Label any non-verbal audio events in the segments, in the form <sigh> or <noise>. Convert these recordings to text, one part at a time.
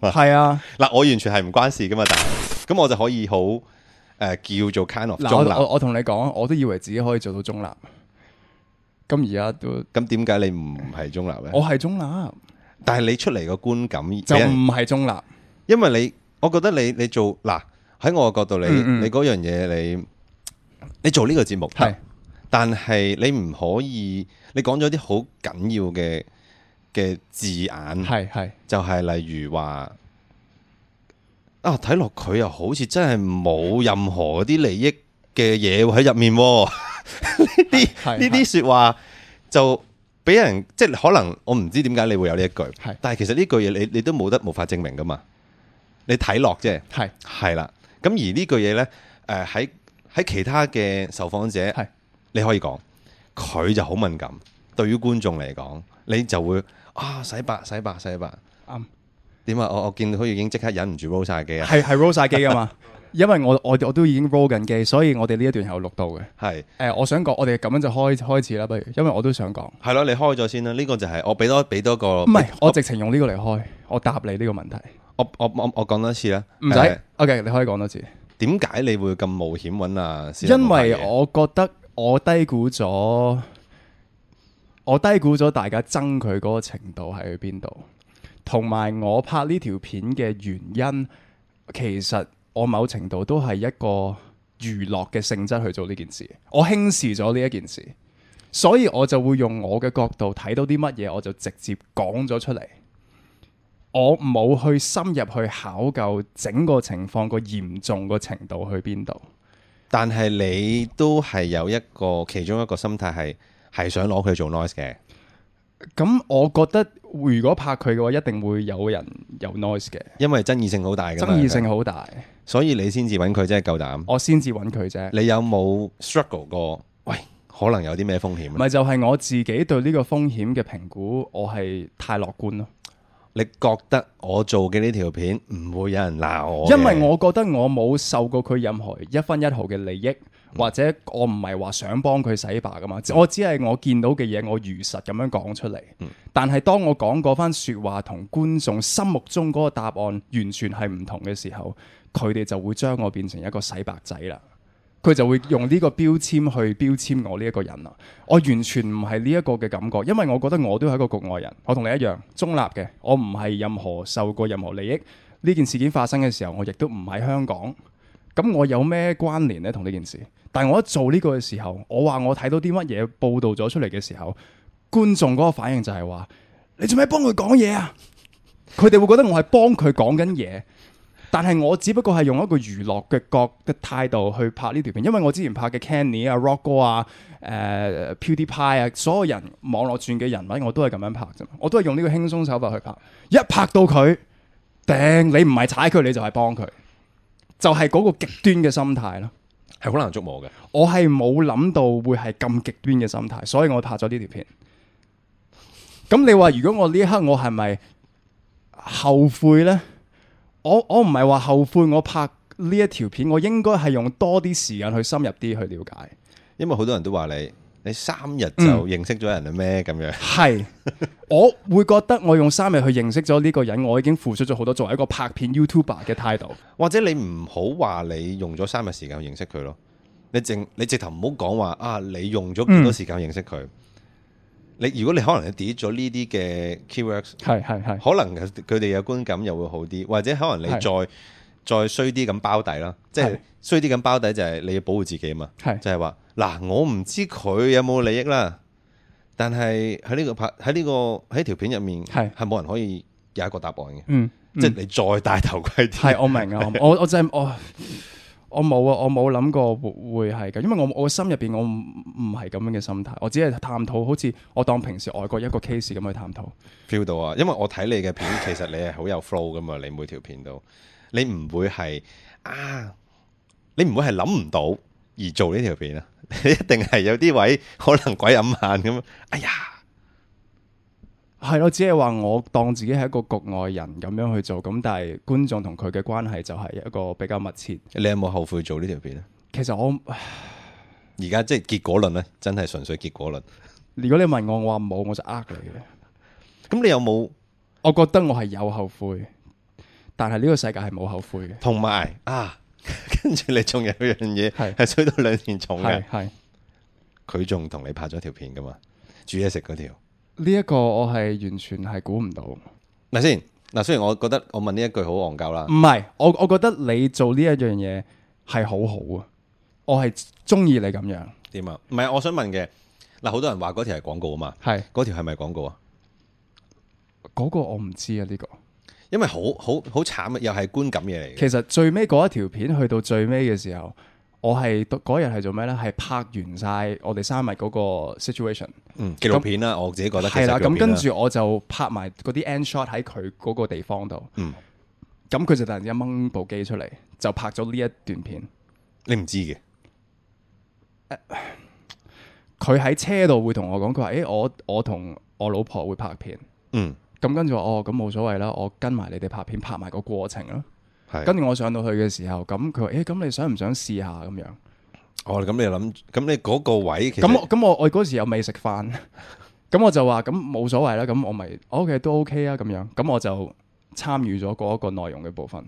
係啊，嗱， <laughs> 我完全係唔關事噶嘛，但係，咁我就可以好誒、呃、叫做 kind of 中立。嗱、呃，我我同你講，我都以為自己可以做到中立。咁而家都咁點解你唔係中立咧？我係中立，但係你出嚟個觀感就唔係中立，因為你，我覺得你你做嗱喺、呃、我嘅角度你嗯嗯你你，你是你嗰樣嘢你你做呢個節目係，但係你唔可以，你講咗啲好緊要嘅。嘅字眼係係就係，例如話啊，睇落佢又好似真係冇任何啲利益嘅嘢喺入面，呢啲呢啲說話就俾人即係可能，我唔知點解你會有呢一句，是但係其實呢句嘢你你，你都冇得無法證明噶嘛，你睇落啫係係啦，咁是而呢句嘢呢，誒喺喺其他嘅受訪者，是你可以講佢就好敏感，對於觀眾嚟講，你就會。啊！洗白洗白洗白，啱點啊！我我見到佢已經即刻忍唔住 roll 晒機啊！係？係 roll 晒機噶嘛？因為我我我都已經 roll 緊機，所以我哋呢一段係有錄到嘅。係誒，我想講，我哋咁樣就開開始啦，不如，因為我都想講。係咯，你開咗先啦，呢個就係我俾多俾多個。唔係，我直情用呢個嚟開，我答你呢個問題。我我我我講多次啦，唔使，OK，你可以講多次。點解你會咁冒險揾啊？因為我覺得我低估咗。我低估咗大家憎佢嗰個程度係去邊度，同埋我拍呢條片嘅原因，其實我某程度都係一個娛樂嘅性質去做呢件事，我輕視咗呢一件事，所以我就會用我嘅角度睇到啲乜嘢，我就直接講咗出嚟，我冇去深入去考究整個情況個嚴重個程度去邊度，但係你都係有一個其中一個心態係，係想攞佢做 noise 嘅，咁、嗯、我覺得如果拍佢嘅話，一定會有人有 noise 嘅。因為爭議性好大，爭議性好大，所以你先至揾佢真係夠膽，我先至揾佢啫。你有冇 struggle 過？喂，可能有啲咩風險？唔係就係我自己對呢個風險嘅評估，我係太樂觀咯。你覺得我做嘅呢條片唔會有人鬧我？因為我覺得我冇受過佢任何一分一毫嘅利益。或者我唔係話想幫佢洗白噶嘛，嗯、我只係我見到嘅嘢，我如實咁樣講出嚟。嗯、但係當我講嗰番說話同觀眾心目中嗰個答案完全係唔同嘅時候，佢哋就會將我變成一個洗白仔啦。佢就會用呢個標籤去標籤我呢一個人啦。我完全唔係呢一個嘅感覺，因為我覺得我都係一個局外人，我同你一樣中立嘅，我唔係任何受過任何利益。呢件事件發生嘅時候，我亦都唔喺香港，咁我有咩關聯咧？同呢件事？但係我一做呢個嘅時候，我話我睇到啲乜嘢報道咗出嚟嘅時候，觀眾嗰個反應就係、是、話：你做咩幫佢講嘢啊？佢哋會覺得我係幫佢講緊嘢。但係我只不過係用一個娛樂嘅角嘅態度去拍呢條片，因為我之前拍嘅 Canny 啊、Rock 哥啊、誒、呃、PewDiePie 啊，所有人網絡轉嘅人物，我都係咁樣拍啫。我都係用呢個輕鬆手法去拍。一拍到佢，頂你唔係踩佢，你就係幫佢，就係、是、嗰個極端嘅心態咯。係好難捉摸嘅，我係冇諗到會係咁極端嘅心態，所以我拍咗呢條片。咁你話如果我呢刻我係咪後悔呢？我我唔係話後悔，我拍呢一條片，我應該係用多啲時間去深入啲去了解，因為好多人都話你。你三日就認識咗人啦咩？咁樣係，我會覺得我用三日去認識咗呢個人，我已經付出咗好多。作為一個拍片 YouTuber 嘅態度，或者你唔好話你用咗三日時間認識佢咯，你淨你直頭唔好講話啊！你用咗幾多時間認識佢？嗯、你如果你可能 delete 咗呢啲嘅 keywords，係係係，可能佢佢哋嘅觀感又會好啲，或者可能你再是再衰啲咁包底啦，即係衰啲咁包底就係你要保護自己啊嘛，係是就係話。嗱，我唔知佢有冇利益啦，但係喺呢個拍喺呢個喺條片入面，係係冇人可以有一個答案嘅，嗯，嗯，即係你再戴頭盔啲，係我明啊， <laughs> 我我真係我我冇啊，我冇諗過會會係嘅，因為我我心入邊我唔唔係咁樣嘅心態，我只係探討，好似我當平時外國一個 case 咁去探討，feel 到啊，因為我睇你嘅片，其實你係好有 flow 噶嘛，你每條片都，你唔會係啊，你唔會係諗唔到而做呢條片啊。你一定係有啲位可能鬼咁眼咁，哎呀，係咯，我只係話我當自己係一個局外人咁樣去做，咁但係觀眾同佢嘅關係就係一個比較密切。你有冇後悔做呢條片咧？其實我而家即係結果論咧，真係純粹結果論。如果你問我，我話冇，我就呃你嘅。咁 <laughs> 你有冇？我覺得我係有後悔，但係呢個世界係冇後悔嘅。同埋啊。跟住 <laughs> 你仲有一樣嘢係，係吹到兩年重嘅，係，佢仲同你拍咗條片㗎嘛？煮嘢食嗰條，呢一個我係完全係估唔到，係咪先？嗱、啊，雖然我覺得我問呢一句好戇鳩啦，唔係，我我覺得你做呢一樣嘢係好好啊，我係中意你咁樣。點啊？唔係，我想問嘅嗱，好多人話嗰條係廣告啊嘛，係嗰條係咪廣告啊？嗰個我唔知啊，呢、這個。因為好好好慘啊，又係觀感嘢嚟。其實最尾嗰一條片去到最尾嘅時候，我係嗰日係做咩呢？係拍完晒我哋三日嗰個 situation、嗯。紀錄片啦，那我自己覺得係啦。咁跟住我就拍埋嗰啲 end shot 喺佢嗰個地方度。嗯。咁佢就突然間掹部機出嚟，就拍咗呢一段片。你唔知嘅。佢喺、呃、車度會同我講，佢話：誒、欸，我我同我老婆會拍片。嗯。咁跟住話哦，咁冇所謂啦，我跟埋你哋拍片拍埋個過程啦。係的，跟住我上到去嘅時候，咁佢話誒，咁、欸、你想唔想試下咁樣？哦，咁你諗，咁你嗰個位，咁、嗯、我咁我我嗰時又未食飯，咁、 <laughs> 嗯、我就話咁冇所謂啦，咁我咪 OK 都 O、OK, K、OK、啊，咁樣，咁、嗯、我就參與咗嗰一個內容嘅部分。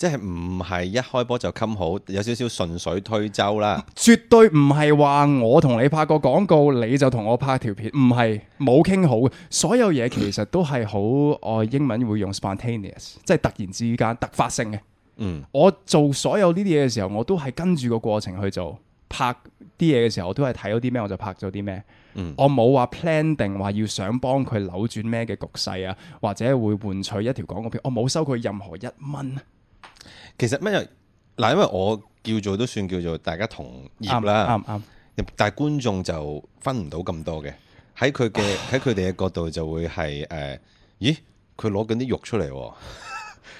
即係唔係一開波就冚好，有少少順水推舟啦。絕對唔係話我同你拍個廣告，你就同我拍條片。唔係，冇傾好。所有嘢其實都係好， <laughs> 我英文會用 spontaneous，即係突然之間、突發性嘅。嗯，我做所有呢啲嘢嘅時候，我都係跟住個過程去做。拍啲嘢嘅時候，我都係睇到啲咩我就拍咗啲咩。嗯，我冇話 plan 定話要想幫佢扭轉咩嘅局勢啊，或者會換取一條廣告片。我冇收佢任何一蚊。其實乜嘢？嗱，因為我叫做都算叫做大家同業啦，啱啱。但係觀眾就分唔到咁多嘅，喺佢嘅喺佢哋嘅角度就會係誒、呃，咦？佢攞緊啲肉出嚟，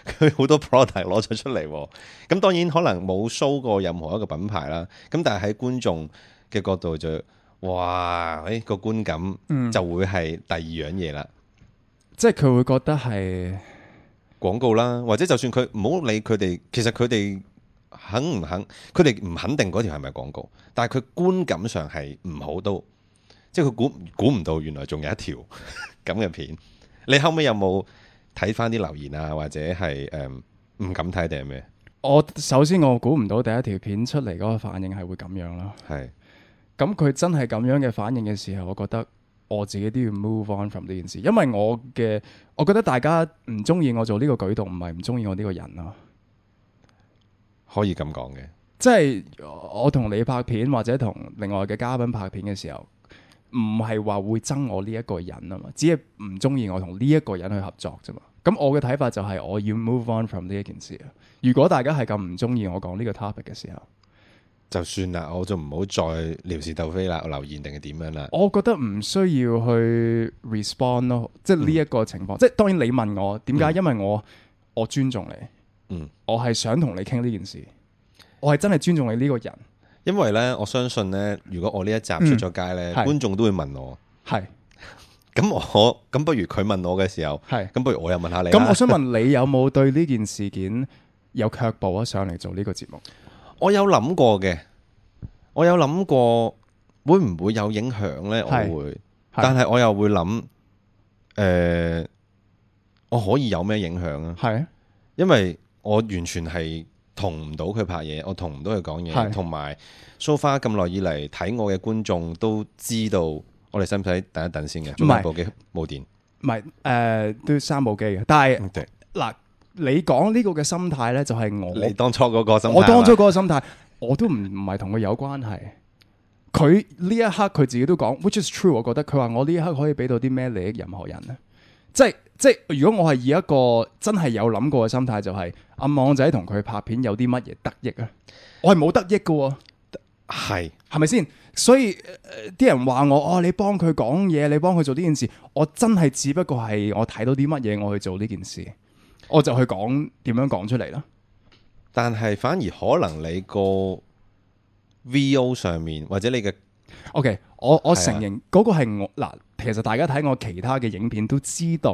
佢 <laughs> 好多 product 攞咗出嚟。咁當然可能冇 show 過任何一個品牌啦。咁但係喺觀眾嘅角度就，哇！誒、哎、個觀感就會係第二樣嘢啦，即係佢會覺得係。廣告啦，或者就算佢唔好理佢哋，其實佢哋肯唔肯，佢哋唔肯定嗰條係咪廣告，但係佢觀感上係唔好都，即係佢估估唔到原來仲有一條咁 <laughs> 嘅片。你後尾有冇睇翻啲留言啊，或者係誒唔敢睇定係咩？我首先我估唔到第一條片出嚟嗰個反應係會咁樣咯。係是，咁佢真係咁樣嘅反應嘅時候，我覺得。我自己都要 move on from 呢件事，因為我嘅，我覺得大家唔中意我做呢個舉動，唔係唔中意我呢個人啊，可以咁講嘅，即係我同你拍片或者同另外嘅嘉賓拍片嘅時候，唔係話會憎我呢一個人啊嘛，只係唔中意我同呢一個人去合作啫嘛。咁我嘅睇法就係我要 move on from 呢一件事啊，如果大家係咁唔中意我講呢個 topic 嘅時候。就算啦，我就唔好再聊是鬥非啦，我留言定係點樣啦？我覺得唔需要去 respond 咯，即係呢一個情況。即係當然你問我點解，因為我我尊重你。嗯，我係想同你傾呢件事，我係真係尊重你呢個人。因為呢，我相信呢，如果我呢一集出咗街呢，觀眾都會問我。係，咁我咁不如佢問我嘅時候，係，咁不如我又問下你。咁我想問你有冇對呢件事件有卻步啊上嚟做呢個節目？我有諗過嘅，我有諗過會唔會有影響咧？是我會，是但係我又會諗，誒、呃，我可以有咩影響啊？係是，因為我完全係同唔到佢拍嘢，我同唔到佢講嘢，同埋蘇花咁耐以嚟睇我嘅觀眾都知道。我哋使唔使等一等先嘅？冇部機冇電，唔係誒，都三部機嘅，但係嗱。你講呢個嘅心態呢，就係我。你當初嗰個心態，我當初嗰個心態，係咪我都唔唔係同佢有關係。佢呢一刻佢自己都講，which is true。我覺得佢話我呢一刻可以俾到啲咩利益任何人呢？即係即係，如果我係以一個真係有諗過嘅心態，就是，就係阿網仔同佢拍片有啲乜嘢得益咧？我係冇得益㗎，係係咪先？所以啲，呃、人話我哦，你幫佢講嘢，你幫佢做呢件事，我真係只不過係我睇到啲乜嘢，我去做呢件事。我就去講點樣講出嚟囉。但係反而可能你個 VO 上面或者你嘅，OK，我我承認嗰是、啊、個係我嗱。其實大家睇我其他嘅影片都知道，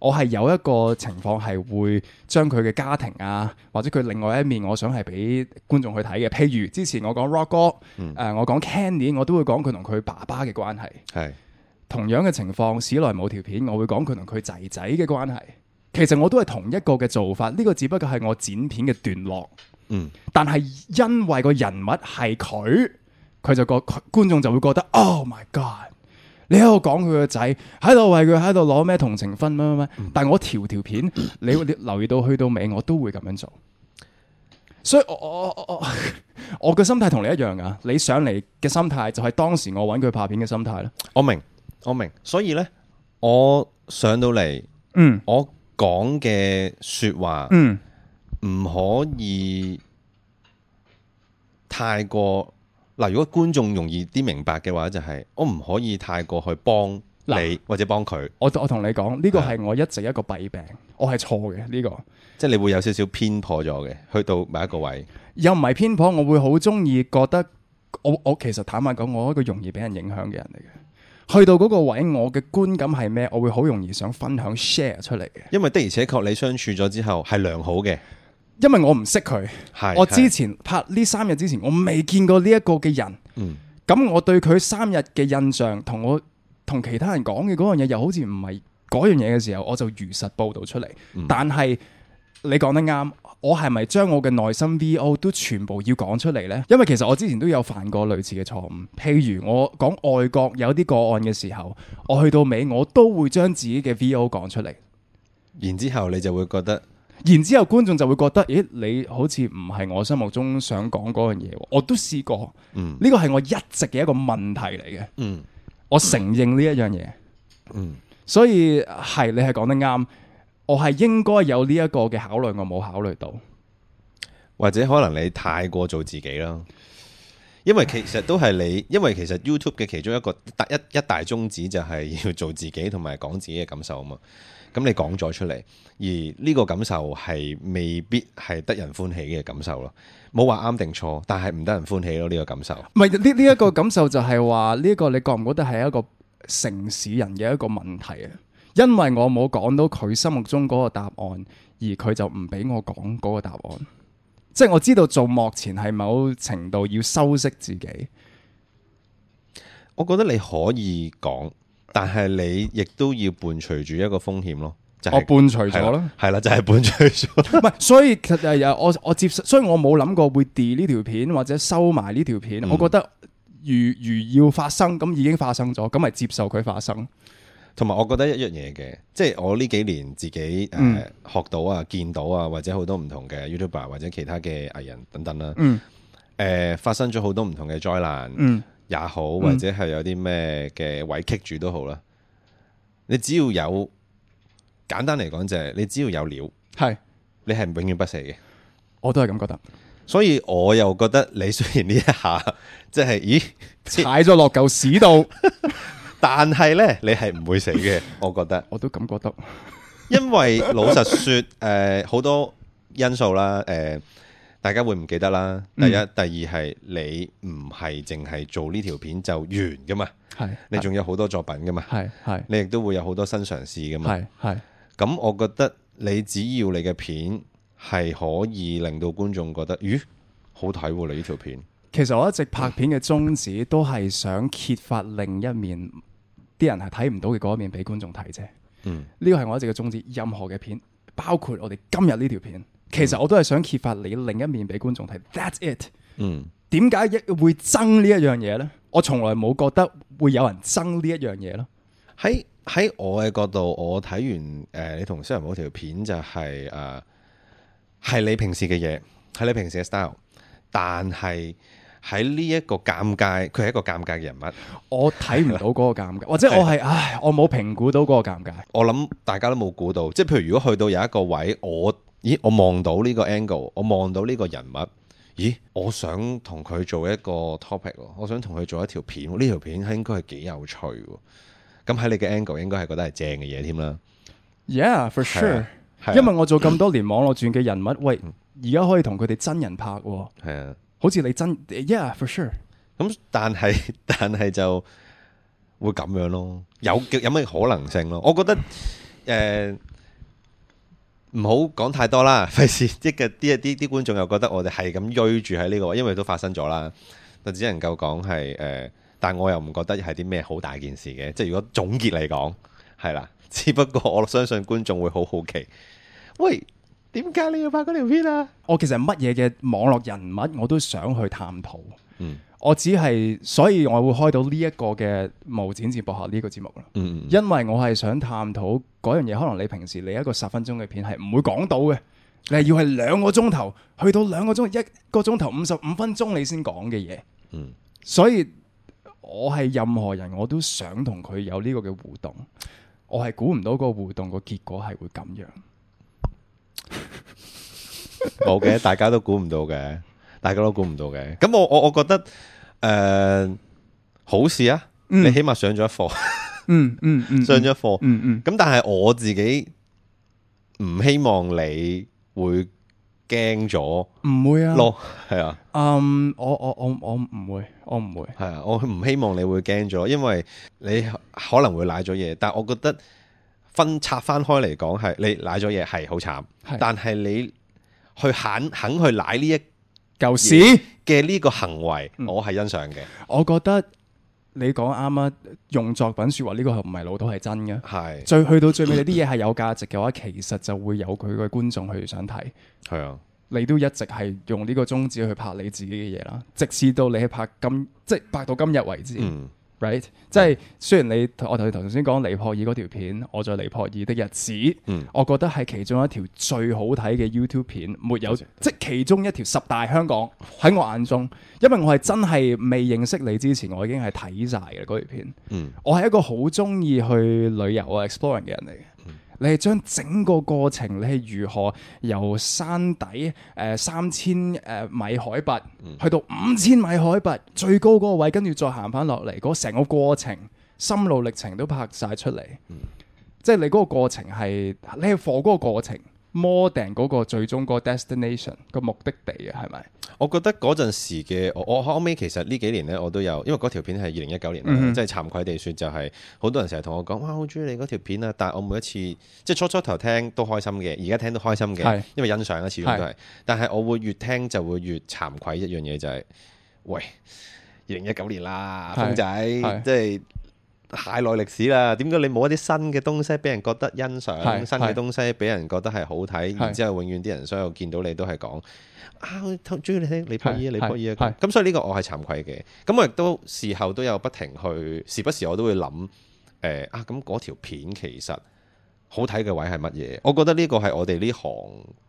我係有一個情況係會將佢嘅家庭啊，或者佢另外一面，我想係俾觀眾去睇嘅。譬如之前我講 Rock 哥，誒、嗯呃、我講 Kenny，我都會講佢同佢爸爸嘅關係。係是的 同樣嘅情況，史內冇條片，我會講佢同佢仔仔嘅關係。其實我都係同一個嘅做法，呢個只不過係我剪片嘅段落。嗯，但係因為個人物係佢，佢就覺觀眾就會覺得 Oh my God！你喺度講佢個仔，喺度為佢，喺度攞咩同情分乜乜乜。嗯、但係我條條片，嗯、你留意到去到尾，我都會咁樣做。所以我我我我，嘅心態同你一樣啊！你上嚟嘅心態就係當時我揾佢拍片嘅心態咧。我明，我明。所以呢，我上到嚟，嗯，我。講嘅說話，唔可以太過嗱。如果觀眾容易啲明白嘅話，就係、是、我唔可以太過去幫你嘩或者幫佢。我我同你講，呢、這個係我一直一個弊病，的我係錯嘅呢個。即係你會有少少偏頗咗嘅，去到某一個位又唔係偏頗，我會好中意覺得，我我其實坦白講，我一個容易俾人影響嘅人嚟嘅。去到嗰個位，我嘅觀感係咩？我會好容易想分享 share 出嚟嘅。因為的而且確你相處咗之後係良好嘅。因為我唔識佢，的我之前的拍呢三日之前，我未見過呢一個嘅人。嗯，咁我對佢三日嘅印象，同我同其他人講嘅嗰樣嘢，又好似唔係嗰樣嘢嘅時候，我就如實報道出嚟。嗯、但係你講得啱。我係咪將我嘅內心 VO 都全部要講出嚟呢？因為其實我之前都有犯過類似嘅錯誤，譬如我講外國有啲個案嘅時候，我去到尾我都會將自己嘅 VO 講出嚟。然之後你就會覺得，然之後觀眾就會覺得，咦，你好似唔係我心目中想講嗰樣嘢。我都試過，嗯，呢個係我一直嘅一個問題嚟嘅，嗯，我承認呢一樣嘢，嗯，所以係你係講得啱。我係應該有呢一個嘅考慮，我冇考慮到，或者可能你太過做自己啦，因為其實都係你，因為其實 YouTube 嘅其中一個特一一大宗旨就係要做自己同埋講自己嘅感受啊嘛。咁你講咗出嚟，而呢個感受係未必係得人歡喜嘅感受咯，冇話啱定錯，但係唔得人歡喜咯呢，呢個感受。唔係呢呢一個感受就係話呢一個你覺唔覺得係一個城市人嘅一個問題啊？因為我冇講到佢心目中嗰個答案，而佢就唔俾我講嗰個答案。即係我知道做幕前係某程度要修飾自己。我覺得你可以講，但係你亦都要伴隨住一個風險咯。我伴隨咗咯，係啦，就係伴隨咗。唔係，所以其實我我接受，所以我冇諗過會 delete 呢條片或者收埋呢條片。我覺得如如要發生咁已經發生咗，咁咪接受佢發生。同埋，我覺得一樣嘢嘅，即係我呢幾年自己誒、嗯呃、學到啊、見到啊，或者好多唔同嘅 YouTuber 或者其他嘅藝人等等啦。誒、嗯呃、發生咗好多唔同嘅災難，也好，嗯嗯、或者係有啲咩嘅委屈住都好啦。你只要有，簡單嚟講，就係你只要有料，係，你係永遠不死嘅。我都係咁覺得，所以我又覺得你雖然呢一下，即係咦踩咗落嚿屎度。 <laughs> 但係呢，你係唔會死嘅， <laughs> 我覺得。我都咁覺得，因為老實說，誒、呃、好多因素啦，誒、呃、大家會唔記得啦。第一，嗯、第二係你唔係淨係做呢條片就完噶嘛，係。你仲有好多作品噶嘛，係係。你亦都會有好多新嘗試噶嘛，係係。咁我覺得你只要你嘅片係可以令到觀眾覺得，咦好睇喎，啊！你呢條片。其實我一直拍片嘅宗旨都係想揭發另一面。啲人係睇唔到嘅，嗰一面俾觀眾睇啫，呢個係我一直嘅宗旨。任何嘅片，包括我哋今日呢條片，其實我都係想揭發你另一面俾觀眾睇。That's it。嗯，點解一會憎呢一樣嘢呢？我從來冇覺得會有人憎呢一樣嘢咯。喺喺我嘅角度，我睇完誒、呃，你同蘇有朋條片就係、是、誒、係、呃、你平時嘅嘢，係你平時嘅 style，但係。喺呢一個尷尬，佢係一個尷尬嘅人物。我睇唔到嗰個尷尬，的或者我係的唉，我冇評估到嗰個尷尬。我諗大家都冇估到，即係譬如如果去到有一個位，我咦我望到呢個 angle，我望到呢個人物，咦我想同佢做一個 topic，我想同佢做一條片，呢條片應該係幾有趣。咁喺你嘅 angle 應該係覺得係正嘅嘢添啦。Yeah，for sure。因為我做咁多年網絡轉嘅人物，喂，而家可以同佢哋真人拍。係啊的。的好似你真，yeah for sure。咁但係但係就會咁樣咯，有嘅有咩可能性咯？我覺得誒，唔好講太多啦，費事即係啲一啲啲觀眾又覺得我哋係咁追住喺呢個，因為都發生咗啦。但只能夠講係誒，uh, 但我又唔覺得係啲咩好大件事嘅，即係如果總結嚟講係啦。只不過我相信觀眾會好好奇，喂。點解你要拍嗰條片啊？我其實乜嘢嘅網絡人物我都想去探討，嗯，我只係，所以我會開到呢一個嘅無剪接博客呢個節目啦。嗯，因為我係想探討嗰樣嘢，可能你平時你一個十分鐘嘅片係唔會講到嘅，你係要係兩個鐘頭，去到兩個鐘一個鐘頭五十五分鐘你先講嘅嘢。嗯，所以我係任何人我都想同佢有呢個嘅互動，我係估唔到個互動個結果係會咁樣。冇嘅， <laughs> 大家都估唔到嘅，大家都估唔到嘅。咁我我我覺得誒、呃、好事啊，嗯、你起碼上咗一課、嗯，嗯嗯上咗一課，嗯 <laughs> 一課嗯。咁、嗯、但係我自己唔希望你會驚咗，唔會啊，咯，係啊，嗯、啊，我我我我唔會，我唔會，係啊，我唔希望你會驚咗，因為你可能會瀨咗嘢，但係我覺得。分拆翻開嚟講，係你舐咗嘢係好慘，的但係你去肯肯去舐呢一舊屎嘅呢個行為，嗯、我係欣賞嘅。我覺得你講啱啊，用作品說話呢個唔係老土真，係真嘅。係最去到最尾，你啲嘢係有價值嘅話， <laughs> 其實就會有佢個觀眾去想睇。係啊，你都一直係用呢個宗旨去拍你自己嘅嘢啦，直至到你去拍今即係拍到今日為止。嗯 Right，即係雖然你我頭頭先講尼泊爾嗰條片，我在尼泊爾的日子，嗯、我覺得係其中一條最好睇嘅 YouTube 片，沒有即其中一條十大香港喺我眼中，因為我係真係未認識你之前，我已經係睇晒嘅嗰條片。嗯、我係一個好鍾意去旅遊啊 exploring 嘅人嚟嘅。你係將整個過程，你係如何由山底誒、呃、三千誒、呃、米海拔去到五千米海拔最高嗰個位，跟住再行翻落嚟嗰成個過程，心路歷程都拍晒出嚟。嗯、即係你嗰個過程係你係放嗰個過程。m o 摩定嗰個最終嗰個 destination 個目的地啊，係咪？我覺得嗰陣時嘅我我後尾其實呢幾年咧，我都有因為嗰條片係二零一九年，即係、嗯、哼慚愧地説，就係、是、好多人成日同我講哇，好中意你嗰條片啊！但係我每一次即係初初頭聽都開心嘅，而家聽都開心嘅，是因為欣賞啦，始終都係。但係我會越聽就會越慚愧一樣嘢就係、是，喂，二零一九年啦，風仔即係。太耐歷史啦，點解你冇一啲新嘅東西俾人覺得欣賞，新嘅東西俾人覺得係好睇？是然之後永遠啲人所有見到你都係講是啊，我中意你聽你拍嘢，你拍嘢啊，咁所以呢個我係慚愧嘅，咁我亦都事後都有不停去，時不時我都會諗，誒、呃、啊咁嗰條片其實。好睇嘅位係乜嘢？我覺得呢個係我哋呢行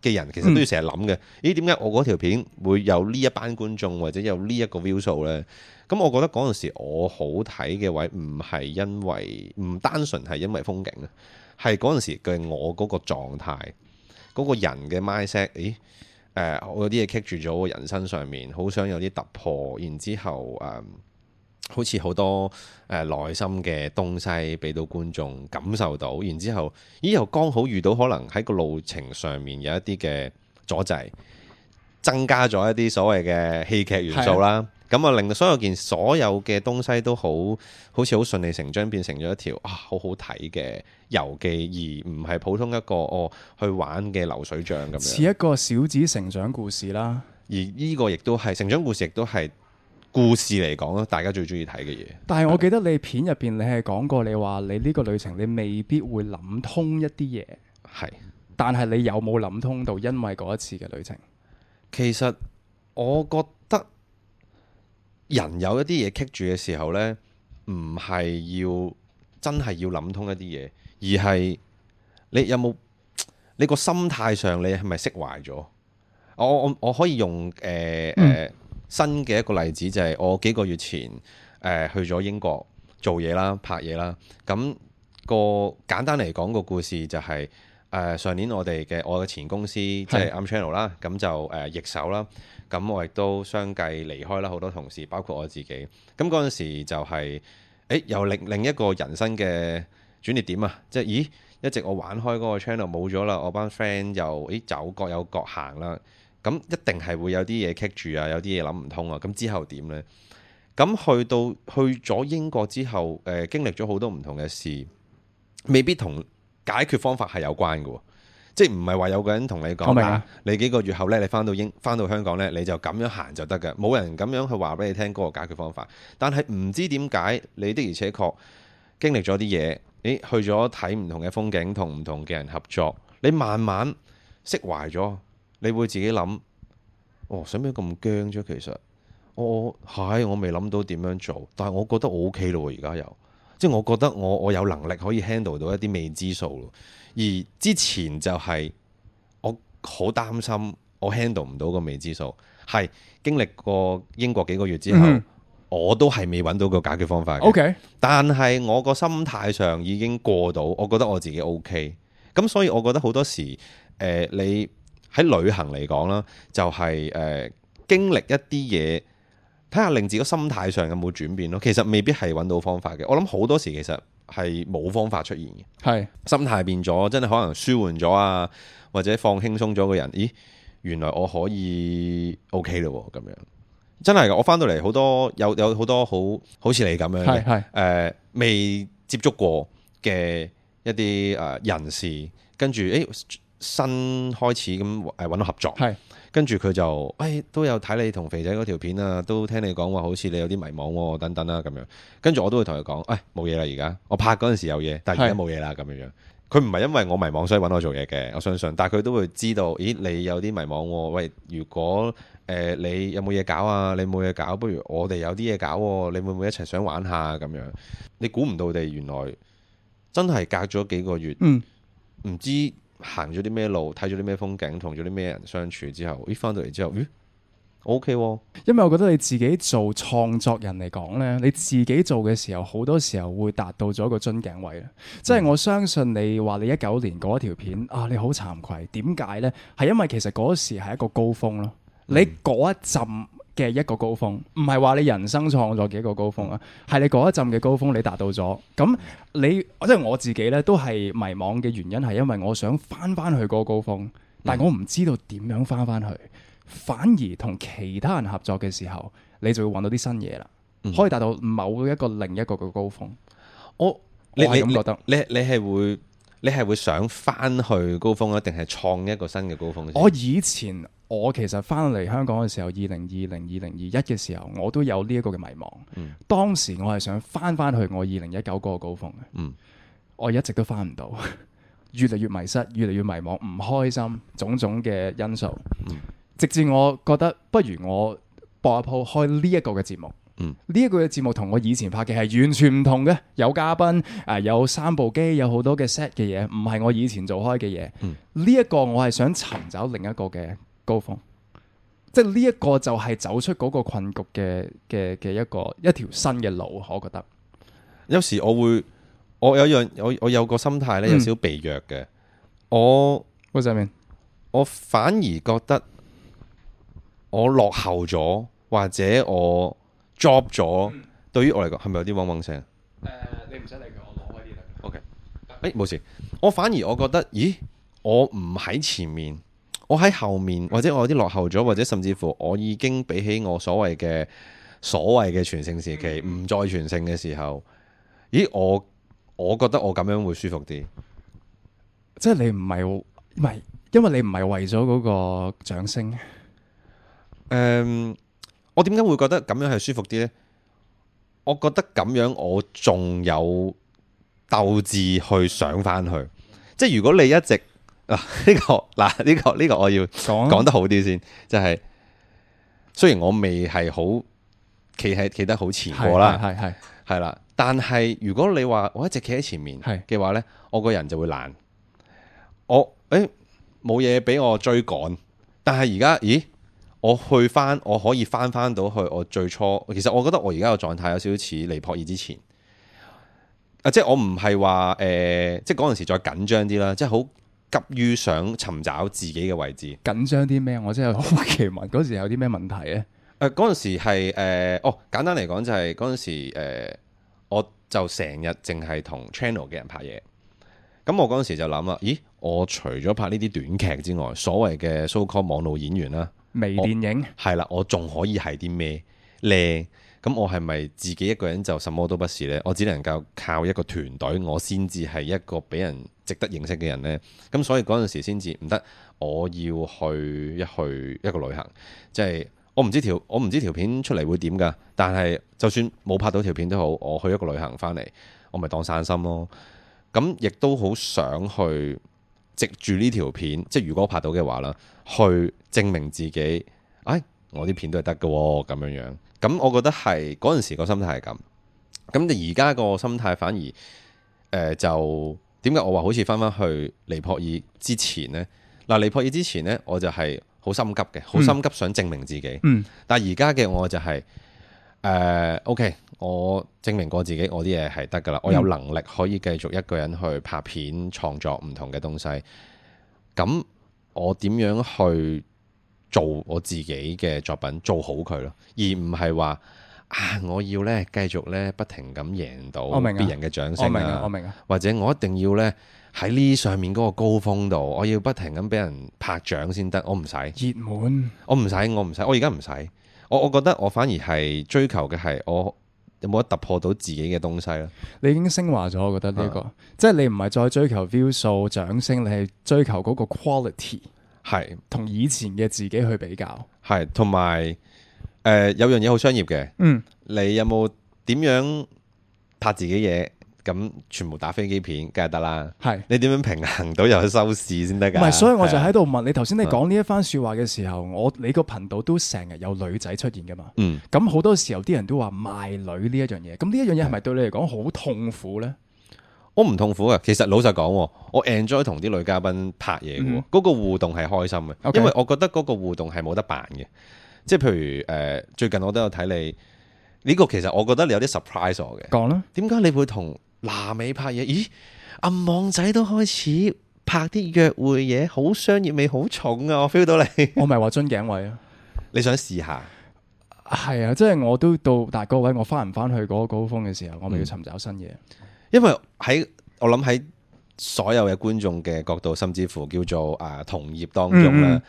嘅人其實都要成日諗嘅。咦、嗯？點解我嗰條片會有呢一班觀眾或者有呢一個 view 數咧？咁、嗯、我覺得嗰陣時我好睇嘅位唔係因為唔單純係因為風景啊，係嗰陣時嘅我嗰個狀態、嗰、嗰個人嘅 mindset。誒、呃，我有啲嘢 keep 住咗我人生上面，好想有啲突破。然之後誒。嗯好似好多誒內心嘅東西俾到觀眾感受到，然之後咦又剛好遇到可能喺個路程上面有一啲嘅阻滯，增加咗一啲所謂嘅戲劇元素啦，咁啊令到所有件所有嘅東西都好好似好順理成章變成咗一條啊好好睇嘅遊記，而唔係普通一個哦去玩嘅流水帳咁樣，似一個小子成長故事啦。而呢個亦都係成長故事，亦都係。故事嚟講咯，大家最中意睇嘅嘢，但係我記得你片入邊，你係講過你話你呢個旅程，你未必會諗通一啲嘢。係是，但係你有冇諗通到？因為嗰一次嘅旅程，其實我覺得人有一啲嘢棘住嘅時候呢，唔係要真係要諗通一啲嘢，而係你有冇，你個心態上，你係咪釋懷咗？我我我可以用誒誒。呃嗯新嘅一個例子就係、是、我幾個月前誒、呃、去咗英國做嘢啦、拍嘢啦。咁、那個簡單嚟講個故事就係、是、誒、呃、上年我哋嘅我嘅前公司的即係啱 channel 啦，咁就誒易、呃、手啦。咁我亦都相繼離開啦，好多同事包括我自己。咁嗰陣時就係誒由另另一個人生嘅轉折點啊，即係咦一直我玩開嗰個 channel 冇咗啦，我班 friend 又咦走各有各行啦。咁一定係會有啲嘢棘住啊，有啲嘢諗唔通啊！咁之後點呢？咁去到去咗英國之後，誒、呃、經歷咗好多唔同嘅事，未必同解決方法係有關嘅，即係唔係話有個人同你講啊，你幾個月後咧，你翻到英翻到香港咧，你就咁樣行就得嘅，冇人咁樣去話俾你聽嗰個解決方法。但係唔知點解，你的而且確經歷咗啲嘢，你去咗睇唔同嘅風景，同唔同嘅人合作，你慢慢釋懷咗。你會自己諗，哦，使咩咁驚啫？其實，我我係我未諗到點樣做，但係我覺得我 OK 咯，而家又即係我覺得我我有能力可以 handle 到一啲未知數咯。而之前就係我好擔心我 handle 唔到個未知數，係經歷過英國幾個月之後，嗯、我都係未揾到個解決方法。O Okay . K，但係我個心態上已經過到，我覺得我自己 O K。咁所以，我覺得好多時，誒、呃、你。喺旅行嚟講啦，就係、是、誒、呃、經歷一啲嘢，睇下令自己心態上有冇轉變咯。其實未必係揾到方法嘅。我諗好多時其實係冇方法出現嘅。係是心態變咗，真係可能舒緩咗啊，或者放輕鬆咗個人。咦，原來我可以 OK 咯咁樣。真係我翻到嚟好多有有好多好好似你咁樣嘅，係誒未接觸過嘅一啲誒人士，跟住誒。欸新開始咁誒揾到合作，是跟住佢就誒、哎、都有睇你同肥仔嗰條片啊，都聽你講話好似你有啲迷茫、哦、等等啦、啊、咁樣，跟住我都會同佢講誒冇嘢啦，而、哎、家我拍嗰陣時有嘢，但係而家冇嘢啦咁樣樣。佢唔係因為我迷茫所以揾我做嘢嘅，我相信。但係佢都會知道，咦你有啲迷茫喎、哦？喂，如果誒、呃、你有冇嘢搞啊？你冇嘢搞，不如我哋有啲嘢搞、啊，你會唔會一齊想玩下咁樣？你估唔到我哋原來真係隔咗幾個月，唔知、嗯。行咗啲咩路，睇咗啲咩風景，同咗啲咩人相處之後，咦翻到嚟之後，咦，OK，因為我覺得你自己做創作人嚟講呢，你自己做嘅時候，好多時候會達到咗個樽頸位啦。即係我相信你話你一九年嗰一條片啊，你好慚愧，點解呢？係因為其實嗰時係一個高峰咯，你嗰一陣。嘅一個高峰，唔係話你人生創作嘅一個高峰啊，係你嗰一陣嘅高峰你達到咗。咁你即係我自己呢，都係迷茫嘅原因係因為我想翻翻去嗰個高峰，但係我唔知道點樣翻翻去，嗯、反而同其他人合作嘅時候，你就會揾到啲新嘢啦，嗯、可以達到某一個另一個嘅高峰。我你係咁覺得？你你係會你係會想翻去高峰啊，定係創一個新嘅高峰？我以前我其實翻嚟香港嘅時候，二零二零二零二一嘅時候，我都有呢一個嘅迷茫。嗯、當時我係想翻翻去我二零一九個高峰嘅，嗯、我一直都翻唔到，越嚟越迷失，越嚟越迷茫，唔開心，種種嘅因素，嗯、直至我覺得不如我搏一鋪開呢一個嘅節目。呢一、嗯、個嘅節目同我以前拍嘅係完全唔同嘅，有嘉賓，誒、有三部機，有好多嘅 set 嘅嘢，唔係我以前做開嘅嘢。呢一、嗯、個我係想尋找另一個嘅高峰，即係呢一個就係走出嗰個困局嘅嘅嘅一個一條新嘅路，我覺得。有時我會，我有樣，我我有個心態咧，有少少被弱嘅。嗯、我，喂，上面，我反而覺得我落後咗，或者我 drop 咗，嗯、對於我嚟講，係咪有啲嗡嗡聲？誒、呃，你唔使理佢，我攞開啲嚟。OK，誒，冇、欸、事。我反而我覺得，咦，我唔喺前面。我喺後面，或者我有啲落後咗，或者甚至乎我已經比起我所謂嘅所謂嘅全盛時期，唔再全盛嘅時候，咦？我我覺得我咁樣會舒服啲，即係你唔係唔係，因為你唔係為咗嗰個掌聲。誒、嗯，我點解會覺得咁樣係舒服啲咧？我覺得咁樣我仲有鬥志去上翻去，即係如果你一直。呢、 <laughs> 這個嗱，呢、這個呢、這個我要講吧得好啲先，就係、是、雖然我未係好企喺企得好前過啦，係係係啦，但係如果你話我一直企喺前面嘅話咧，是是我個人就會懶，我誒冇嘢俾我追趕，但係而家咦，我去返我可以返返到去我最初，其實我覺得我而家嘅狀態有少少似尼泊爾。而之前，啊，即係我唔係話誒，即係嗰陣時再緊張啲啦，即係好。急於想尋找自己嘅位置，緊張啲咩？我真係好奇問，嗰 <laughs> 時有啲咩問題咧？誒、呃，嗰陣時係誒、呃，哦，簡單嚟講就係嗰陣時誒、呃，我就成日淨係同 channel 嘅人拍嘢。咁我嗰陣時就諗啦，咦，我除咗拍呢啲短劇之外，所謂嘅 socal 網絡演員啦，微電影係啦，我仲可以係啲咩咧？咁我係咪自己一個人就什麼都不是呢？我只能夠靠一個團隊，我先至係一個俾人值得認識嘅人呢，咁所以嗰陣時先至唔得，我要去一去一個旅行，即係我唔知條我唔知條片出嚟會點噶。但係就算冇拍到條片都好，我去一個旅行翻嚟，我咪當散心咯。咁亦都好想去藉住呢條片，即係如果拍到嘅話啦，去證明自己，哎，我啲片都係得嘅喎，咁樣樣。咁我覺得係嗰陣時個心態係咁，咁就而家個心態反而呃就。點解我話好似翻返去尼泊爾之前呢？嗱，尼泊爾之前呢，我就係好心急嘅，好心急想證明自己。嗯、但係而家嘅我就係、是、誒、呃、OK，我證明過自己，我啲嘢係得噶啦，我有能力可以繼續一個人去拍片創作唔同嘅東西。咁我點樣去做我自己嘅作品做好佢咯？而唔係話。啊！我要咧繼續咧不停咁贏到別人嘅掌聲啊！我明啊，明啊，或者我一定要咧喺呢上面嗰個高峰度，我要不停咁俾人拍掌先得。我唔使熱門，我唔使，我唔使，我而家唔使。我我覺得我反而係追求嘅係，我有冇得突破到自己嘅東西啦？你已經升華咗，我覺得呢、這個、嗯、即係你唔係再追求 view 數掌聲，你係追求嗰個 quality，係同是以前嘅自己去比較，係同埋。誒、呃，有樣嘢好商業嘅，嗯，你有冇點樣拍自己嘢？咁全部打飛機片，梗係得啦。係是你點樣平衡到又去收視先得噶？唔係，所以我就喺度問是你，頭先你講呢一番說話嘅時候，我你個頻道都成日有女仔出現噶嘛？嗯，咁好多時候啲人都話賣女呢一樣嘢，咁呢一樣嘢係咪對你嚟講好痛苦咧？我唔痛苦呀，其實老實講，我 enjoy 同啲女嘉賓拍嘢嘅，嗰、嗯、個互動係開心嘅，因為 Okay. 我覺得嗰個互動係冇得扮嘅。即係譬如誒、呃，最近我都有睇你呢、這個，其實我覺得你有啲 surprise 我嘅。講啦吧，點解你會同南美拍嘢？咦，阿、啊、望仔都開始拍啲約會嘢，好商業味，好重啊！我 feel 到你。我咪話樽頸位咯，你想試下？係 <laughs> 啊，即、就、係、是、我都到，但係嗰位我翻唔翻去嗰個高峰嘅時候，我咪要尋找新嘢、嗯。因為喺我諗喺所有嘅觀眾嘅角度，甚至乎叫做啊同業當中啦，嗯、訝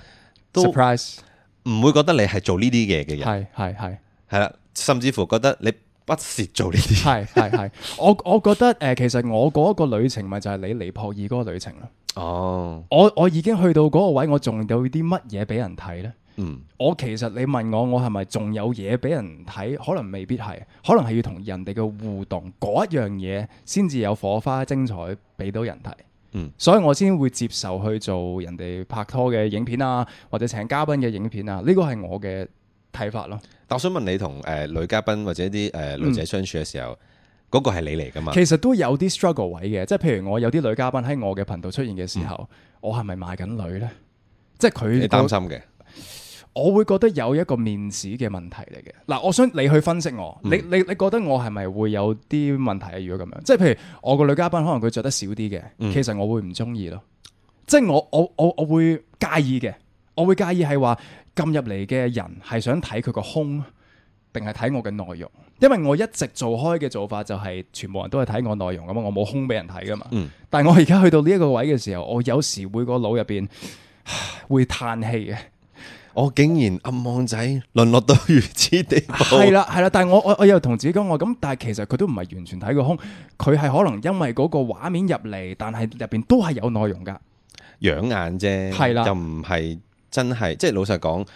都 surprise。唔會覺得你係做呢啲嘢嘅人，係係係係啦，甚至乎覺得你不屑做呢啲。係係係， <laughs> 我我覺得誒、呃，其實我嗰個旅程咪就係你尼泊爾嗰個旅程咯。哦，我我已經去到嗰個位，我仲有啲乜嘢俾人睇呢？嗯，我其實你問我，我係咪仲有嘢俾人睇？可能未必係，可能係要同人哋嘅互動嗰一樣嘢，先至有火花精彩俾到人睇。嗯，所以我先會接受去做人哋拍拖嘅影片啊，或者請嘉賓嘅影片啊，呢個係我嘅睇法咯。但我想問你同誒女嘉賓或者啲誒女仔相處嘅時候，嗰、嗯、個係你嚟噶嘛？其實都有啲 struggle 位嘅，即係譬如我有啲女嘉賓喺我嘅頻道出現嘅時候，嗯、我係咪賣緊女呢？即係佢你擔心嘅。我會覺得有一個面子嘅問題嚟嘅。嗱，我想你去分析我，嗯、你你你覺得我係咪會有啲問題？如果咁樣，即係譬如我個女嘉賓可能佢着得少啲嘅，嗯、其實我會唔中意咯。即係我我我我會介意嘅，我會介意係話，撳入嚟嘅人係想睇佢個胸，定係睇我嘅內容？因為我一直做開嘅做法就係，全部人都係睇我內容噶嘛，嗯、我冇胸俾人睇噶嘛。但係我而家去到呢一個位嘅時候，我有時會個腦入邊會嘆氣嘅。我竟然暗網仔淪落到如此地步，係啦，係啦，但係我我我又同自己講我咁，但係其實佢都唔係完全睇個空，佢係可能因為嗰個畫面入嚟，但係入邊都係有內容噶，養眼啫，係啦的，又唔係真係，即係老實講，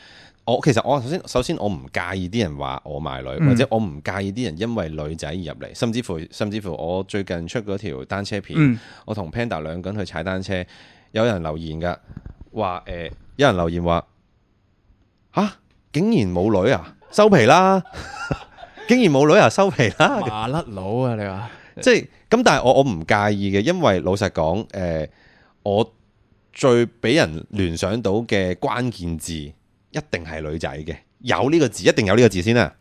我其實我首先首先我唔介意啲人話我賣女，嗯、或者我唔介意啲人因為女仔而入嚟，甚至乎甚至乎我最近出嗰條單車片，嗯、我同 Panda 兩個人去踩單車，有人留言噶，話誒、呃，有人留言話。啊、竟然冇女啊，收皮啦！ <laughs> 竟然冇女啊，收皮啦！甩佬啊，你話即係咁，但係我我唔介意嘅，因為老實講，誒、呃，我最俾人聯想到嘅關鍵字一定係女仔嘅，有呢個字，一定有呢個字先啦。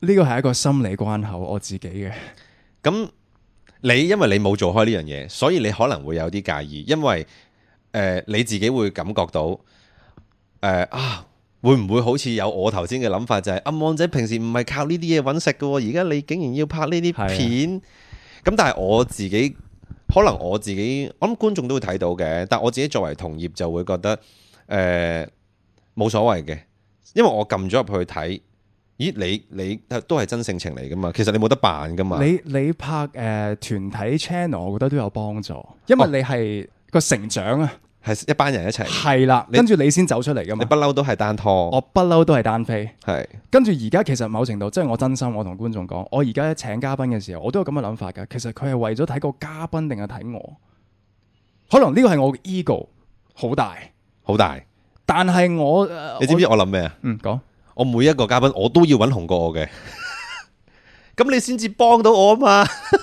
呢個係一個心理關口，我自己嘅。咁、嗯、你因為你冇做開呢樣嘢，所以你可能會有啲介意，因為誒、呃、你自己會感覺到、呃、啊。會唔會好似有我頭先嘅諗法、就是，就係阿旺仔平時唔係靠呢啲嘢揾食嘅，而家你竟然要拍呢啲片？咁是的 但係我自己，可能我自己，我諗觀眾都會睇到嘅。但我自己作為同業就會覺得，誒、呃，冇所謂嘅，因為我撳咗入去睇，咦，你你都係真性情嚟噶嘛？其實你冇得扮噶嘛？你你拍誒團、呃、體 channel，我覺得都有幫助，因為你係個成長啊。哦係一班人一齊，係啦了，跟住你先走出嚟噶嘛？你不嬲都係單拖，我不嬲都係單飛。係跟住而家其實某程度，即係我真心，我我同觀眾講，我而家請嘉賓嘅時候，我都有咁嘅諗法噶。其實佢係為咗睇個嘉賓定係睇我？可能呢個係我嘅 ego 好大，好大。但係我，你知唔知我諗咩啊？嗯，講我每一個嘉賓，我都要揾紅過我嘅，咁 <laughs> 你先至幫到我啊嘛？ <laughs>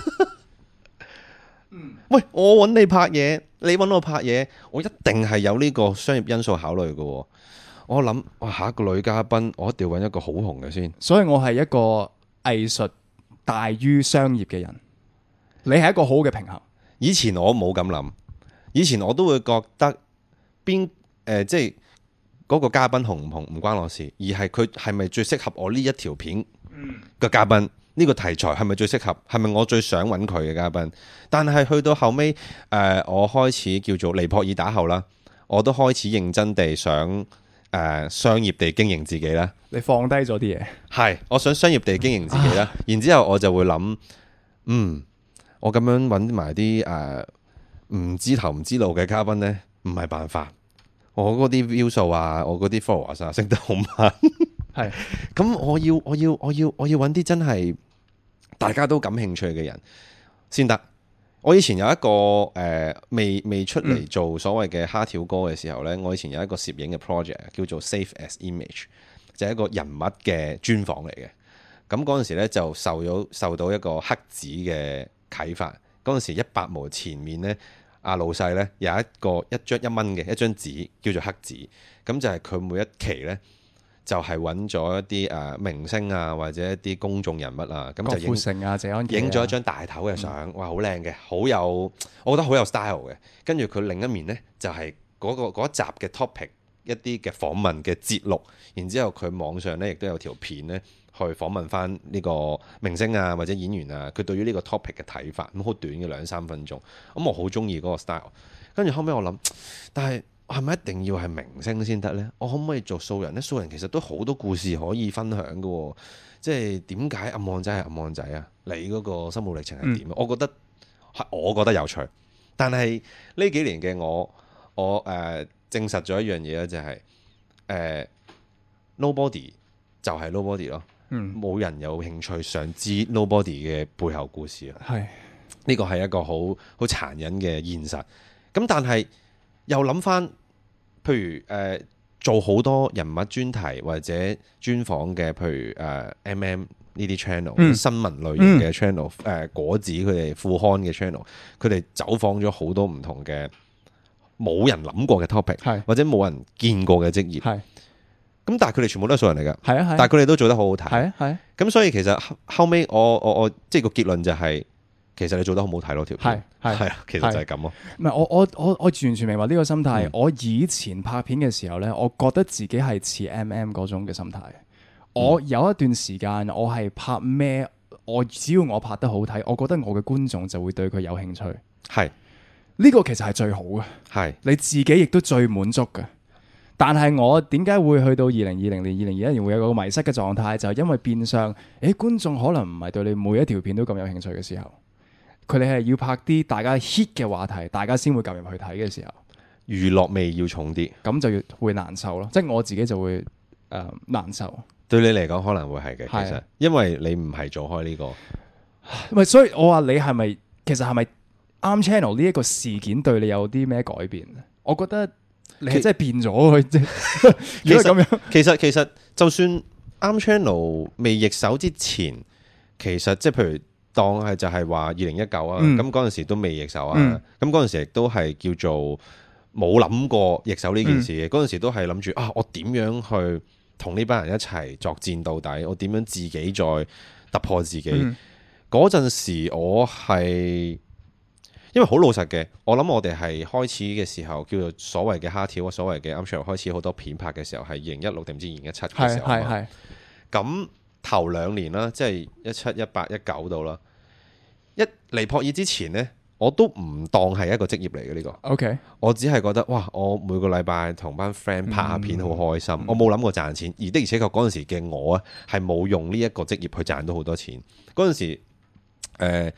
喂，我揾你拍嘢，你揾我拍嘢，我一定係有呢個商業因素考慮嘅，哦。我諗，哇，下一個女嘉賓，我一定要揾一,一,一個好紅嘅先。所以我係一個藝術大於商業嘅人。你係一個好嘅平衡。以前我冇咁諗，以前我都會覺得邊誒，即係嗰個嘉賓紅唔紅唔關我事，而係佢係咪最適合我呢一條片嘅嘉賓。呢個題材係咪最適合？係咪我最想揾佢嘅嘉賓？但係去到後尾，誒、呃，我開始叫做離破耳打後尼泊爾打後啦，我都開始認真地想誒、呃、商業地經營自己啦。你放低咗啲嘢，係我想商業地經營自己啦。啊、然之後我就會諗，嗯，我咁樣揾埋啲誒唔知頭唔知路嘅嘉賓咧，唔係辦法。我嗰啲標數 view 數啊，我嗰啲 followers、啊、升得好慢，係 <laughs> 咁是，我要我要我要我要揾啲真係。大家都感興趣嘅人先得。我以前有一個誒、呃、未未出嚟做所謂嘅蝦條哥嘅時候呢、嗯、我以前有一個攝影嘅 project 叫做 Safe as Image，就係一個人物嘅專訪嚟嘅。咁嗰陣時呢就受咗受到一個黑紙嘅啟發。嗰陣時一百毛前面呢，阿老細呢有一個一張一蚊嘅一張紙叫做黑紙，咁就係佢每一期呢。就係揾咗一啲誒明星啊，或者一啲公眾人物啊，咁就影影咗一張大頭嘅相，嗯、哇！好靚嘅，好有，我覺得好有 style 嘅。跟住佢另一面呢，就係嗰個嗰集嘅 topic 一啲嘅訪問嘅節錄，然之後佢網上呢，亦都有條片呢，去訪問翻呢個明星啊或者演員啊，佢對於呢個 topic 嘅睇法，咁好短嘅兩三分鐘，咁我好中意嗰個 style。跟住後尾我諗，但係。係咪一定要係明星先得呢？我可唔可以做素人咧？素人其實都好多故事可以分享噶。哦，即係點解暗旺仔係暗旺仔啊？你嗰個心路歷程係點？嗯、我覺得係，我覺得有趣。但係呢幾年嘅我，我誒、呃、證實咗一樣嘢咧，呃 Nobody、就係誒，Nobody 就係 Nobody 咯，冇、嗯、人有興趣想知 Nobody 嘅背後故事啊。係呢個係一個好好殘忍嘅現實。咁但係又諗翻。譬如誒做好多人物專題或者專訪嘅，譬如誒 MM 呢啲 channel，新聞類型嘅 channel，誒果子佢哋富刊嘅 channel，佢哋走訪咗好多唔同嘅冇人諗過嘅 topic，係，或者冇人見過嘅職業，係是。咁但係佢哋全部都係素人嚟㗎，係啊係，啊但係佢哋都做得好好睇，係啊係。咁、啊啊、所以其實後尾我我我即係個結論就係、是。其實你做得好唔好睇，咯，條片係係啊，其實就係咁咯。唔係我我我我完全明白呢個心態。嗯、我以前拍片嘅時候咧，我覺得自己係似 M M 嗰種嘅心態。我有一段時間我係拍咩？我只要我拍得好睇，我覺得我嘅觀眾就會對佢有興趣。係呢是個其實係最好嘅，係是你自己亦都最滿足嘅。但係我點解會去到二零二零年，二零二一年會有個迷失嘅狀態？就係因為變相，誒、欸、觀眾可能唔係對你每一條片都咁有興趣嘅時候。佢哋係要拍啲大家 hit 嘅話題，大家先會撳入去睇嘅時候，娛樂味要重啲，咁就要會難受咯。即係我自己就會誒、呃、難受。對你嚟講可能會係嘅的、這個，其實因為你唔係做開呢個，係所以，我話你係咪其實係咪啱 channel 呢一個事件對你有啲咩改變？我覺得你係真係變咗，佢。即係其實 <laughs> 咁樣其實其實就算啱 channel 未易手之前，其實即係譬如。當係就係話二零一九啊，咁嗰陣時都未易手啊，咁嗰陣時亦都係叫做冇諗過易手呢件事。嗰陣、嗯、時都係諗住啊，我點樣去同呢班人一齊作戰到底？我點樣自己再突破自己？嗰陣、嗯、時我係因為好老實嘅，我諗我哋係開始嘅時候叫做所謂嘅蝦條，所謂嘅啱出開始好多片拍嘅時候係二零一六定唔知二零一七嘅時候嘛。咁頭兩年啦，即係一七一八一九到啦。一嚟拍片之前呢，我都唔當係一個職業嚟嘅呢個。OK，我只係覺得哇，我每個禮拜同班 friend 拍下片好開心。嗯、我冇諗過賺錢，嗯、而的而且確嗰陣時嘅我啊，係冇用呢一個職業去賺到好多錢。嗰陣時誒、呃、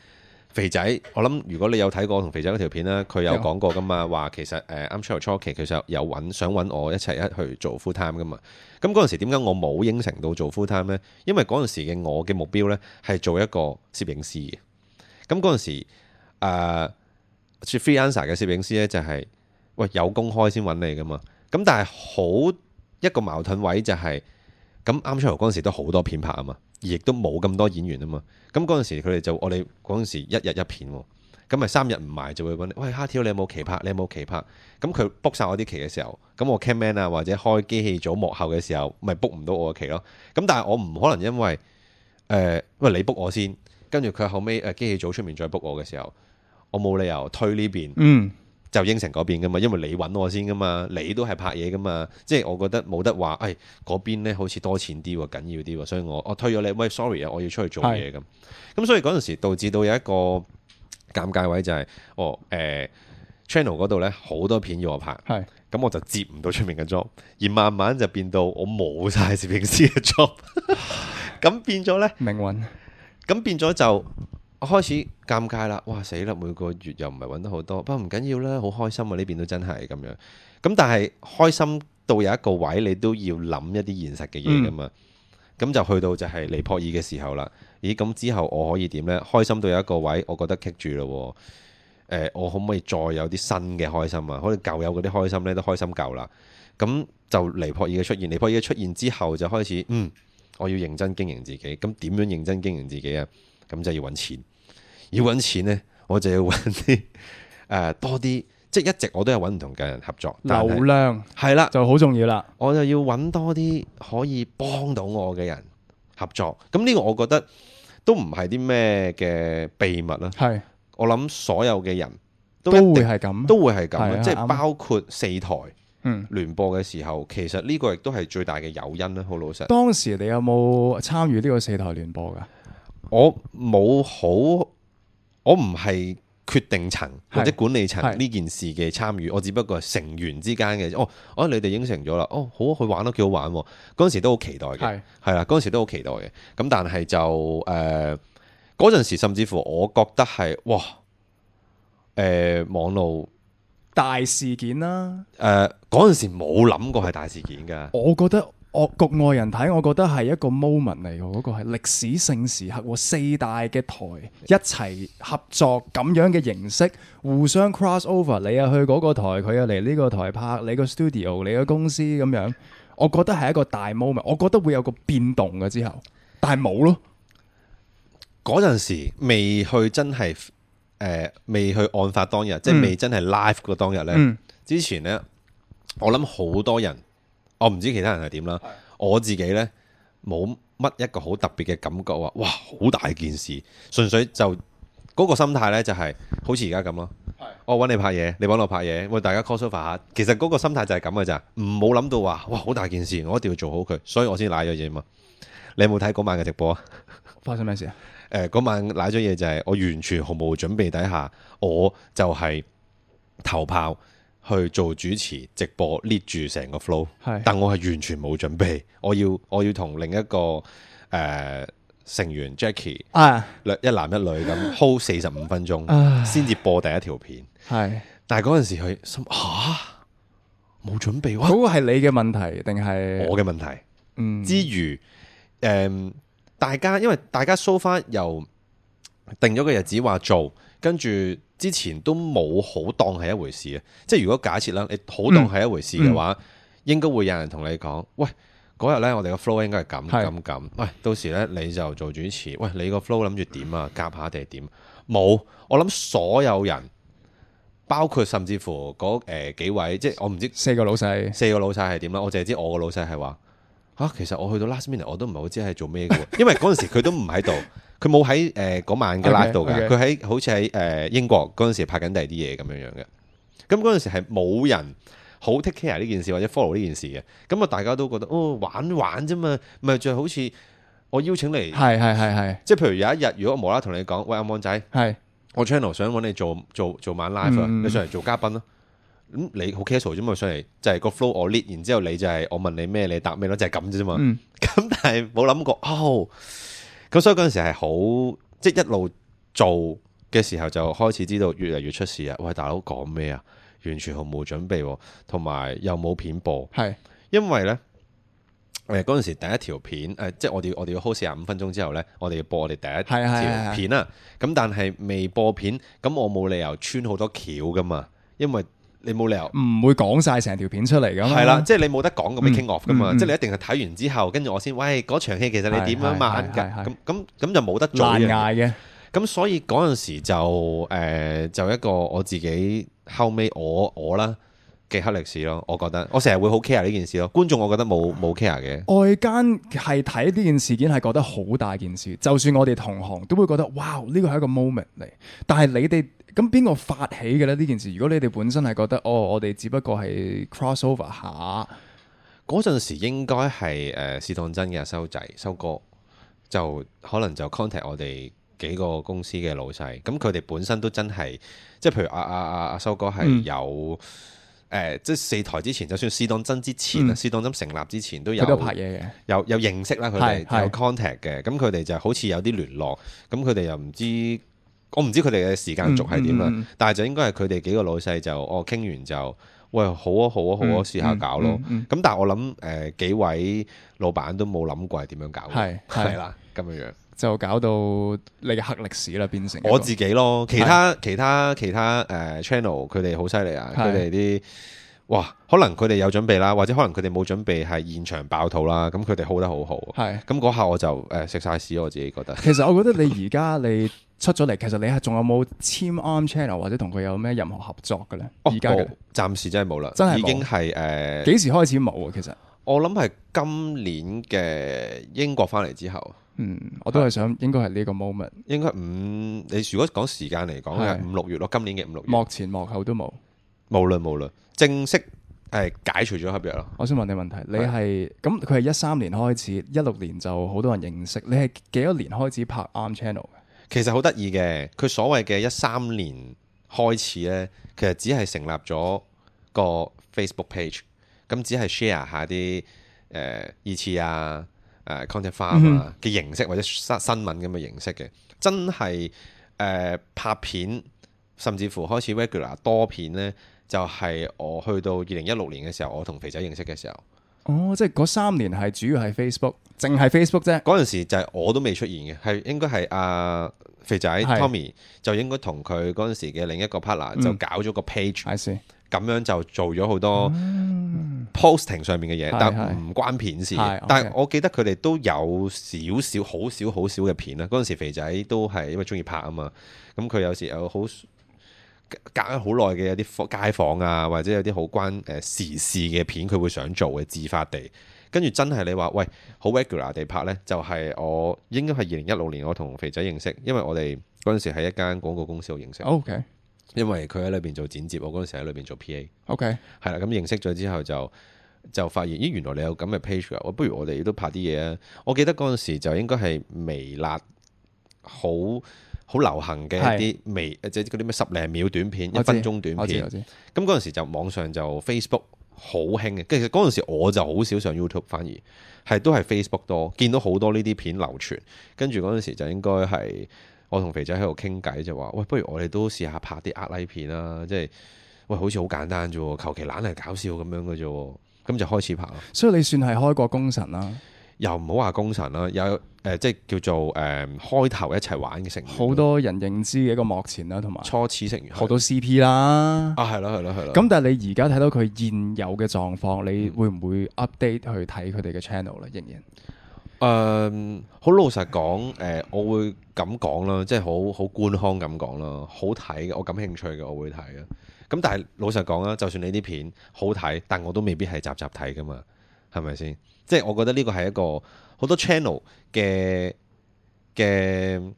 肥仔，我諗如果你有睇過我同肥仔嗰條片啦，佢有講過噶嘛，話其實誒，I'm trying to talk，其實有揾想揾我一齊一去做 full time 噶嘛。咁嗰陣時點解我冇應承到做 full time 呢？因為嗰陣時嘅我嘅目標呢，係做一個攝影師咁嗰陣時，誒、呃、做 freelancer 嘅攝影師咧，就係、是、喂有工開先揾你噶嘛。咁但係好一個矛盾位就係、是，咁啱出嚟嗰時都好多片拍啊嘛，亦都冇咁多演員啊嘛。咁嗰陣時佢哋就，我哋嗰陣時一日一片，咁咪三日唔埋就會揾你。喂，蝦條你有冇期拍？你有冇期拍？咁佢 book 晒我啲期嘅時候，咁我 cam man 啊或者開機器組幕後嘅時候，咪 book 唔到我嘅期咯。咁但係我唔可能因為誒，喂、呃、你 book 我先。跟住佢後尾誒機器組出面再 book 我嘅時候，我冇理由推呢邊，就應承嗰邊㗎嘛，因為你揾我先㗎嘛，你都係拍嘢㗎嘛，即係我覺得冇得話，誒、哎、嗰邊呢好似多錢啲，緊要啲，所以我我推咗你，喂，sorry 啊，我要出去做嘢咁，咁是所以嗰陣時導致到有一個尷尬位就係、是，哦誒、呃、channel 嗰度呢，好多片要我拍，係是，咁我就接唔到出面嘅 job，而慢慢就變到我冇晒攝影師嘅 job，咁變咗呢，命運。咁變咗就開始尷尬啦！哇死啦！每個月又唔係揾得好多，不過唔緊要啦，好開心啊！呢邊都真係咁樣。咁但係開心到有一個位，你都要諗一啲現實嘅嘢㗎嘛。咁、嗯、就去到就係尼泊爾嘅時候啦。咦？咁之後我可以點呢？開心到有一個位，我覺得棘住咯。誒、呃，我可唔可以再有啲新嘅開心啊？可能舊有嗰啲開心呢都開心夠啦。咁就尼泊爾嘅出現，尼泊爾嘅出現之後就開始嗯。我要認真經營自己，咁點樣認真經營自己啊？咁就要揾錢，要揾錢呢，我就要揾啲、呃、多啲，即係一直我都有揾唔同嘅人合作。但流量係啦，就好重要啦。我就要揾多啲可以幫到我嘅人合作。咁呢個我覺得都唔係啲咩嘅秘密啦。係，我諗所有嘅人都會係咁，都會係咁，即係包括四台。嗯，聯播嘅時候，其實呢個亦都係最大嘅誘因啦。好老實，當時你有冇參與呢個四台聯播㗎？我冇好，我唔係決定層是或者管理層呢件事嘅參與，是我只不過係成員之間嘅哦。哦，你哋應承咗啦，哦，好啊，去玩咯，幾好玩。嗰陣時都好期待嘅，係啦是，嗰陣時都好期待嘅。咁但係就誒，嗰、呃、陣時甚至乎我覺得係哇，誒、呃，網絡。大事件啦、啊呃！誒，嗰陣時冇諗過係大事件㗎。我覺得我局外人睇，我覺得係一個 moment 嚟嘅，嗰、嗰個係歷史性時刻。四大嘅台一齊合作咁樣嘅形式，互相 cross over，你又去嗰個台，佢又嚟呢個台拍你個 studio，你嘅公司咁樣，我覺得係一個大 moment。我覺得會有個變動嘅之後，但係冇咯。嗰陣時未去真係。誒、呃，未去案發當日，嗯、即係未真係 live 嗰當日咧。嗯、之前咧，我諗好多人，我唔知其他人係點啦。是的 我自己咧，冇乜一個好特別嘅感覺話，哇，好大件事，純粹就嗰、那個心態咧、就是，就係好似而家咁咯。我揾是的、哦、你拍嘢，你揾我拍嘢，喂，大家 call 蘇化下。其實嗰個心態就係咁嘅咋，唔冇諗到話，哇，好大件事，我一定要做好佢，所以我先瀨咗嘢嘛。你有冇睇嗰晚嘅直播啊？ <laughs> 發生咩事啊？誒，嗰、呃、晚瀨咗嘢，就係我完全毫無準備底下，我就係頭炮去做主持直播 lead 住成個 flow，是但我係完全冇準備，我要我要同另一個誒、呃、成員 Jackie 啊，一男一女咁 hold 四十五分鐘，先至、啊、播第一條片。係、啊，但係嗰陣時佢心吓冇、啊、準備喎，嗰個係你嘅問題定係我嘅問題？問題嗯，之餘誒。嗯大家因為大家 so 翻又定咗個日子話做，跟住之前都冇好當係一回事嘅。即係如果假設啦，你好當係一回事嘅話，嗯嗯、應該會有人同你講，喂，嗰日咧我哋個 flow 應該係咁咁咁。喂，到時咧你就做主持。喂，你個 flow 諗住點啊？夾下定係點？冇。我諗所有人，包括甚至乎嗰誒幾位，即係我唔知四個老細，四個老細係點啦。我淨係知我個老細係話。啊，其實我去到 last minute 我都唔係好知係做咩嘅，因為嗰陣時佢都唔喺度，佢冇喺誒嗰晚嘅 live 度嘅，佢喺 Okay, okay. 好似喺誒英國嗰陣時拍緊第二啲嘢咁樣樣嘅。咁嗰陣時係冇人好 take care 呢件事或者 follow 呢件事嘅。咁啊，大家都覺得哦玩玩啫嘛，咪就係好似我邀請你。係係係係，即係譬如有一日如果我無啦同你講，喂阿旺仔，係是我 channel 想揾你做做做，做晚 live 你上嚟做嘉賓啦。嗯咁你好 casual 啫嘛上嚟就係、是、個 flow 我 lead 然之後你就係我問你咩你答咩咯就係咁啫嘛。咁、嗯、 <laughs> 但係冇諗過哦，咁所以嗰陣時係好即係一路做嘅時候就開始知道越嚟越出事啊！喂大佬講咩啊？完全毫無準備，同埋又冇片播。係是因為咧，誒嗰陣時第一條片誒，即係我哋我哋要 hold 四十五分鐘之後咧，我哋要播我哋第一條片啊。咁的但係未播片，咁我冇理由穿好多橋噶嘛，因為。你冇理由唔會講晒成條片出嚟噶嘛？係啦的，嗯、即係你冇得講咁樣傾 Off 噶嘛？嗯、即係你一定係睇完之後，跟住、嗯、我先，喂，嗰場戲其實你點樣演？咁咁咁就冇得再挨嘅。咁所以嗰陣時就誒、呃，就一個我自己後尾我我啦。嘅黑歷史咯，我覺得我成日會好 care 呢件事咯。觀眾我覺得冇冇 care 嘅。外間係睇呢件事件係覺得好大件事，就算我哋同行都會覺得哇，呢個係一個 moment 嚟。但係你哋咁邊個發起嘅咧？呢件事如果你哋本身係覺得哦，我哋只不過係 cross over 下嗰陣時，應該係誒、呃、試當真嘅。收仔收哥就可能就 contact 我哋幾個公司嘅老細，咁佢哋本身都真係即係譬如阿阿阿阿收哥係有。嗯誒、呃，即係四台之前，就算試當真之前啊，試當真成立之前都有都拍嘢嘅，有有認識啦，佢哋有 contact 嘅，咁佢哋就好似有啲聯絡，咁佢哋又唔知，我唔知佢哋嘅時間軸係點啊，嗯、但係就應該係佢哋幾個老細就，哦傾完就，喂好啊好啊好啊，好啊，好啊、嗯、試下搞咯，咁、嗯嗯嗯、但係我諗誒、呃、幾位老闆都冇諗過係點樣搞，係啦咁樣樣。就搞到你嘅黑歷史啦，變成我自己咯。其他是其他其他誒 channel 佢哋好犀利啊！佢哋啲哇，可能佢哋有準備啦，或者可能佢哋冇準備，係現場爆肚啦。咁佢哋 hold 得好好。係咁嗰刻我就誒食晒屎，我自己覺得。其實我覺得你而家你出咗嚟， <laughs> 其實你係仲有冇簽 arm channel 或者同佢有咩任何合作嘅咧？而家、哦、暫時真係冇啦，真係已經係誒幾時開始冇啊？其實我諗係今年嘅英國翻嚟之後。嗯，我都係想應該，應該係呢個 moment。應該五，你如果講時間嚟講，係五六月咯，今年嘅五六月。幕前、幕後都冇，無論、無論，正式係解除咗合約咯。我想問你問題，你係咁佢係一三年開始，一六年就好多人認識，你係幾多年開始拍啱 Channel 嘅？其實好得意嘅，佢所謂嘅一三年開始咧，其實只係成立咗個 Facebook page，咁只係 share 下啲誒意思啊。誒 content farm 嘅形式或者新新聞咁嘅形式嘅，真係誒、呃、拍片，甚至乎開始 regular 多片呢，就係、是、我去到二零一六年嘅時候，我同肥仔認識嘅時候。哦，即係嗰三年係主要係 Facebook，淨係 Facebook 啫。嗰陣時就係我都未出現嘅，係應該係阿、啊、肥仔是 Tommy 就應該同佢嗰陣時嘅另一個 partner 就搞咗個 page、嗯。咁樣就做咗好多 posting 上面嘅嘢，嗯、但唔關片事。是是但係我記得佢哋都有少少好少好少、好少好少嘅片啦。嗰陣時肥仔都係因為中意拍啊嘛。咁佢有時有好隔咗好耐嘅有啲街坊啊，或者有啲好關誒、呃、時事嘅片，佢會想做嘅自發地。跟住真係你話喂，好 regular 地拍呢，就係、係、我應該係二零一六年我同肥仔認識，因為我哋嗰陣時喺一間廣告公司度認識。OK。因為佢喺裏邊做剪接，我嗰陣時喺裏邊做 P.A.，OK，係啦，咁認識咗之後就就發現咦，原來你有咁嘅 page 啊，我不如我哋都拍啲嘢啊！我記得嗰陣時就應該係微辣，好好流行嘅一啲微誒，即係嗰啲咩十零秒短片、一分鐘短片。我知我知。咁嗰陣時就網上就 Facebook 好興嘅，其實嗰陣時我就好少上 YouTube，反而係都係 Facebook 多，見到好多呢啲片流傳。跟住嗰陣時就應該係。我同肥仔喺度傾偈就話：喂，不如我哋都試下拍啲壓拉片啦！即係喂，好似好簡單啫，求其懶嚟搞笑咁樣嘅啫，咁就開始拍咯。所以你算係開國功臣啦。又唔好話功臣啦，有誒、呃，即係叫做誒、呃呃，開頭一齊玩嘅成員。好多人認知嘅一個幕前啦，同埋初始成員，學到 CP 啦，啊，係咯，係咯，係咯。咁但係你而家睇到佢現有嘅狀況，嗯、你會唔會 update 去睇佢哋嘅 channel 咧？仍然。誒，好、嗯、老實講，誒、呃，我會咁講啦，即係好好官腔咁講啦，好睇嘅，我感興趣嘅，我會睇嘅。咁但係老實講啦，就算你啲片好睇，但我都未必係集集睇㗎嘛，係咪先？即係我覺得呢個係一個好多 channel 嘅嘅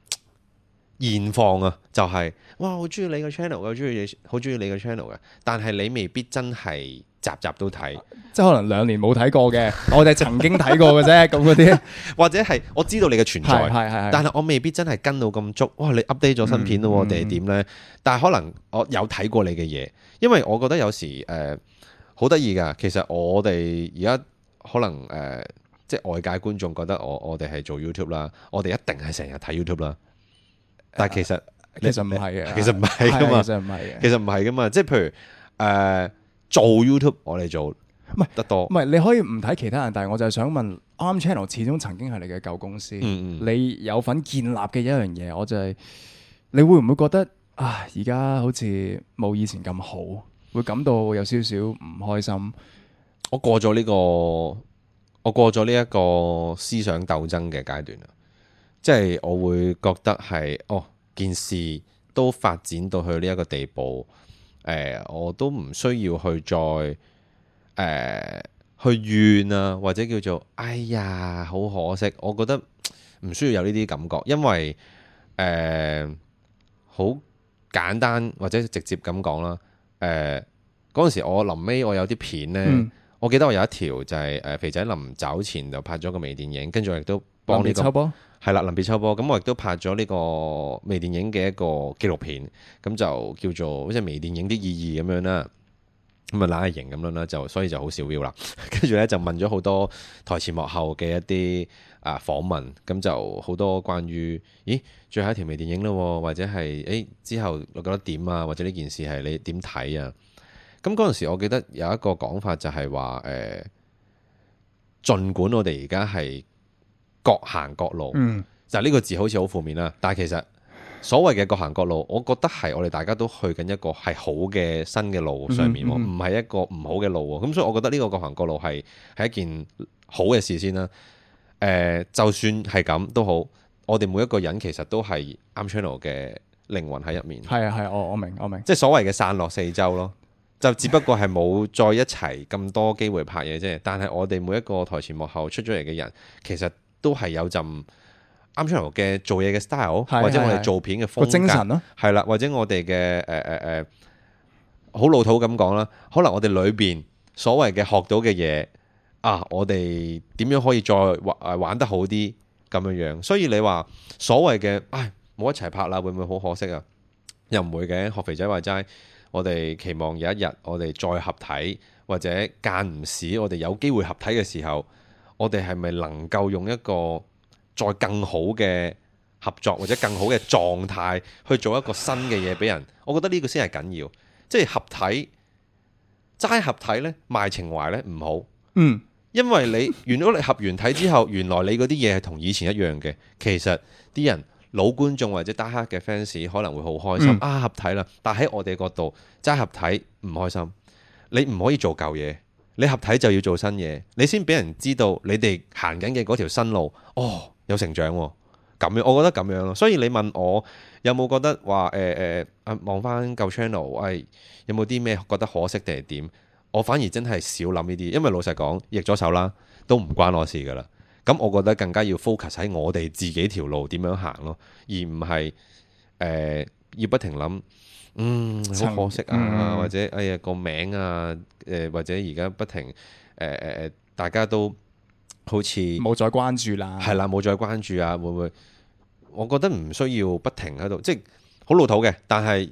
現況啊，就係、是、哇，我中意你個 channel，我中意好中意你個 channel 嘅，但係你未必真係。集集都睇，啊，即係可能兩年冇睇過嘅， <laughs> 我哋曾經睇過嘅啫，咁嗰啲，或者係我知道你嘅存在，是是是是但係我未必真係跟到咁足。哇！你 update 咗新，新片咯，定係點呢？嗯、但係可能我有睇過你嘅嘢，因為我覺得有時誒好得意噶。其實我哋而家可能誒、呃，即係外界觀眾覺得我我我哋係做 YouTube 啦，我哋一定係成日睇 YouTube 啦。但係其實其實唔係嘅，其實唔係噶嘛，其實唔係嘅，其實唔係噶嘛。即係譬如誒。呃呃做 YouTube 我哋做，唔係得多，唔係你可以唔睇其他人，但係我就係想問啱 Channel 始終曾經係你嘅舊公司，嗯嗯你有份建立嘅一樣嘢，我就係、是、你會唔會覺得啊？而家好似冇以前咁好，會感到有少少唔開心。我過咗呢、這個，我過咗呢一個思想鬥爭嘅階段啦，即、就、係、是、我會覺得係哦，件事都發展到去呢一個地步。誒、呃，我都唔需要去再誒、呃、去怨啊，或者叫做哎呀，好可惜。我覺得唔需要有呢啲感覺，因為誒好、呃、簡單或者直接咁講啦。誒嗰陣時，我臨尾我有啲片咧，嗯、我記得我有一條就係、是、誒、呃、肥仔臨走前就拍咗個微電影，跟住我亦都幫你抽係啦，臨別秋波，咁我亦都拍咗呢個微電影嘅一個紀錄片，咁就叫做好似微電影啲意義咁樣啦，咁啊懶有型咁樣啦，就所以就好少 view 啦。跟住咧就問咗好多台前幕後嘅一啲啊訪問，咁就好多關於，咦最後一條微電影咯，或者係誒、欸、之後我覺得點啊，或者呢件事係你點睇啊？咁嗰陣時，我記得有一個講法就係話誒，儘管我哋而家係。各行各路，就呢、嗯、個字好似好負面啦。但係其實所謂嘅各行各路，我覺得係我哋大家都去緊一個係好嘅新嘅路上面，唔係、嗯嗯、一個唔好嘅路咁、嗯嗯、所以，我覺得呢個各行各路係係一件好嘅事先啦。誒、呃，就算係咁都好，我哋每一個人其實都係啱 channel 嘅靈魂喺入面。係啊係啊，我我明我明，即係所謂嘅散落四周咯，就只不過係冇再一齊咁多機會拍嘢啫。 <laughs> 但係我哋每一個台前幕後出咗嚟嘅人，其實。都係有陣啱出嚟嘅做嘢嘅 style，或者我哋做片嘅精神咯。係啦，或者我哋嘅、誒誒誒，好、呃呃、老土咁講啦，可能我哋裏邊所謂嘅學到嘅嘢啊，我哋點樣可以再玩玩得好啲咁樣樣？所以你話所謂嘅，唉，冇一齊拍啦，會唔會好可惜啊？又唔會嘅，學肥仔話齋，我哋期望有一日我哋再合體，或者間唔時我哋有機會合體嘅時候。我哋係咪能夠用一個再更好嘅合作，或者更好嘅狀態去做一個新嘅嘢俾人？我覺得呢個先係緊要，即係合體。齋合體呢，賣情懷呢，唔好，嗯，因為你完咗你合完體之後，原來你嗰啲嘢係同以前一樣嘅。其實啲人老觀眾或者打黑嘅 fans 可能會好開心、嗯、啊，合體啦！但喺我哋角度齋合體唔開心，你唔可以做舊嘢。你合體就要做新嘢，你先俾人知道你哋行緊嘅嗰條新路，哦，有成長咁、哦、樣，我覺得咁樣咯。所以你問我有冇覺得話誒誒啊，望、呃、翻、呃、舊 channel，誒、哎、有冇啲咩覺得可惜定係點？我反而真係少諗呢啲，因為老實講，逆咗手啦，都唔關我事噶啦。咁我覺得更加要 focus 喺我哋自己條路點樣行咯，而唔係誒。呃要不停諗，嗯，好可惜啊，嗯、或者哎呀個名啊，誒、呃、或者而家不停，誒誒誒，大家都好似冇再關注啦，係啦冇再關注啊，會唔會？我覺得唔需要不停喺度，即係好老土嘅，但係。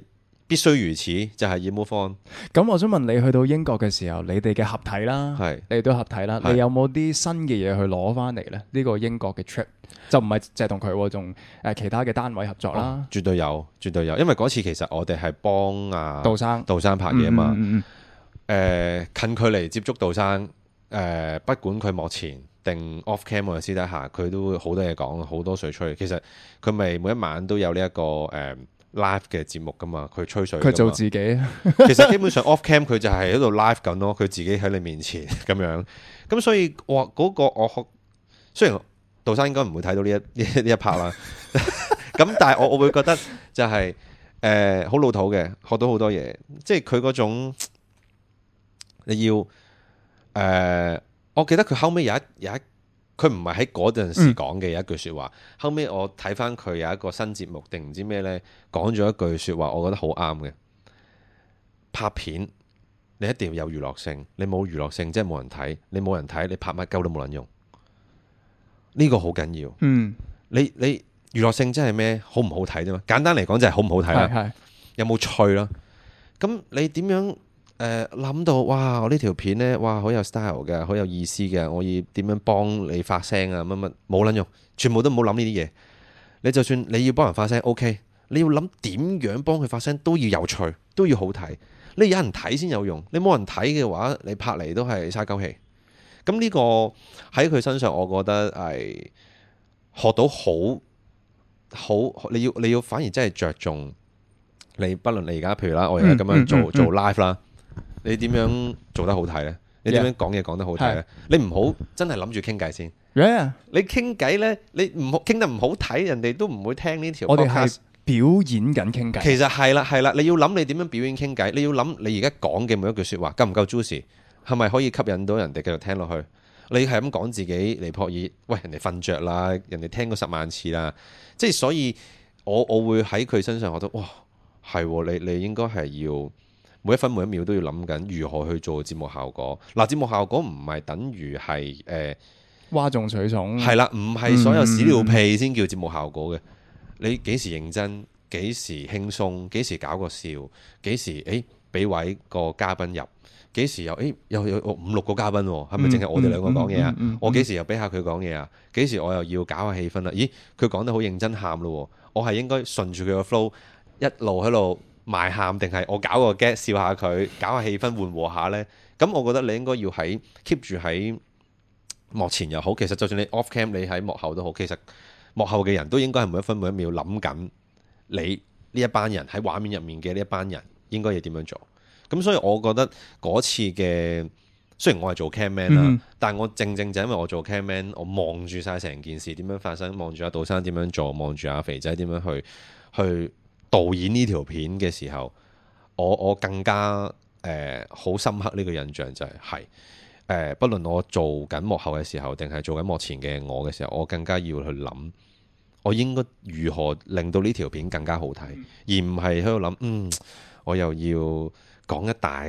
必須如此就係、是、r e m o v on。咁我想問你去到英國嘅時候，你哋嘅合體啦，是你哋都合體啦，是你有冇啲新嘅嘢去攞翻嚟呢？呢、這個英國嘅 trip 就唔係淨係同佢，仲誒其他嘅單位合作啦、哦。絕對有，絕對有，因為嗰次其實我哋係幫啊杜生杜生拍嘢嘛。誒、嗯呃、近距離接觸杜生，誒、呃、不管佢幕前定 off cam 喎，私底下，佢都好多嘢講，好多水吹。其實佢咪每一晚都有呢、這、一個誒。嗯嗯 live 嘅節目㗎嘛，佢吹水，佢做自己。其實基本上 <laughs> off cam 佢就係喺度 live 緊咯，佢自己喺你面前咁樣，咁所以我、嗰個我學，雖然杜生應該唔會睇到呢一呢一 part 啦。咁 <laughs> <laughs> 但係我我會覺得就係誒好老土嘅，學到好多嘢。即係佢嗰種你要誒、呃、我記得佢後尾有一有一。有一佢唔係喺嗰陣時講嘅一句說話，嗯、後尾我睇翻佢有一個新節目定唔知咩呢？講咗一句說話，我覺得好啱嘅。拍片你一定要有娛樂性，你冇娛樂性即係冇人睇，你冇人睇你拍乜鳩都冇人用。呢個好緊要。嗯，你你娛樂性真係咩？好唔好睇啫嘛？簡單嚟講就係好唔好睇，啊嗯、有冇趣啦？咁你點樣？誒，諗到哇！我呢條片呢，哇，好有 style 嘅，好有意思嘅。我要點樣幫你發聲啊？乜乜冇撚用，全部都唔好諗呢啲嘢。你就算你要幫人發聲，OK，你要諗點樣幫佢發聲都要有趣，都要好睇。你有人睇先有用，你冇人睇嘅話，你拍嚟都係嘥鳩氣。咁呢個喺佢身上，我覺得係學到好好，好，你要你要反而真係着重你。不你不論你而家，譬如啦，我而家咁樣做做 live 啦。嗯嗯嗯你點樣做得好睇呢？你點樣講嘢講得好睇呢？你唔好真係諗住傾偈先。你傾偈呢？你唔好傾得唔好睇，人哋都唔會聽呢條。我哋係表演緊傾偈。其實係啦，係啦，你要諗你點樣表演傾偈，你要諗你而家講嘅每一句説話夠唔夠 juicy，係咪可以吸引到人哋繼續聽落去？你係咁講自己，尼泊爾，喂，人哋瞓着啦，人哋聽過十萬次啦。即係所以我，我我會喺佢身上覺得，哇，係你你應該係要。每一分每一秒都要諗緊如何去做節目效果。嗱、啊，節目效果唔係等於係誒嘩眾取寵，係啦，唔係所有屎尿屁先叫節目效果嘅。嗯、你幾時認真？幾時輕鬆？幾時搞個笑？幾時誒俾、欸、位個嘉賓入？幾時又誒、欸、又，又有五六個嘉賓喎？係咪淨係我哋兩個講嘢啊？嗯嗯嗯嗯、我幾時又俾下佢講嘢啊？幾時我又要搞下氣氛啦？咦，佢講得好認真喊咯，我係應該順住佢個 flow 一路喺度。埋喊定係我搞個 gag 笑下佢，搞下氣氛緩和下呢。咁我覺得你應該要喺 keep 住喺幕前又好，其實就算你 off cam 你喺幕後都好，其實幕後嘅人都應該係每一分每一秒諗緊你呢一班人喺畫面入面嘅呢一班人應該要點樣做。咁所以我覺得嗰次嘅雖然我係做 cam man 啦，嗯嗯、但係我正正就因為我做 cam man，我望住晒成件事點樣發生，望住阿杜生點樣做，望住阿肥仔點樣去去。.導演呢條片嘅時候，我我更加誒好、呃、深刻呢個印象就係係誒，無論、呃、我做緊幕後嘅時候，定係做緊幕前嘅我嘅時候，我更加要去諗，我應該如何令到呢條片更加好睇，而唔係喺度諗，嗯，我又要講一大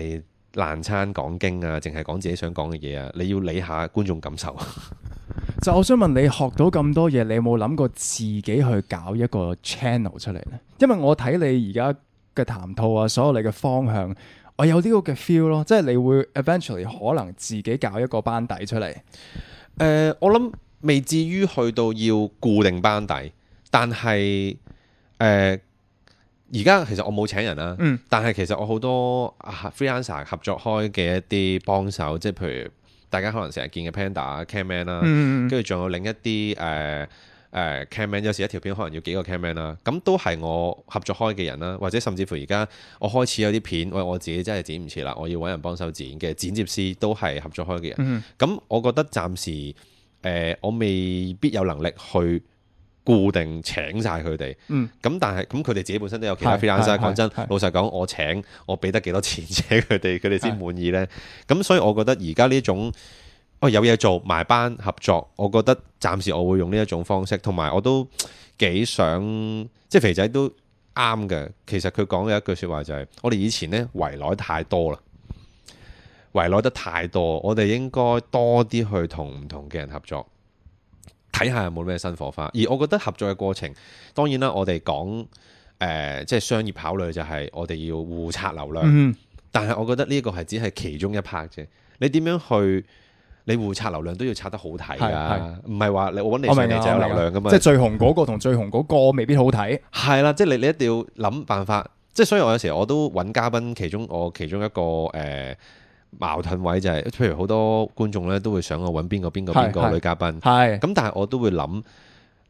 爛餐講經啊，淨係講自己想講嘅嘢啊，你要理下觀眾感受。 <laughs> 就我想問你學到咁多嘢，你有冇諗過自己去搞一個 channel 出嚟呢？因為我睇你而家嘅談吐啊，所有你嘅方向，我有呢個嘅 feel 咯、啊，即係你會 eventually 可能自己搞一個班底出嚟。誒、呃，我諗未至於去到要固定班底，但係誒而家其實我冇請人啦。嗯、但係其實我好多 freelancer 合作開嘅一啲幫手，即係譬如。大家可能成日見嘅 Panda、mm、Camman 啦，跟住仲有另一啲誒誒 Camman，有時一條片可能要幾個 Camman 啦，咁都係我合作開嘅人啦，或者甚至乎而家我開始有啲片，喂、哎，我自己真係剪唔切啦，我要揾人幫手剪嘅剪接師都係合作開嘅人，咁、mm hmm. 我覺得暫時誒、uh, 我未必有能力去。固定請晒佢哋，咁、嗯、但係咁佢哋自己本身都有其他 friend 啊講真，老實講，我請我俾得幾多錢請佢哋，佢哋先滿意呢？咁是所以我覺得而家呢一種，哦有嘢做埋班合作，我覺得暫時我會用呢一種方式，同埋我都幾想，即係肥仔都啱嘅。其實佢講嘅一句說話就係、是，我哋以前呢圍內太多啦，圍內得太多，我哋應該多啲去同唔同嘅人合作。睇下有冇咩新火花，而我覺得合作嘅過程，當然啦，我哋講誒即係商業考慮，就係我哋要互刷流量。嗯、但係我覺得呢一個係只係其中一 part 啫。你點樣去你互刷流量都要刷得好睇啊，唔係話你我揾你嚟就有流量㗎嘛。即係最紅嗰個同最紅嗰個未必好睇，係啦、嗯，即係、就是、你你一定要諗辦法。即、就、係、是、所以，我有時我都揾嘉賓，其中我其中一個誒。呃矛盾位就係、是，譬如好多觀眾咧都會想我揾邊個邊個邊個女嘉賓，係咁，但係我都會諗，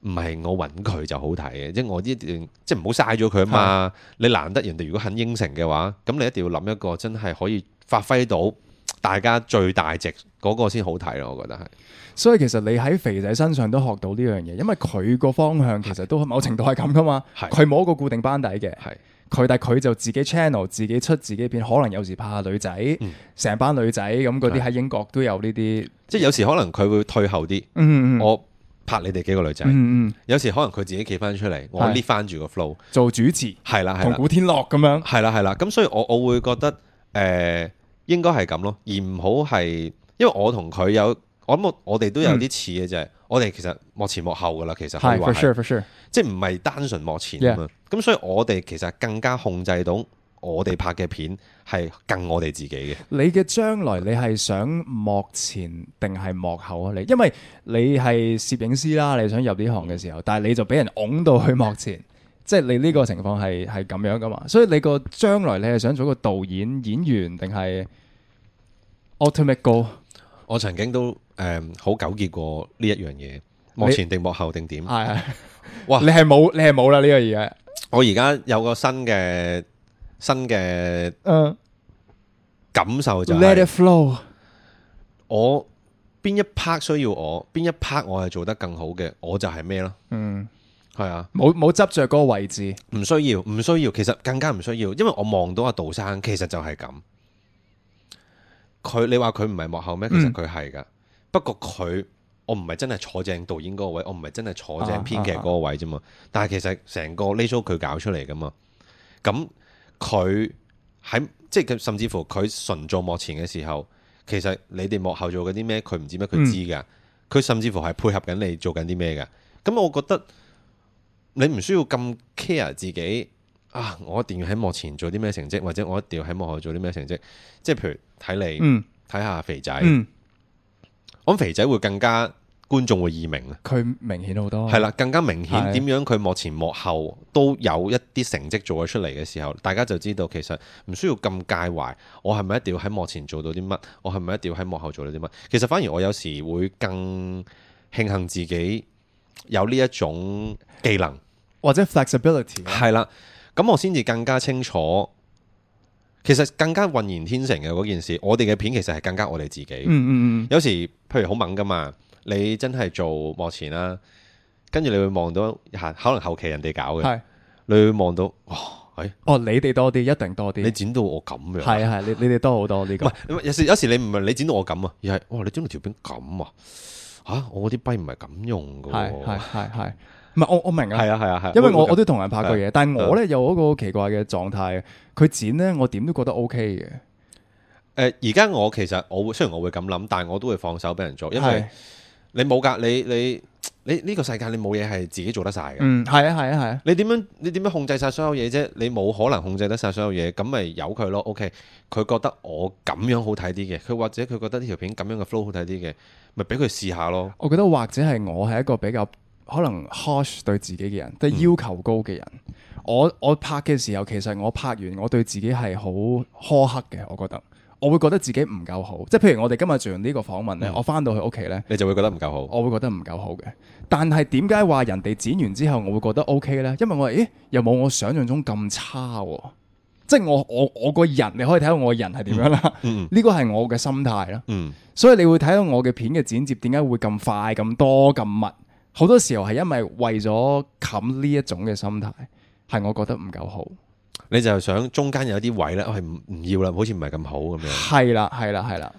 唔係我揾佢就好睇嘅，即係是我一定即係唔好嘥咗佢啊嘛。是你難得人哋如果肯應承嘅話，咁你一定要諗一個真係可以發揮到大家最大值嗰個先好睇咯。我覺得係。所以其實你喺肥仔身上都學到呢樣嘢，因為佢個方向其實都某程度係咁噶嘛，佢冇一個固定班底嘅。佢但係佢就自己 channel 自己出自己片，可能有時拍下女仔，成、嗯、班女仔咁嗰啲喺英國都有呢啲，即係有時可能佢會退後啲，嗯嗯嗯我拍你哋幾個女仔，嗯嗯嗯有時可能佢自己企翻出嚟，嗯嗯嗯我 lift 翻住個 flow 做主持，係啦係啦，同古天樂咁樣，係啦係啦，咁所以我我會覺得誒、呃、應該係咁咯，而唔好係因為我同佢有。我諗我哋都有啲似嘅，就係、嗯、我哋其實幕前幕後噶啦，其實可以話係，即係唔係單純幕前咁定所以我哋其實更加控制到我哋拍嘅片係更我哋自己嘅。你嘅將來你係想幕前定係幕後啊？你因為你係攝影師啦，你想入呢行嘅時候，但係你就俾人㧬到去幕前，即、就、係、是、你呢個情況係係咁樣噶嘛。所以你個將來你係想做一個導演演員定係 automatic go？我曾經都。誒，嗯，好糾結過呢一樣嘢，幕前定幕後定點？係，你哇！你係冇，你係冇啦呢個嘢。我而家有個新嘅新嘅感受就係、是 uh,，Let it flow 我。我邊一 part 需要我，邊一 part 我係做得更好嘅，我就係咩咯？嗯，係啊，冇冇執着嗰個位置，唔需要，唔需要，其實更加唔需要，因為我望到阿杜生，其實就係咁。佢，你話佢唔係幕後咩？其實佢係噶。不過佢，我唔係真係坐正導演嗰個位，我唔係真係坐正編劇嗰個位啫、啊啊、嘛。但係其實成個 layout 佢搞出嚟噶嘛。咁佢喺即係佢，甚至乎佢純做幕前嘅時候，其實你哋幕後做緊啲咩，佢唔知咩，佢知噶。佢甚至乎係配合緊你做緊啲咩噶。咁我覺得你唔需要咁 care 自己啊！我一定要喺幕前做啲咩成績，或者我一定要喺幕後做啲咩成績。即係譬如睇你，睇、嗯、下肥仔。嗯咁肥仔會更加觀眾會易明，啊！佢明顯好多係啦，更加明顯，點樣佢幕前幕後都有一啲成績做咗出嚟嘅時候，大家就知道其實唔需要咁介懷，我係咪一定要喺幕前做到啲乜？我係咪一定要喺幕後做到啲乜？其實反而我有時會更慶幸自己有呢一種技能或者 flexibility 係啦，咁我先至更加清楚。其實更加渾然天成嘅嗰件事，我哋嘅片其實係更加我哋自己。嗯嗯嗯。有時譬如好猛噶嘛，你真係做幕前啦，跟住你會望到吓，可能後期人哋搞嘅，你會望到哇，哎，哦你哋多啲，一定多啲。你剪到我咁樣，係啊係，你你哋多好多啲。唔係、唔係、有時有時你唔係你剪到我咁、哦、啊，而係哇你剪到條片咁啊，吓我啲筆唔係咁用噶。係係係。唔係我我明啊，係啊係啊係，因為我喂我都同樣人拍過嘢，啊、但係我咧有一個奇怪嘅狀態，佢、啊、剪咧我點都覺得 O K 嘅。誒，而家我其實我會，雖然我會咁諗，但係我都會放手俾人做，因為你冇噶，你你你呢、這個世界你冇嘢係自己做得晒嘅。嗯，係啊係啊係啊。啊啊你點樣你點樣控制晒所有嘢啫？你冇可能控制得晒所有嘢，咁咪由佢咯。O K，佢覺得我咁樣好睇啲嘅，佢或者佢覺得呢條片咁樣嘅 flow 好睇啲嘅，咪俾佢試下咯。我覺得或者係我係一個比較。可能 harsh 對自己嘅人，即係要求高嘅人，嗯、我我拍嘅時候，其實我拍完，我對自己係好苛刻嘅。我覺得我會覺得自己唔夠好，即係譬如我哋今日做完呢個訪問咧，嗯、我翻到去屋企咧，你就會覺得唔夠好，我好。我會覺得唔夠好嘅，但係點解話人哋剪完之後我會覺得 OK 咧？因為我誒又冇我想象中咁差，啊，即係我我我個人，你可以睇到我嘅人係點樣啦。呢個係我嘅心態啦。嗯，嗯所以你會睇到我嘅片嘅剪接點解會咁快，咁多、咁密。好多時候係因為為咗冚呢一種嘅心態，係我覺得唔夠好。你就想中間有啲位咧，係唔唔要啦，好似唔係咁好咁樣。係啦，係啦，係啦。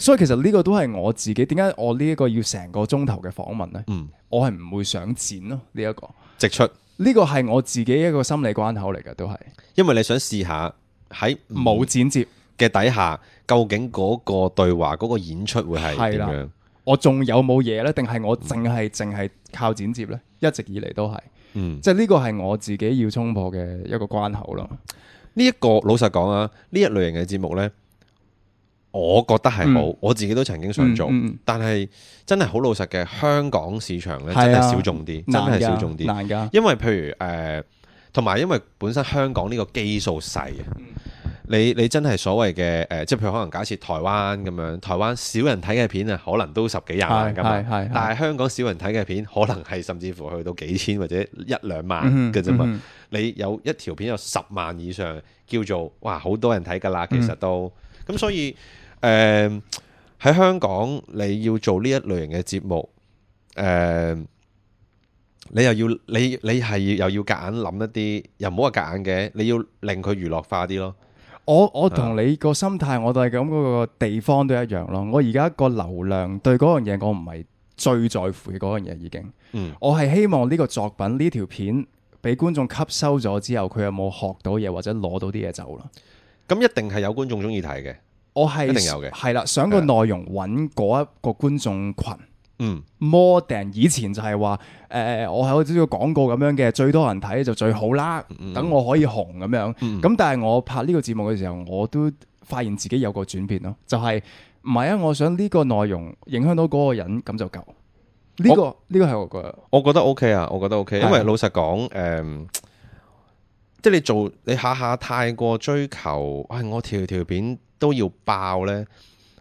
所以其實呢個都係我自己點解我呢一個要成個鐘頭嘅訪問呢？嗯，我係唔會想剪咯呢一個。直出呢個係我自己一個心理關口嚟嘅，都係。因為你想試下喺冇剪接嘅底下，究竟嗰個對話、嗰個演出會係點樣？我仲有冇嘢呢？定係我淨係淨係靠剪接呢？一直以嚟都係，嗯，即係呢個係我自己要衝破嘅一個關口咯。呢一個老實講啊，呢一類型嘅節目呢，我覺得係好。嗯、我自己都曾經想做，嗯、但係真係好老實嘅香港市場呢，真係小眾啲，真係小眾啲難噶。因為譬如誒，同、呃、埋因為本身香港呢個基數細啊。你你真係所謂嘅誒，即、呃、係譬如可能假設台灣咁樣，台灣少人睇嘅片啊，可能都十幾廿萬噶嘛。但係香港少人睇嘅片，可能係甚至乎去到幾千或者一兩萬嘅啫嘛。嗯嗯、你有一條片有十萬以上，叫做哇，好多人睇噶啦。其實都咁，嗯、所以誒喺、呃、香港你要做呢一類型嘅節目，誒、呃、你又要你你係又要夾硬諗一啲，又唔好話夾硬嘅，你要令佢娛樂化啲咯。我我同你個心態，我都係咁嗰個地方都一樣咯。我而家個流量對嗰樣嘢，我唔係最在乎嘅嗰樣嘢已經。嗯，我係希望呢個作品呢條片俾觀眾吸收咗之後，佢有冇學到嘢或者攞到啲嘢走啦？咁、嗯、一定係有觀眾中意睇嘅，我係一定有嘅，係啦，想個內容揾嗰一個觀眾群。嗯 more 定以前就係話，誒、呃，我係好似個廣告咁樣嘅，最多人睇就最好啦。等我可以紅咁樣，咁、嗯、但係我拍呢個節目嘅時候，我都發現自己有個轉變咯。就係唔係啊？我想呢個內容影響到嗰個人咁就夠。呢、這個呢我個係我覺，我覺得 OK 啊，我覺得 OK 的。因為老實講，誒、嗯，即係你做你下下太過追求，係、哎、我條條片都要爆咧。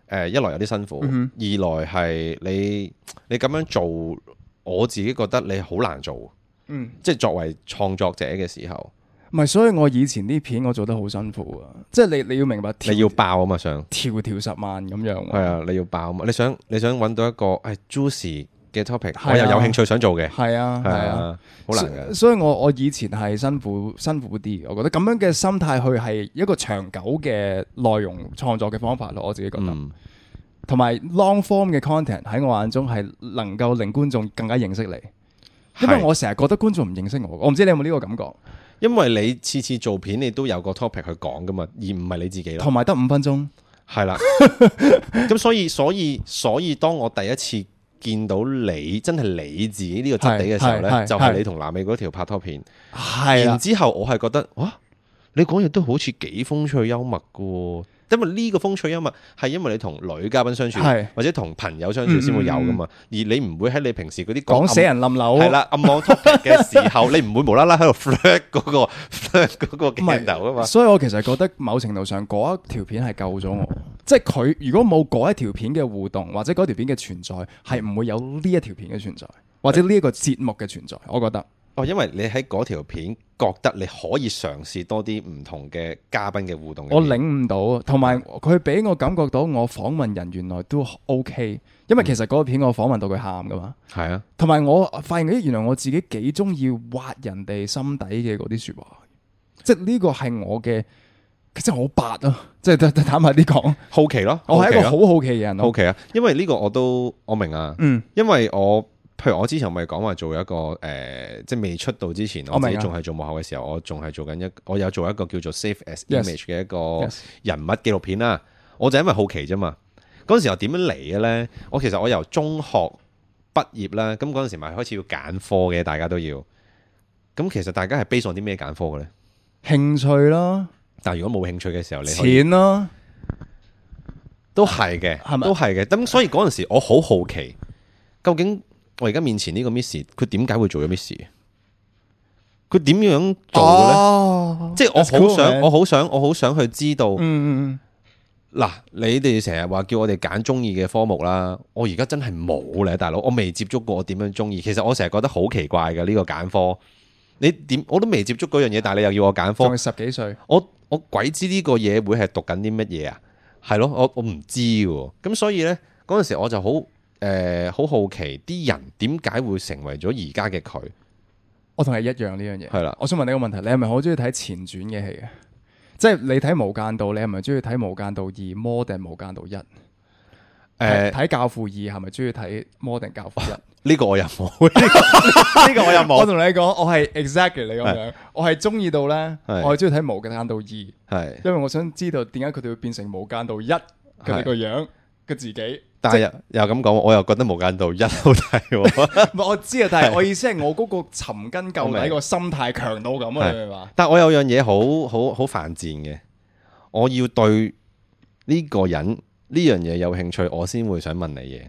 誒一來有啲辛苦，嗯、哼二來係你你咁樣做，我自己覺得你好難做，嗯，即係作為創作者嘅時候，唔係，所以我以前啲片我做得好辛苦啊，即係你你要明白，你要爆啊嘛，想跳跳十萬咁樣，係啊，你要爆啊嘛，你想你想搵到一個誒 juicy 嘅的 topic、啊、我又有，有興趣想做嘅，係啊係啊，好、啊啊、難嘅。所以我，我我以前係辛苦辛苦啲，我覺得咁樣嘅心態去係一個長久嘅內容創作嘅方法咯。我自己覺得，同埋 long form 嘅 content 喺我眼中係能夠令觀眾更加認識你，是因為我成日覺得觀眾唔認識我，我唔知你有冇呢個感覺？因為你次次做片你都有個 topic 去講噶嘛，而唔係你自己，同埋得五分鐘，係 <laughs> 啦。咁所以所以所以，當我第一次。見到你真係你自己呢個質地嘅時候咧，就係你同南美嗰條拍拖片，係啦。然之後我係覺得，哇！你講嘢都好似幾風趣幽默㗎喎。因為呢個風趣幽默係因為你同女嘉賓相處，的或者同朋友相處先會有噶嘛，而你唔會喺你平時嗰啲講死人冧樓係啦，暗網嘅時候 <laughs> 你唔會無啦啦喺度甩嗰個甩嗰個鏡頭噶嘛。所以我其實覺得某程度上嗰一條片係救咗我，嗯、即係佢如果冇嗰一條片嘅互動或者嗰條片嘅存在，係唔會有呢一條片嘅存在的或者呢一個節目嘅存在。我覺得哦，因為你喺嗰條片。覺得你可以嘗試多啲唔同嘅嘉賓嘅互動。我領悟到，同埋佢俾我感覺到我訪問人原來都 O、OK, K，因為其實嗰個片我訪問到佢喊噶嘛。係、嗯、啊，同埋我發現原來我自己幾中意挖人哋心底嘅嗰啲說話，即係呢個係我嘅，其實我八啊，即係坦坦白啲講，好奇咯，我係一個好好奇嘅人，好奇啊，我因為呢個我都我明啊，嗯，因為我。譬如我之前咪講話做一個誒、呃，即係未出道之前，oh、我自己仲係做幕後嘅時候，oh、我仲係做緊一，我有做一個叫做 safe as image 嘅 Yes, 一個人物紀錄片啦。我就因為好奇啫嘛。嗰陣時候點樣嚟嘅咧？我其實我由中學畢業啦，咁嗰陣時咪開始要揀科嘅，大家都要。咁其實大家係基於啲咩揀科嘅咧？興趣咯。但係如果冇興趣嘅時候你，你錢咯、啊，都係嘅，係咪都係嘅？咁所以嗰陣時我好好奇，究竟。我而家面前呢個 miss，佢點解會做咗 miss？佢點樣做嘅咧？Oh, 即係我好想，想，我好想，我好想去知道。嗯嗯嗯。嗱，你哋成日話叫我哋揀中意嘅科目啦，我而家真係冇咧，大佬，我未接觸過，我點樣中意？其實我成日覺得好奇怪嘅呢個揀科。你點？我都未接觸嗰樣嘢，但係你又要我揀科。十幾歲？我我鬼知呢個嘢會係讀緊啲乜嘢啊？係咯，我我唔知嘅。咁所以咧，嗰陣時我就好。誒，好好奇啲人點解會成為咗而家嘅佢？我同你一樣呢樣嘢。係啦，我想問你個問題，你係咪好中意睇前傳嘅戲？即係你睇《無間道》，你係咪中意睇《無間道二》魔定《無間道一》？誒，睇教父二係咪中意睇魔定教父一？呢個我又冇，呢個我又冇。我同你講，我係 exactly 你咁樣，我係中意到咧，我係中意睇《無間道二》，係因為我想知道點解佢哋會變成《無間道一》咁個樣嘅自己。但又咁講，我又覺得無間道一好睇喎。 <laughs> 我知啊，但係我意思係是我嗰個尋根究尾個心態強到咁啊是但係我有樣嘢好好好犯賤嘅，我要對呢個人呢樣嘢有興趣，我先會想問你嘢。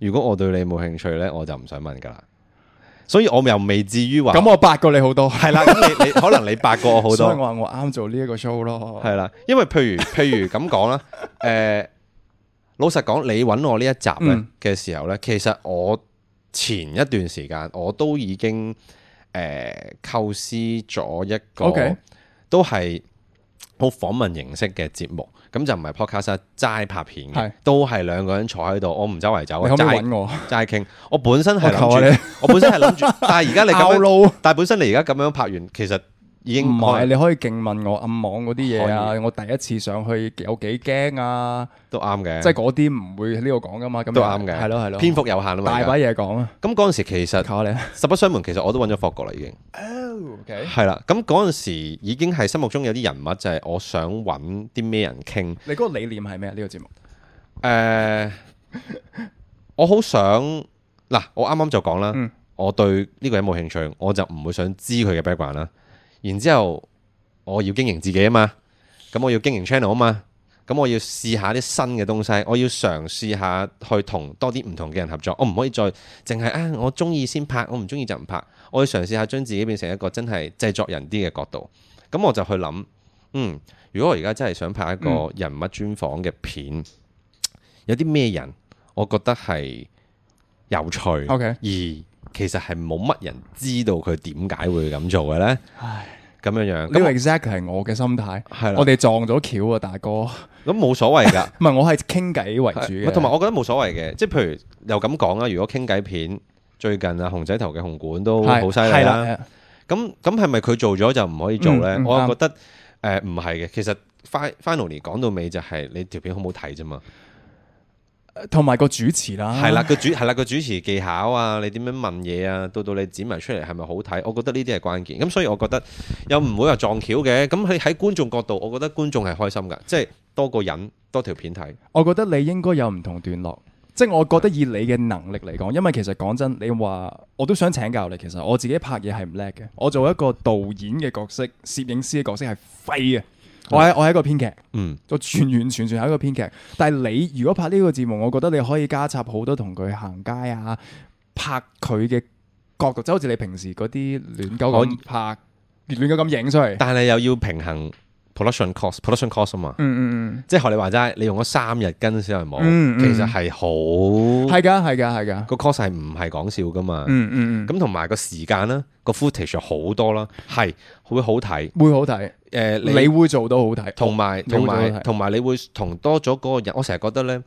如果我對你冇興趣咧，我就唔想問噶啦。所以，我又未至於話。咁我八卦你好多，係啦。 <laughs> 咁你你，你可能你八卦我好多，所以我話我啱做呢一個 show 咯。係啦，因為譬如譬如咁講啦，誒、 <laughs> 呃。老實講，你搵我呢一集咧嘅時候呢、嗯、其實我前一段時間我都已經誒、呃、構思咗一個，Okay. 都係好訪問形式嘅節目，咁就唔係 Podcast 齋拍片是都係兩個人坐喺度，我唔周圍走，就我，就係傾。我本身係諗住，我，求求我本身係諗住， <laughs> 但係而家你， <laughs> 但係本身你而家咁樣拍完，其實。唔係，你可以勁問我暗網嗰啲嘢啊。我第一次上去有幾驚啊，都啱嘅，即係嗰啲唔會喺呢度講噶嘛。咁都啱嘅，係咯係咯，篇幅有限啊嘛，大把嘢講啊。咁嗰陣時其實實不相瞞，其實我都揾咗霍國啦，已經係啦。咁嗰陣時已經係心目中有啲人物，就係我想揾啲咩人傾。你嗰個理念係咩啊？呢個節目誒，我好想嗱，我啱啱就講啦，我對呢個人冇興趣，我就唔會想知佢嘅 background 啦。然之後，我要經營自己啊嘛，咁我要經營 channel 啊嘛，咁我要試下啲新嘅東西，我要嘗試下去同多啲唔同嘅人合作，我唔可以再淨係啊，我中意先拍，我唔中意就唔拍，我要嘗試下將自己變成一個真係製作人啲嘅角度，咁我就去諗，嗯，如果我而家真係想拍一個人物專訪嘅片，嗯、有啲咩人我覺得係有趣，Okay。而。其實係冇乜人知道佢點解會咁做嘅咧，咁唉樣樣呢個 exact 係我嘅心態，係的我哋撞咗橋啊，大哥。咁冇所謂噶，唔係 <laughs> 我係傾偈為主同埋我覺得冇所謂嘅。即係譬如又咁講啦，如果傾偈片最近啊，熊仔頭嘅紅館都好犀利啦。咁咁係咪佢做咗就唔可以做咧？嗯、我覺得誒唔係嘅，其實 finally 講到尾就係你條片好唔好睇啫嘛。同埋個主持啦，係啦，個主係啦，個主持技巧啊，你點樣問嘢啊？到到你剪埋出嚟係咪好睇？我覺得呢啲係關鍵。咁所以我覺得又唔會話撞橋嘅。咁喺喺觀眾角度，我覺得觀眾係開心㗎，即係多個人多條片睇。我覺得你應該有唔同段落，即係我覺得以你嘅能力嚟講，因為其實講真，你話我都想請教你。其實我自己拍嘢係唔叻嘅，我做一個導演嘅角色、攝影師嘅角色係廢啊！對 我係我係一個編劇，嗯，我完完全全係一個編劇。但係你如果拍呢個節目，我覺得你可以加插好多同佢行街啊，拍佢嘅角度，就好似你平時嗰啲亂搞咁拍，亂咁咁影出嚟。但係又要平衡。Production cost，Production cost 嘛，嗯嗯嗯，即係學你話齋，你用咗三日跟小人冇？其實係好，係㗎，係㗎，係㗎。個 course 係唔係講笑㗎嘛，嗯嗯嗯，咁同埋個時間啦，個 footage 好多啦，係會好睇，會好睇，誒，你會做到好睇，同埋同埋同埋，你會同多咗嗰個人，我成日覺得咧，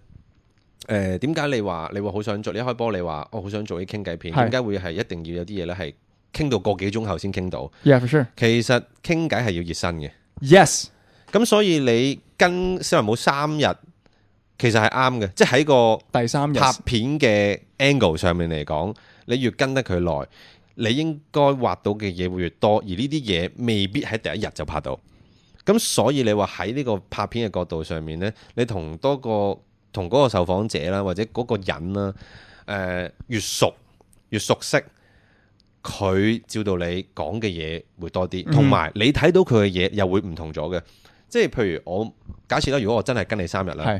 誒點解你話你會好想做？你一開波你話我好想做啲傾偈片，點解會係一定要有啲嘢咧係傾到個幾鐘後先傾到？Yeah，for sure。其實傾偈係要熱身嘅。yes，咁所以你跟小林武三日，其實係啱嘅，即係喺個第三日拍片嘅 angle 上面嚟講，你越跟得佢耐，你應該挖到嘅嘢會越多，而呢啲嘢未必喺第一日就拍到。咁所以你話喺呢個拍片嘅角度上面呢，你同多個同嗰個受訪者啦，或者嗰個人啦，誒、呃、越熟越熟悉。佢照到你講嘅嘢會多啲，同埋你睇到佢嘅嘢又會唔同咗嘅。即係譬如我假設啦，如果我真係跟你三日啦，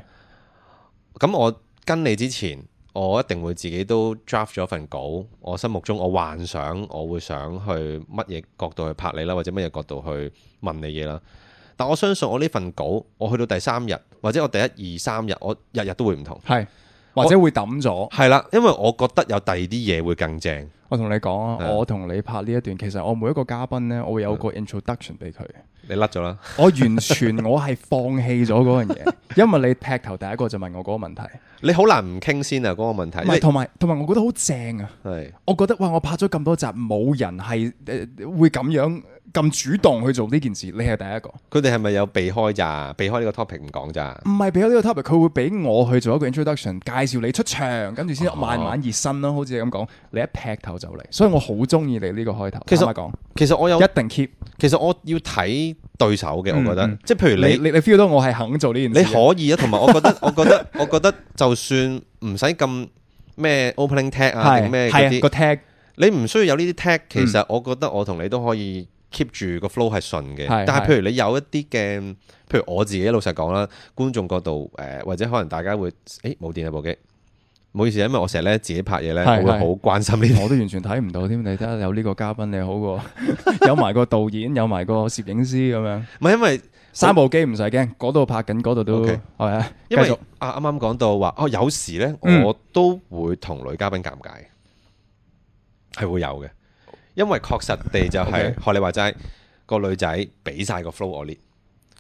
咁是我跟你之前，我一定會自己都 draft 咗份稿。我心目中我幻想，我會想去乜嘢角度去拍你啦，或者乜嘢角度去問你嘢啦。但我相信我呢份稿，我去到第三日，或者我第一二三日，我日日都會唔同，係或者會抌咗。係啦，因為我覺得有第二啲嘢會更正。我同你講啊，的我同你拍呢一段，其實我每一個嘉賓呢，我會有個 introduction 俾佢。你甩咗啦！我完全我係放棄咗嗰樣嘢， <laughs> 因為你劈頭第一個就問我嗰個問題。你好難唔傾先啊嗰個問題。唔係不，同埋同埋，我覺得好正啊！的我覺得哇！我拍咗咁多集，冇人係誒會咁樣咁主動去做呢件事，你係第一個。佢哋係咪有避開咋？避開呢個 topic 唔講咋？唔係避開呢個 topic，佢會俾我去做一個 introduction，介紹你出場，跟住先慢慢熱身囉。好似你咁講，你一劈頭。所以我好中意你呢個開頭。其實講，其實我有一定 keep。其實我要睇對手嘅，我覺得，即係譬如你，你你 feel 到我係肯做呢件事。你可以啊，同埋我覺得，我覺得，我覺得就算唔使咁咩 opening tag 啊，定咩嗰個 tag，你唔需要有呢啲 tag。其實我覺得我同你都可以 keep 住個 flow 係順嘅。但係譬如你有一啲嘅，譬如我自己老實講啦，觀眾角度誒，或者可能大家會誒冇電啊部機。唔好意思，因為我成日咧自己拍嘢咧，我會好關心呢啲。我都完全睇唔到添，你睇下有呢個嘉賓，你好過有埋個導演，有埋個攝影師咁樣。唔係因為三部機唔使驚，嗰度拍緊，嗰度都 OK。係啊。因為啊，啱啱講到話，哦，有時咧，我都會同女嘉賓尷尬，係會有嘅，因為確實地就係學你話齋，個女仔俾晒個 flow 我練，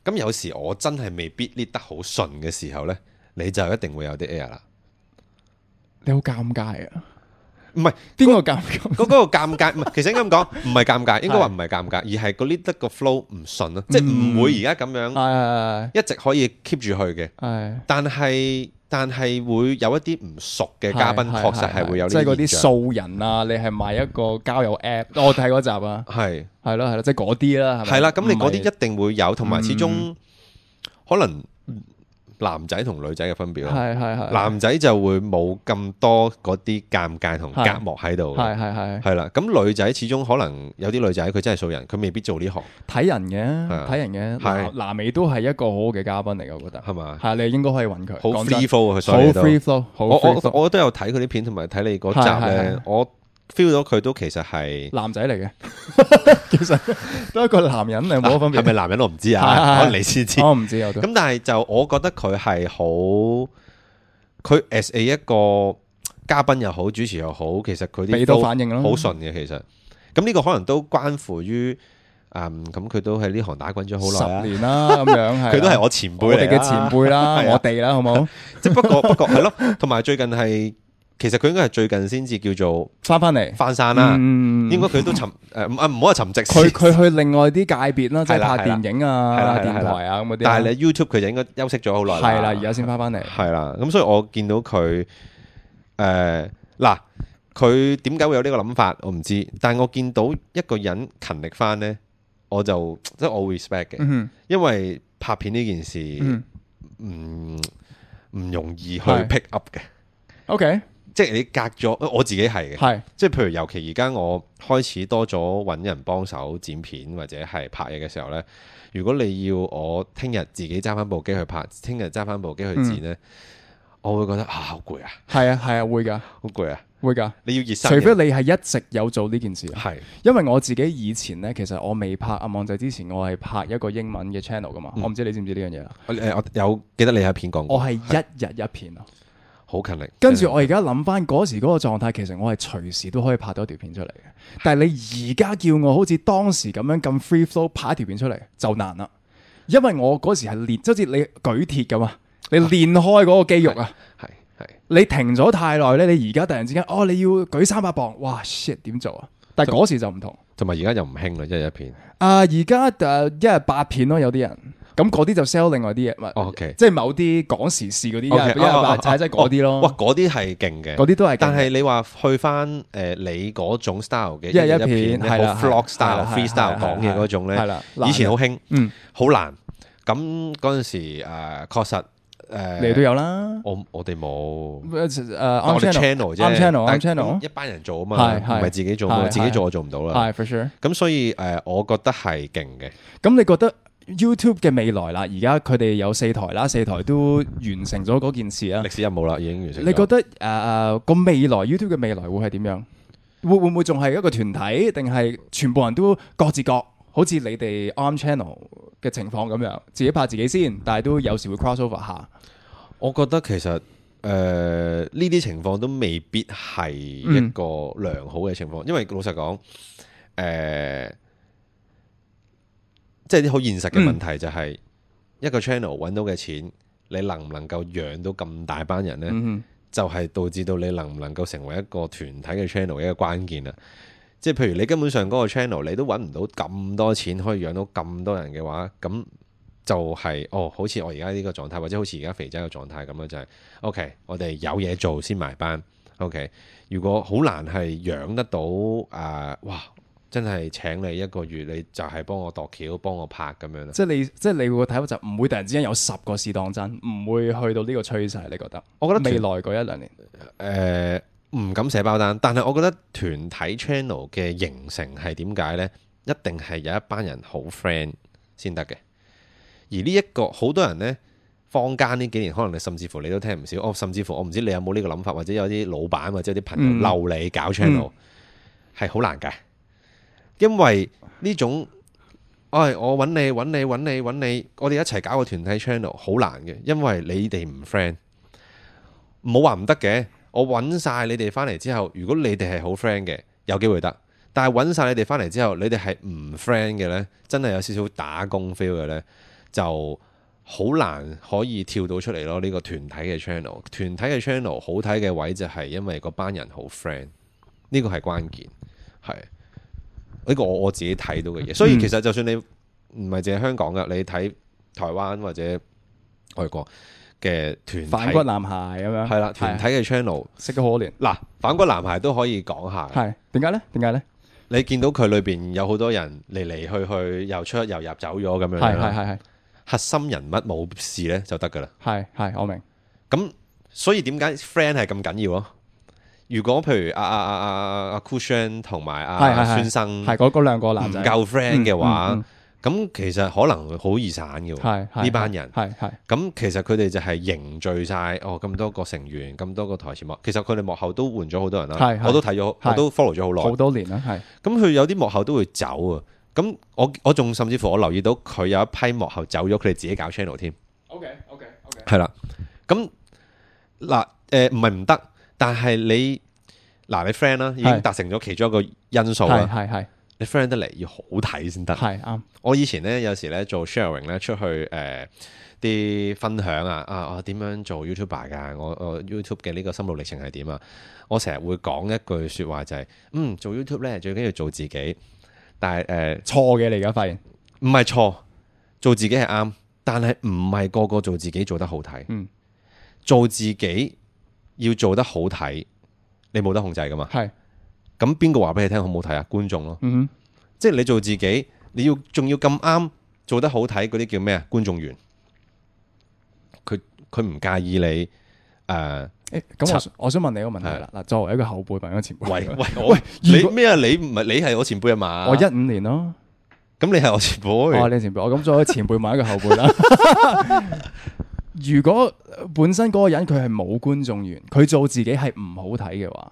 咁有時我真係未必練得好順嘅時候咧，你就一定會有啲 air 啦。你好尷尬啊！唔係邊個尷尬？嗰嗰個尷尬唔係，其實應該咁講唔係尷尬，應該話唔係尷尬，而係個 leader 個 flow 唔順啊，即係唔會而家咁樣，一直可以 keep 住去嘅。係，但係但係會有一啲唔熟嘅嘉賓，確實係會有，即係嗰啲素人啊。你係買一個交友 app，我睇嗰集啊，係係咯係咯，即係嗰啲啦，係啦。咁你嗰啲一定會有，同埋始終可能。男仔同女仔嘅分別咯，男仔就會冇咁多嗰啲尷尬同隔膜喺度，係係係係啦。咁女仔始終可能有啲女仔佢真係素人，佢未必做呢行。睇人嘅，睇是人嘅。南美是，你都係一個好好嘅嘉賓嚟嘅，我覺得係嘛？係你應該可以揾佢，好吧 free flow 佢好 free flow 我我，我都有睇佢啲片，同埋睇你嗰集咧，我。feel 到佢都其實係男仔嚟嘅， <laughs> 其實都係一個男人嚟、啊，冇乜分別。係咪男人我唔知啊，啊啊可能你先知、啊。我唔知，咁但係就我覺得佢係好，佢 as 一個嘉賓又好，主持又好，其實佢啲都反應好順嘅。其實咁呢個可能都關乎於，嗯，咁佢都喺呢行打滾咗好耐十年啦咁樣，佢都係我前輩嚟嘅前輩啦， <laughs> 是啊、我哋啦，好冇？即係 <laughs> <laughs> 不過不過係咯，同埋最近係。其實佢應該係最近先至叫做翻翻嚟翻山啦，應該佢都沉，誒唔，啊唔好話沉寂。佢，佢去另外啲界別啦，即係拍電影啊、電台啊咁嗰啲。但係你 YouTube 佢就應該休息咗好耐。係啦，而家先翻翻嚟。係啦，咁所以我見到佢誒嗱，佢點解會有呢個諗法，我唔知。但係我見到一個人勤力翻咧，我就即係我 respect 嘅，因為拍片呢件事唔，唔容易去 pick up 嘅。OK。即係你隔咗，我自己係嘅。是即係譬如，尤其而家我開始多咗揾人幫手剪片或者係拍嘢嘅時候呢。如果你要我聽日自己揸翻部機去拍，聽日揸翻部機去剪呢，嗯、我會覺得啊好攰啊！係啊係啊，啊，會噶，好攰啊，會噶的。你要熱身，除非你係一直有做呢件事。係是，因為我自己以前呢，其實我未拍阿網仔之前，我係拍一個英文嘅 channel 噶嘛。嗯、我唔知你知唔知呢樣嘢啊？我有記得你喺片講過，我係一日一片啊。好勤力，跟住我而家諗翻嗰時嗰個狀態，其實我係隨時都可以拍到條片出嚟嘅。是的 但係你而家叫我好似當時咁樣咁 free flow 拍一條片出嚟就難啦，因為我嗰時係練，即好似你舉鐵咁啊，你練開嗰個肌肉啊，係係，你停咗太耐咧，你而家突然之間，哦你要舉三百磅，哇，shit，點做啊？但係嗰時就唔同，同埋而家就唔興啦，一日一片。啊、呃，而家誒一日八片咯，有啲人。咁嗰啲就 sell 另外啲嘢，即係某啲講時事嗰啲，踩踩嗰啲咯。哇，嗰啲係勁嘅，嗰啲都係。但係你話去返誒你嗰種 style 嘅一片，一個 vlog style、free style 講嘅嗰種咧，以前好興，嗯，好難。咁嗰陣時誒確實誒，你都有啦，我我哋冇誒。我哋 channel 啫，但 channel 一班人做啊嘛，唔係自己做，自己做我做唔到啦，係 for sure。咁所以誒，我覺得係勁嘅。咁你覺得？YouTube 嘅未來啦，而家佢哋有四台啦，四台都完成咗嗰件事啦，歷史任務啦，已經完成。你覺得誒誒個未來 YouTube 嘅未來會係點樣？會會唔會仲係一個團體，定係全部人都各自各，好似你哋啱 Channel 嘅情況咁樣，自己拍自己先，但係都有時會 cross over 下。我覺得其實誒呢啲情況都未必係一個良好嘅情況，嗯、因為老實講，誒、呃。即係啲好現實嘅問題，就係一個 channel 揾到嘅錢，你能唔能夠養到咁大班人呢？就係、是、導致到你能唔能夠成為一個團體嘅 channel 一個關鍵啦。即係譬如你根本上嗰個 channel 你都揾唔到咁多錢，可以養到咁多人嘅話，咁就係、是、哦，好似我而家呢個狀態，或者好似而家肥仔嘅狀態咁樣，就係、是、OK，我哋有嘢做先埋班。OK，如果好難係養得到誒、呃，哇！真係請你一個月，你就係幫我度橋，幫我拍咁樣啦。即係你，即係你會睇到就唔會突然之間有十個事當真，唔會去到呢個趨勢。你覺得？我覺得未來嗰一兩年，誒，呃，唔敢寫包單，但係我覺得團體 channel 嘅形成係點解呢？一定係有一班人好 friend 先得嘅。而呢、這、一個好多人呢，坊間呢幾年可能你甚至乎你都聽唔少哦，甚至乎我唔知你有冇呢個諗法，或者有啲老闆或者有啲朋友拉你搞 channel 係好難嘅。因為呢種，哎，我揾你揾你揾你揾你，我哋一齊搞個團體 channel 好難嘅，因為你哋唔 friend。冇話唔得嘅，我揾晒你哋翻嚟之後，如果你哋係好 friend 嘅，有機會得。但係揾晒你哋翻嚟之後，你哋係唔 friend 嘅呢，真係有少少打工 feel 嘅呢，就好難可以跳到出嚟咯。呢個團體嘅 channel，團體嘅 channel 好睇嘅位就係因為嗰班人好 friend，呢個係關鍵係。呢個我我自己睇到嘅嘢，所以其實就算你唔係淨係香港噶，你睇台灣或者外國嘅團體，反骨男孩咁樣，係啦，團體嘅 channel，識得可憐。嗱，反骨男孩都可以講下，係點解咧？點解咧？呢你見到佢裏邊有好多人嚟嚟去去又出又入走咗咁樣，係係係，核心人物冇事咧就得噶啦。係係，我明。咁所以點解 friend 係咁緊要啊？如果譬如阿阿阿阿阿阿 cushion 同埋阿孫生係嗰嗰兩個男仔夠 friend 嘅話，咁其實可能好易散嘅。係呢班人係係咁，其實佢哋就係凝聚晒哦，咁多個成員，咁多個台前幕，其實佢哋幕後都換咗好多人啦。係係，我都睇咗，我都 follow 咗好耐。好多年啦，係。咁佢有啲幕後都會走啊。咁我我仲甚至乎我留意到佢有一批幕後走咗，佢哋自己搞 channel 添。OK OK OK。係啦，咁嗱誒，唔係唔得。但係你嗱、啊、你 friend 啦、啊，已經達成咗其中一個因素啦。係係，你 friend 得嚟要好睇先得。係啱。我以前咧有時咧做 sharing 咧出去誒啲、呃、分享啊啊，我、啊、點、啊、樣做 YouTuber 噶？我我 YouTube 嘅呢個心路歷程係點啊？我成日會講一句説話就係、是：嗯，做 YouTube 咧最緊要做自己。但係誒、呃、錯嘅你而家發現唔係錯，做自己係啱，但係唔係個個做自己做得好睇。嗯，做自己。要做得好睇，你冇得控制噶嘛？係是，咁邊個話俾你聽好唔好睇啊？觀眾咯，嗯哼，即係你做自己，你要仲要咁啱做得好睇，嗰啲叫咩啊？觀眾緣，佢佢唔介意你誒，誒、呃，咁我想問你一個問題啦，嗱是，作為一個後輩問個前輩，喂喂果喂，果你咩啊？你唔係你係我前輩啊嘛？我一五年咯，咁你係我前輩，我係你前輩，我咁作為前輩問一個後輩啦。如果本身嗰個人佢係冇觀眾緣，佢做自己係唔好睇嘅話，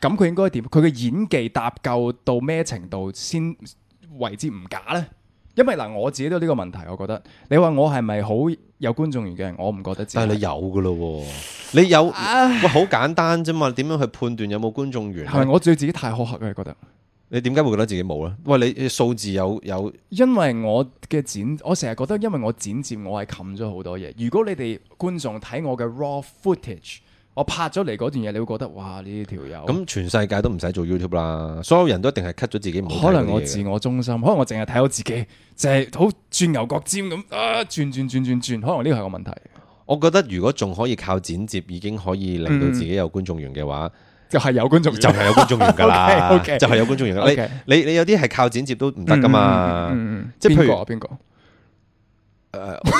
咁佢應該點？佢嘅演技搭救到咩程度先為之唔假呢？因為嗱、呃，我自己都有呢個問題，我覺得你話我係咪好有觀眾緣嘅人？我唔覺得自己，但係你有噶啦，你有唉 喂，好簡單啫嘛？點樣去判斷有冇觀眾緣？係咪我對自己太苛刻咧？覺得？你點解會覺得自己冇呢？喂你數字有有，因為我嘅剪，我成日覺得，因為我剪接，我係冚咗好多嘢。如果你哋觀眾睇我嘅 raw footage，我拍咗嚟嗰段嘢，你會覺得哇！呢條友咁全世界都唔使做 YouTube 啦，所有人都一定係 cut 咗自己唔好嘅嘢。可能我自我中心，可能我淨係睇我自己，淨係好鑽牛角尖咁啊！轉轉轉轉轉，可能呢個係個問題。我覺得如果仲可以靠剪接已經可以令到自己有觀眾緣嘅話，嗯就係有觀眾， <laughs> okay, okay, 就係有觀眾緣噶啦，就係有觀眾緣。你你你有啲係靠剪接都唔得噶嘛，嗯嗯嗯、即係譬如邊個？誒，唔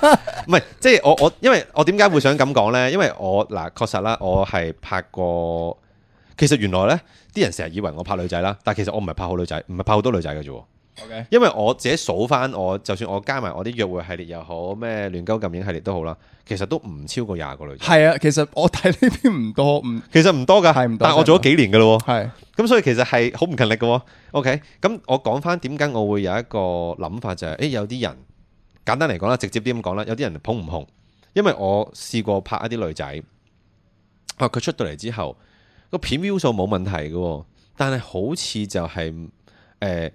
係、呃， <laughs> <laughs> 即係我我，因為我點解會想咁講咧？因為我嗱，確實啦，我係拍過，其實原來咧，啲人成日以為我拍女仔啦，但係其實我唔係拍好女仔，唔係拍好多女仔噶啫。Okay. 因為我自己數翻，我就算我加埋我啲約會系列又好，咩亂交、禁影系列都好啦，其實都唔超過廿個女仔。係啊，其實我睇呢啲唔多，唔其實唔多噶，係唔太多。但係我做咗幾年噶咯，係是。咁所以其實係好唔勤力噶。OK，咁我講翻點解我會有一個諗法、就是，就係誒有啲人簡單嚟講啦，直接啲咁講啦，有啲人捧唔紅，因為我試過拍一啲女仔，啊佢出到嚟之後個片 view 數冇問題噶，但係好似就係、是、誒。呃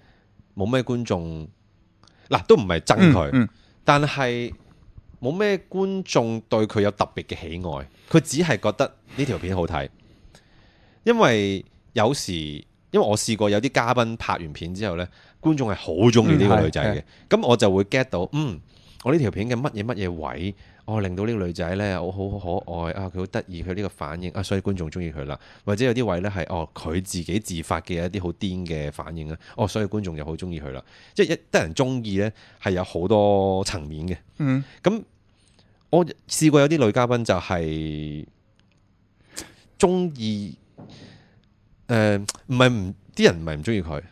冇咩觀眾，嗱、啊、都唔係憎佢，嗯嗯、但係冇咩觀眾對佢有特別嘅喜愛，佢只係覺得呢條片好睇。因為有時，因為我試過有啲嘉賓拍完片之後呢觀眾係好鍾意呢個女仔嘅，咁、嗯嗯嗯、我就會 get 到，嗯，我呢條片嘅乜嘢乜嘢位。哦，令到呢個女仔咧，我好可愛啊！佢好得意，佢呢個反應啊，所以觀眾中意佢啦。或者有啲位咧係哦，佢自己自發嘅一啲好癲嘅反應啦。哦、啊，所以觀眾又好中意佢啦。即係一得人中意咧，係有好多層面嘅。嗯，咁我試過有啲女嘉賓就係中意誒，唔係唔啲人唔係唔中意佢，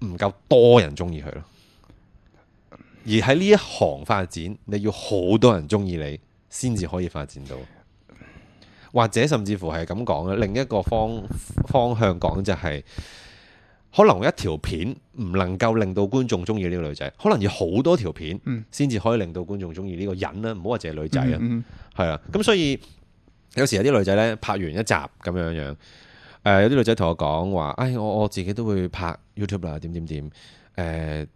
唔夠多人中意佢咯。而喺呢一行發展，你要好多人中意你，先至可以發展到。或者甚至乎係咁講咧，另一個方方向講就係、是，可能一條片唔能夠令到觀眾中意呢個女仔，可能要好多條片先至可以令到觀眾中意呢個人啦。唔好話淨係女仔啊，係啊、嗯嗯嗯嗯。咁所以有時有啲女仔呢，拍完一集咁樣樣，誒有啲女仔同我講話，誒我我自己都會拍 YouTube 啦，點點點，誒、呃。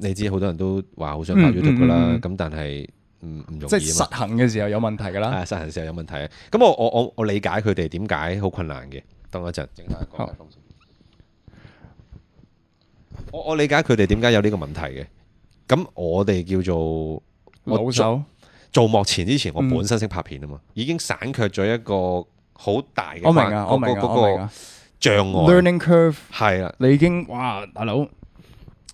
你知好多人都話好想拍 YouTube 噶啦，咁但係唔唔容易啊！即係實行嘅時候有問題噶啦。係實行嘅時候有問題。咁我我我我理解佢哋點解好困難嘅。等我一陣。好。我我理解佢哋點解有呢個問題嘅。咁我哋叫做老手做幕前之前，我本身識拍片啊嘛，已經散卻咗一個好大嘅我明啊，我明啊，我明障礙。Learning curve 係啊，你已經哇，大佬。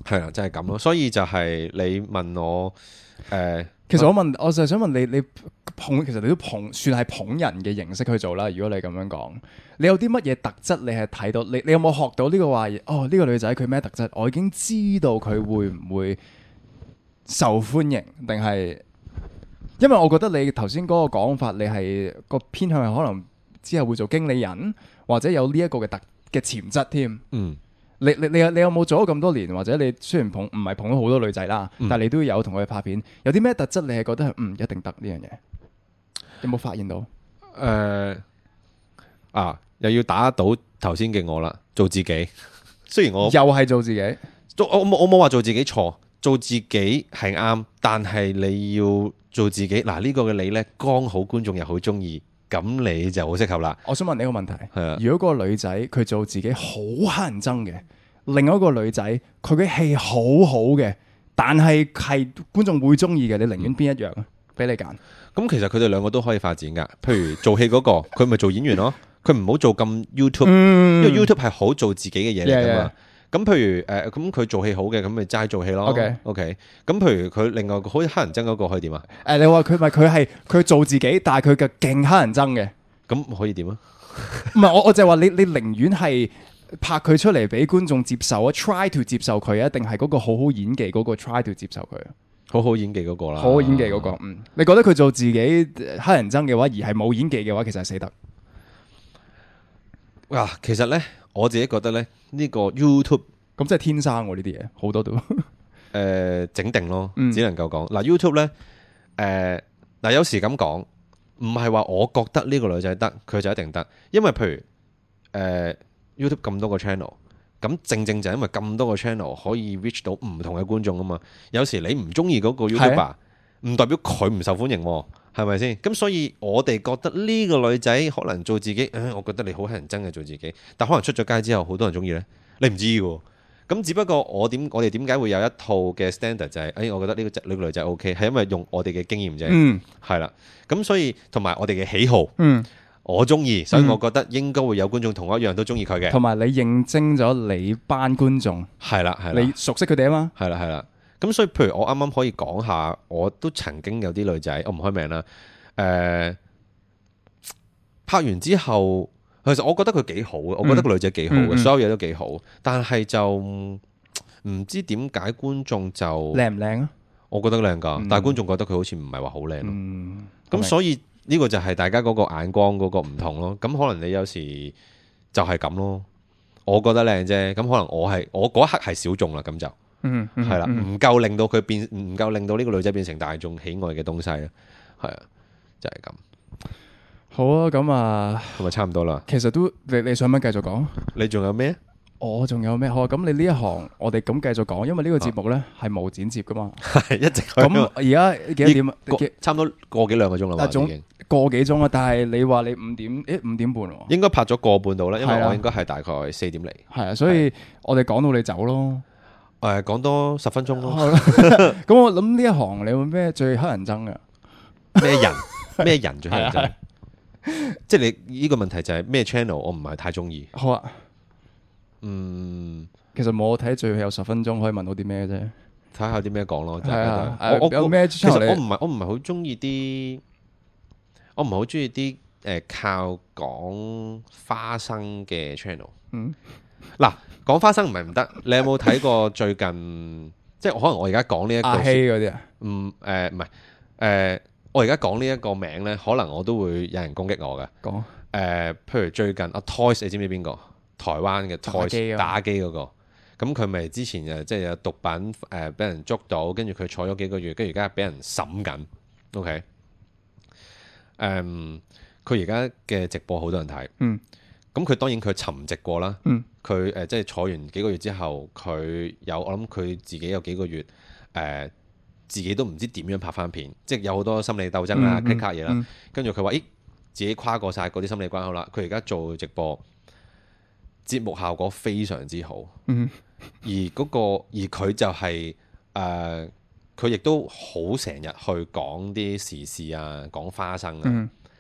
係啦，即係咁咯，所以就係你問我誒，呃、其實我問，我就係想問你，你捧，其實你都捧，算係捧人嘅形式去做啦。如果你咁樣講，你有啲乜嘢特質，你係睇到，你你有冇學到呢個話？哦，呢、呢個女仔佢咩特質，我已經知道佢會唔會受歡迎，定係？因為我覺得你頭先嗰個講法你，你、那、係個偏向係可能之後會做經理人，或者有呢一個嘅特嘅潛質添。嗯。你你你有你有冇做咗咁多年？或者你雖然捧唔係捧咗好多女仔啦，但係你都有同佢拍片。有啲咩特質你係覺得唔一定得呢樣嘢？有冇發現到？誒、呃、啊！又要打到頭先嘅我啦，做自己。雖然我 <laughs> 又係做自己，做我冇我冇話做自己錯，做自己係啱。但係你要做自己嗱呢、啊呢個嘅你呢，剛好觀眾又好中意，咁你就好適合啦。我想問你一個問題：的如果嗰個女仔佢做自己好乞人憎嘅？另外一個女仔，佢嘅戲好好嘅，但係係觀眾會中意嘅。你寧願邊一樣啊？俾你揀。咁、嗯、其實佢哋兩個都可以發展噶。譬如做戲嗰、那個，佢咪 <laughs> 做演員咯。佢唔好做咁 YouTube、嗯、因為 YouTube 係好做自己嘅嘢嚟噶嘛。咁、嗯、譬如誒，咁、呃、佢做戲好嘅，咁咪齋做戲咯。OK 咁 okay? 譬如佢另外好乞人憎嗰、那個可以點啊？誒、呃，你話佢咪佢係佢做自己，但係佢嘅勁乞人憎嘅。咁、嗯、可以點啊？唔 <laughs> 係我我就係話你你寧願係。拍佢出嚟俾觀眾接受啊？Try to 接受佢啊？定係嗰個好好演技嗰個？Try to 接受佢？啊，好好演技嗰個啦，好好演技嗰個。嗯，你覺得佢做自己黑人憎嘅話，而係冇演技嘅話，其實係死得。嗱，其實咧，我自己覺得咧，呢個 YouTube 咁即係天生喎，呢啲嘢好多都誒整定咯，只能夠講嗱 YouTube 咧，誒嗱有時咁講，唔係話我覺得呢個女仔得，佢就一定得，因為譬如誒。YouTube 咁多個 channel，咁正正就係因為咁多個 channel 可以 reach 到唔同嘅觀眾啊嘛。有時你唔中意嗰個 YouTuber，唔、啊、代表佢唔受歡迎，係咪先？咁所以我哋覺得呢個女仔可能做自己，誒、呃，我覺得你好乞人憎嘅做自己，但可能出咗街之後，好多人中意呢，你唔知嘅，咁只不過我點我哋點解會有一套嘅 standard 就係、是，誒、哎，我覺得呢個女呢個女仔 OK，係因為用我哋嘅經驗啫，係啦、嗯。咁所以同埋我哋嘅喜好，嗯。我中意，所以我覺得應該會有觀眾同我一樣都中意佢嘅。同埋你認征認證咗你班觀眾，係啦係啦，你熟悉佢哋啊嘛，係啦係啦。咁所以，譬如我啱啱可以講下，我都曾經有啲女仔，我唔開名啦。誒、呃，拍完之後，其實我覺得佢幾好，我覺得個女仔幾好嘅，嗯、所有嘢都幾好。但係就唔知點解觀眾就靚唔靚啊？美美我覺得靚噶，但係觀眾覺得佢好似唔係話好靚囉。咁、嗯、所以。嗯呢個就係大家嗰個眼光嗰個唔同咯，咁可能你有時就係咁咯。我覺得靚啫，咁可能我係我嗰刻係小眾啦，咁就係啦，唔夠令到佢變，唔夠令到呢個女仔變成大眾喜愛嘅東西咧，係啊，就係咁。好啊，咁啊，係咪差唔多啦？其實都，你你想唔想繼續講？你仲有咩？我仲、哦、有咩？好、哦、啊！咁你呢一行，我哋咁繼續講，因為呢個節目咧係冇剪接噶嘛，係一直咁。而 <laughs> 家幾多點？差唔多過幾兩個鐘啦嘛，總已經過幾鐘啊！嗯、但係你話你五點誒五、欸、點半喎，應該拍咗個半到啦，因為我應該係大概四點嚟。係啊，所以我哋講到你走咯。誒、啊，講多十分鐘咯、 <laughs> 啊。咁我諗呢一行你會咩最乞人憎嘅？咩人？咩 <laughs> 人最乞人憎？即係 <laughs> <laughs> 你呢個問題就係咩 channel？我唔係太中意。好啊。嗯，其實冇我睇最後有十分鐘可以問到啲咩啫？睇下啲咩講咯。 <noise> <noise> 我有咩？出其實我唔係我唔係好中意啲，我唔係好中意啲誒，靠講花生嘅 channel。嗱、嗯，講花生唔係唔得。你有冇睇過最近？ <laughs> 即係可能我而家講呢一個阿希嗰啲啊？唔誒、嗯，唔係誒，我而家講呢一個名咧，可能我都會有人攻擊我嘅。講誒講、呃，譬如最近阿 Toys、啊啊、you know, 你知唔知邊個？台灣嘅台打機嗰、啊那個，咁佢咪之前誒即係有毒品誒俾人捉到，跟住佢坐咗幾個月，跟住而家俾人審緊。OK，誒、嗯，佢而家嘅直播好多人睇。嗯，咁佢、嗯、當然佢沉寂過啦。佢誒即係坐完幾個月之後，佢有我諗佢自己有幾個月誒、呃，自己都唔知點樣拍翻片，即係有好多心理鬥爭啊、棘卡嘢啦。跟住佢話：咦，自己跨過晒嗰啲心理關口啦。佢而家做直播。節目效果非常之好，嗯、哼而嗰、那個而佢就係、是、誒，佢、呃、亦都好成日去講啲時事啊，講花生啊。嗯、哼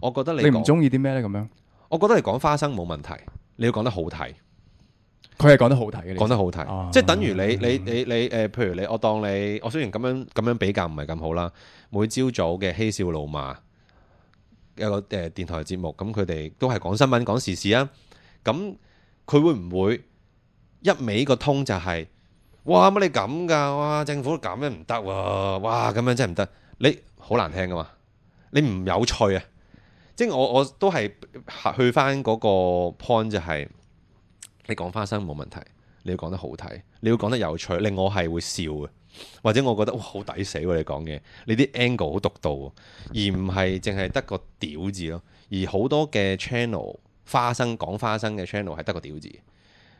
我覺得你講你唔中意啲咩咧？咁樣，我覺得你講花生冇問題，你要講得好睇，佢係講得好睇嘅，講得好睇，啊、即係等於你、嗯、你你你誒、呃，譬如你我當你我雖然咁樣咁樣比較唔係咁好啦，每朝早嘅《嬉笑怒罵》有個誒電台節目，咁佢哋都係講新聞、講時事啊。咁佢會唔會一味個通就係、是、哇，乜你咁噶，哇，政府咁樣唔得喎，哇咁樣真係唔得，你好難聽噶嘛，你唔有趣啊。即係我我都係去翻嗰個 point 就係、是、你講花生冇問題，你要講得好睇，你要講得有趣，令我係會笑嘅，或者我覺得好抵死你講嘅你啲 angle 好獨到，而唔係淨係得個屌字咯，而好多嘅 channel 花生講花生嘅 channel 係得個屌字，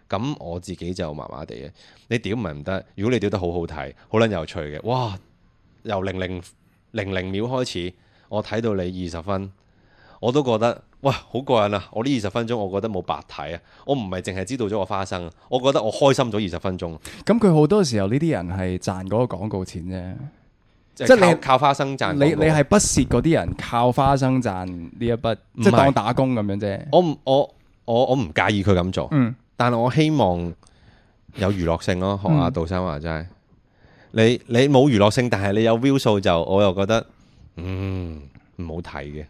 咁我自己就麻麻地啊。你屌唔係唔得，如果你屌得好好睇，好撚有趣嘅，哇！由零零零零秒開始，我睇到你二十分，我都覺得哇好過癮啊！我呢二十分鐘，我覺得冇白睇啊！我唔係淨係知道咗個花生，我覺得我開心咗二十分鐘。咁佢好多時候呢啲人係賺嗰個廣告錢啫。即係靠你是靠花生賺，你你係不屑嗰啲人靠花生賺呢一筆，即係是當打工咁樣啫。我唔我我我唔介意佢咁做，嗯、但係我希望有娛樂性咯。學下杜生話齋，你你冇娛樂性，但係你有 view 數就我又覺得，嗯，唔好睇嘅，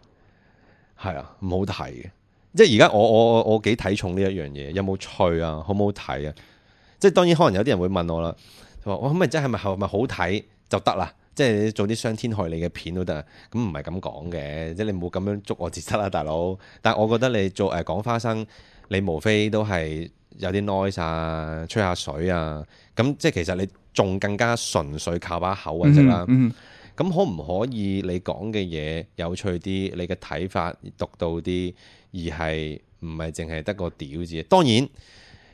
係啊，唔好睇嘅。即係而家我我我幾睇重呢一樣嘢，有冇趣啊，好唔好睇啊？即係當然，可能有啲人會問我啦，話我可唔可以咪即係咪係咪好睇就得啦。即係做啲傷天害理嘅片都得，咁唔係咁講嘅，即係你冇咁樣捉我自殺啦、啊，大佬。但係我覺得你做誒、呃、講花生，你無非都係有啲 noise 啊，吹下水啊，咁即係其實你仲更加純粹靠把口喎，即係啦。咁、嗯、可唔可以你講嘅嘢有趣啲，你嘅睇法獨到啲，而係唔係淨係得個屌字？當然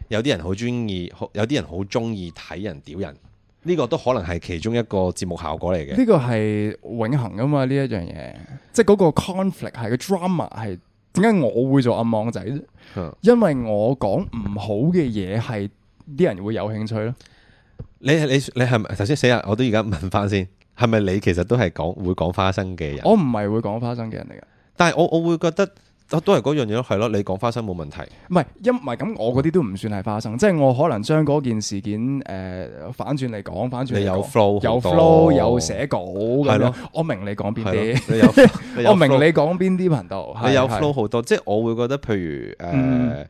有啲人好中意，有啲人好中意睇人屌人。呢個都可能係其中一個節目效果嚟嘅。呢個係永恒啊嘛，呢一樣嘢，即係嗰個 conflict 係個 drama 係點解我會做暗網仔？因為我講唔好嘅嘢係啲人會有興趣咯。你你你係咪頭先死下？我都而家問翻先，係咪你其實都係講會講花生嘅人？我唔係會講花生嘅人嚟㗎。但係我我會覺得。都都係嗰樣嘢咯，係咯，你講花生冇問題。唔係，因唔係咁，我嗰啲都唔算係花生，即係我可能將嗰件事件誒反轉嚟講，反轉嚟講，你有 flow 有 flow 有寫稿咁咯了。我明你講邊啲，我明你講邊啲頻道。你有 flow 好 <laughs> 多，即係我會覺得，譬如誒、嗯呃，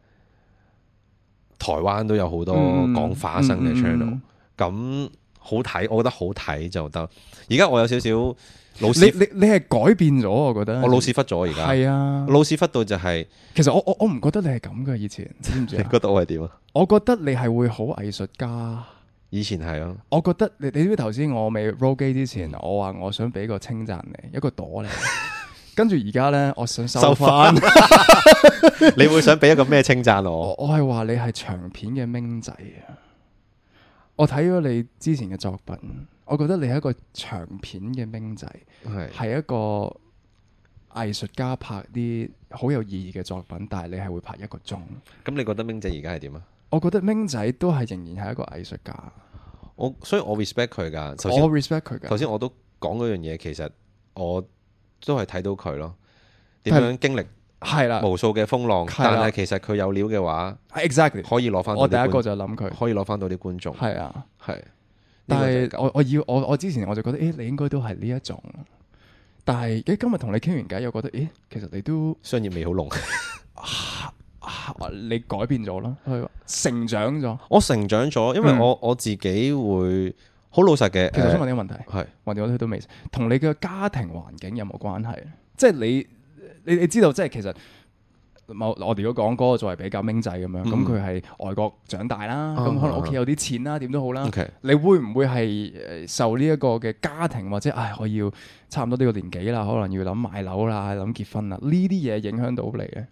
台灣都有好多講花生嘅 channel，咁好睇，我覺得好睇就得。而家我有少少。嗯老你你你係改變咗，我覺得我老屎忽咗而家係啊，老屎忽到就係、是。其實我我我唔覺得你係咁噶，以前。知唔知你覺得我係點啊？我覺得你係會好藝術家。以前係啊，我覺得你你知唔知頭先我未 roll 機之前，我話我想俾個稱讚你，嗯、一個朵你。跟住而家咧，我想收翻。受分 <laughs> <laughs> 你會想俾一個咩稱讚我？ <laughs> 我係話你係長片嘅明仔啊！我睇咗你之前嘅作品。我覺得你係一個長片嘅明仔，係是一個藝術家，拍啲好有意義嘅作品，但係你係會拍一個鐘。咁你覺得明仔而家係點啊？我覺得明仔都係仍然係一個藝術家。我所以我 respect 佢㗎，首先 respect 佢㗎。頭先我，我都講嗰樣嘢，其實我都係睇到佢咯。點樣經歷係啦，無數嘅風浪，但係其實佢有料嘅話，exactly 的可以攞翻。我第一個就諗佢可以攞翻到啲觀眾，係啊的，係的。但係我我要我我之前我就覺得誒你應該都係呢一種，但係誒今日同你傾完偈，又覺得誒其實你都商業味好濃，你改變咗啦，係成長咗，我成長咗，因為我、嗯、我自己會好老實嘅，其實我想問啲問題，係或者我睇都未，同你嘅家庭環境有冇關係？即係你你你知道即係其實。我哋如果講個作為比較僆仔咁樣，咁佢係外國長大啦，咁、啊、可能屋企有啲錢啦，點都好啦。okay. 你會唔會係受呢一個嘅家庭或者唉，我要差唔多呢個年紀啦，可能要諗買樓啦，諗結婚啦，呢啲嘢影響到你嘅？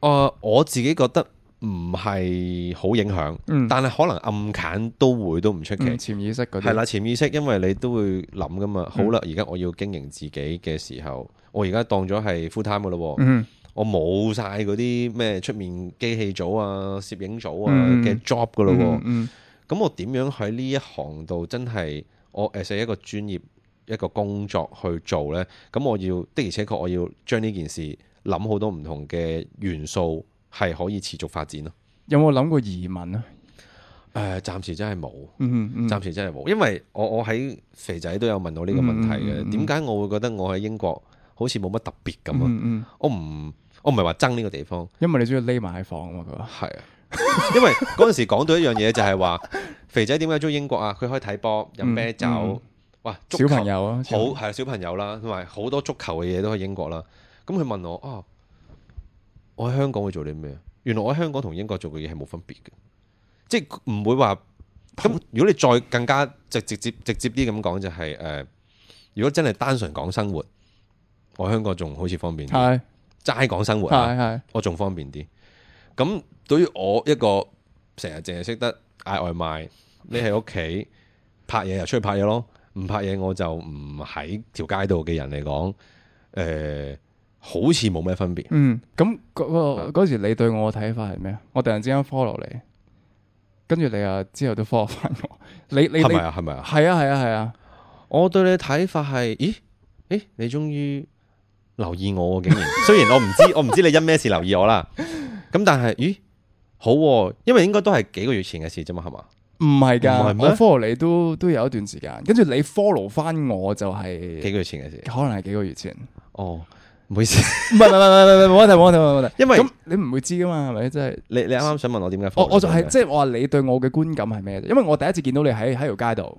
我、呃、我自己覺得唔係好影響，嗯、但係可能暗砍都會都唔出奇、嗯。潛意識嗰啲係啦，潛意識，因為你都會諗噶嘛。好啦，而家我要經營自己嘅時候，我而家當咗係 full time 嘅咯。嗯嗯我冇晒嗰啲咩出面機器組啊、攝影組啊嘅 job 噶咯，咁、嗯嗯嗯、我點樣喺呢一行度真係我誒成一個專業一個工作去做呢？咁我要的而且確我要將呢件事諗好多唔同嘅元素係可以持續發展咯、啊。有冇諗過移民啊？誒、呃，暫時真係冇，暫、嗯嗯嗯、時真係冇，因為我我喺肥仔都有問我呢個問題嘅，點解、嗯嗯、我會覺得我喺英國好似冇乜特別咁啊？嗯嗯、我唔。我唔係話憎呢個地方，因為你中意匿埋喺房啊嘛，佢話係啊，因為嗰陣時講到一樣嘢就係話， <laughs> 肥仔點解中意英國啊？佢可以睇波、飲啤酒、嗯嗯、哇足小，小朋友啊，好係啊，小朋友啦，同埋好多足球嘅嘢都喺英國啦。咁佢問我啊、哦，我喺香港會做啲咩？原來我喺香港同英國做嘅嘢係冇分別嘅，即係唔會話咁。如果你再更加就直接直接啲咁講，就係誒，如果真係單純講生活，我香港仲好似方便啲。齋講生活啊，我仲方便啲。咁對於我一個成日淨係識得嗌外賣，匿喺屋企拍嘢又出去拍嘢咯，唔拍嘢我就唔喺條街度嘅人嚟講，誒、呃，好似冇咩分別。嗯，咁嗰嗰時你對我嘅睇法係咩啊？我突然之間 follow 你，跟住你啊之後都 follow 翻我。你你係咪啊？係咪啊？係啊係啊係啊！我對你嘅睇法係，咦？誒，你終於～留意我竟然！雖然我唔知，我唔知你因咩事留意我啦。咁但係，咦？好，因為應該都係幾個月前嘅事啫嘛，係嘛？唔係㗎，我 follow 你都都有一段時間，跟住你 follow 翻我就係幾個月前嘅事，可能係幾個月前。哦，唔好意思，唔係唔係唔係，冇問題冇問題冇問題，因為咁你唔會知㗎嘛，係咪？即係你你啱啱想問我點解，我我就係即係我話你對我嘅觀感係咩？因為我第一次見到你喺喺條街度，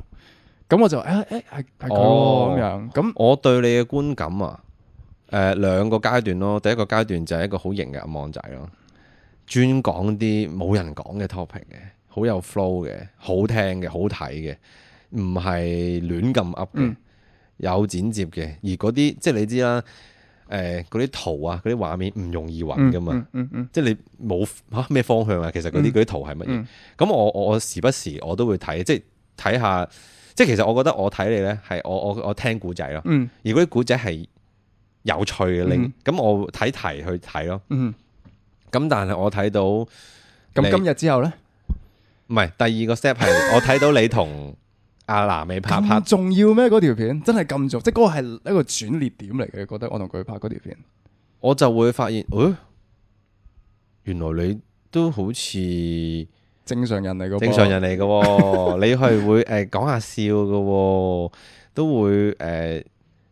咁我就誒誒係係咁樣。咁我對你嘅觀感啊？誒、呃、兩個階段咯。第一個階段就係一個好型嘅暗網仔咯，專講啲冇人講嘅 topic 嘅，好有 flow 嘅，好聽嘅，好睇嘅，唔係亂咁噏嘅，有剪接嘅。而嗰啲即係你知啦，誒嗰啲圖啊，嗰啲畫面唔容易揾㗎嘛，嗯嗯嗯、即係你冇嚇咩方向啊。其實嗰啲啲圖係乜嘢？咁、嗯嗯、我我我時不時我都會睇，即係睇下。即係其實我覺得我睇你咧係我我我，我聽古仔咯。如果啲古仔係～有趣嘅，令咁、mm hmm. 我睇題去睇咯。咁、mm hmm. 但係我睇到咁、嗯、今日之後咧，唔係第二個 step 係我睇到你同阿娜美拍拍重要咩？嗰條片真係咁做，即嗰個係一個轉捩點嚟嘅。覺得我同佢拍嗰條片，我就會發現，誒、哎，原來你都好似正常人嚟嘅， <laughs> 正常人嚟嘅，你係會誒講、呃、下笑嘅，都會誒。呃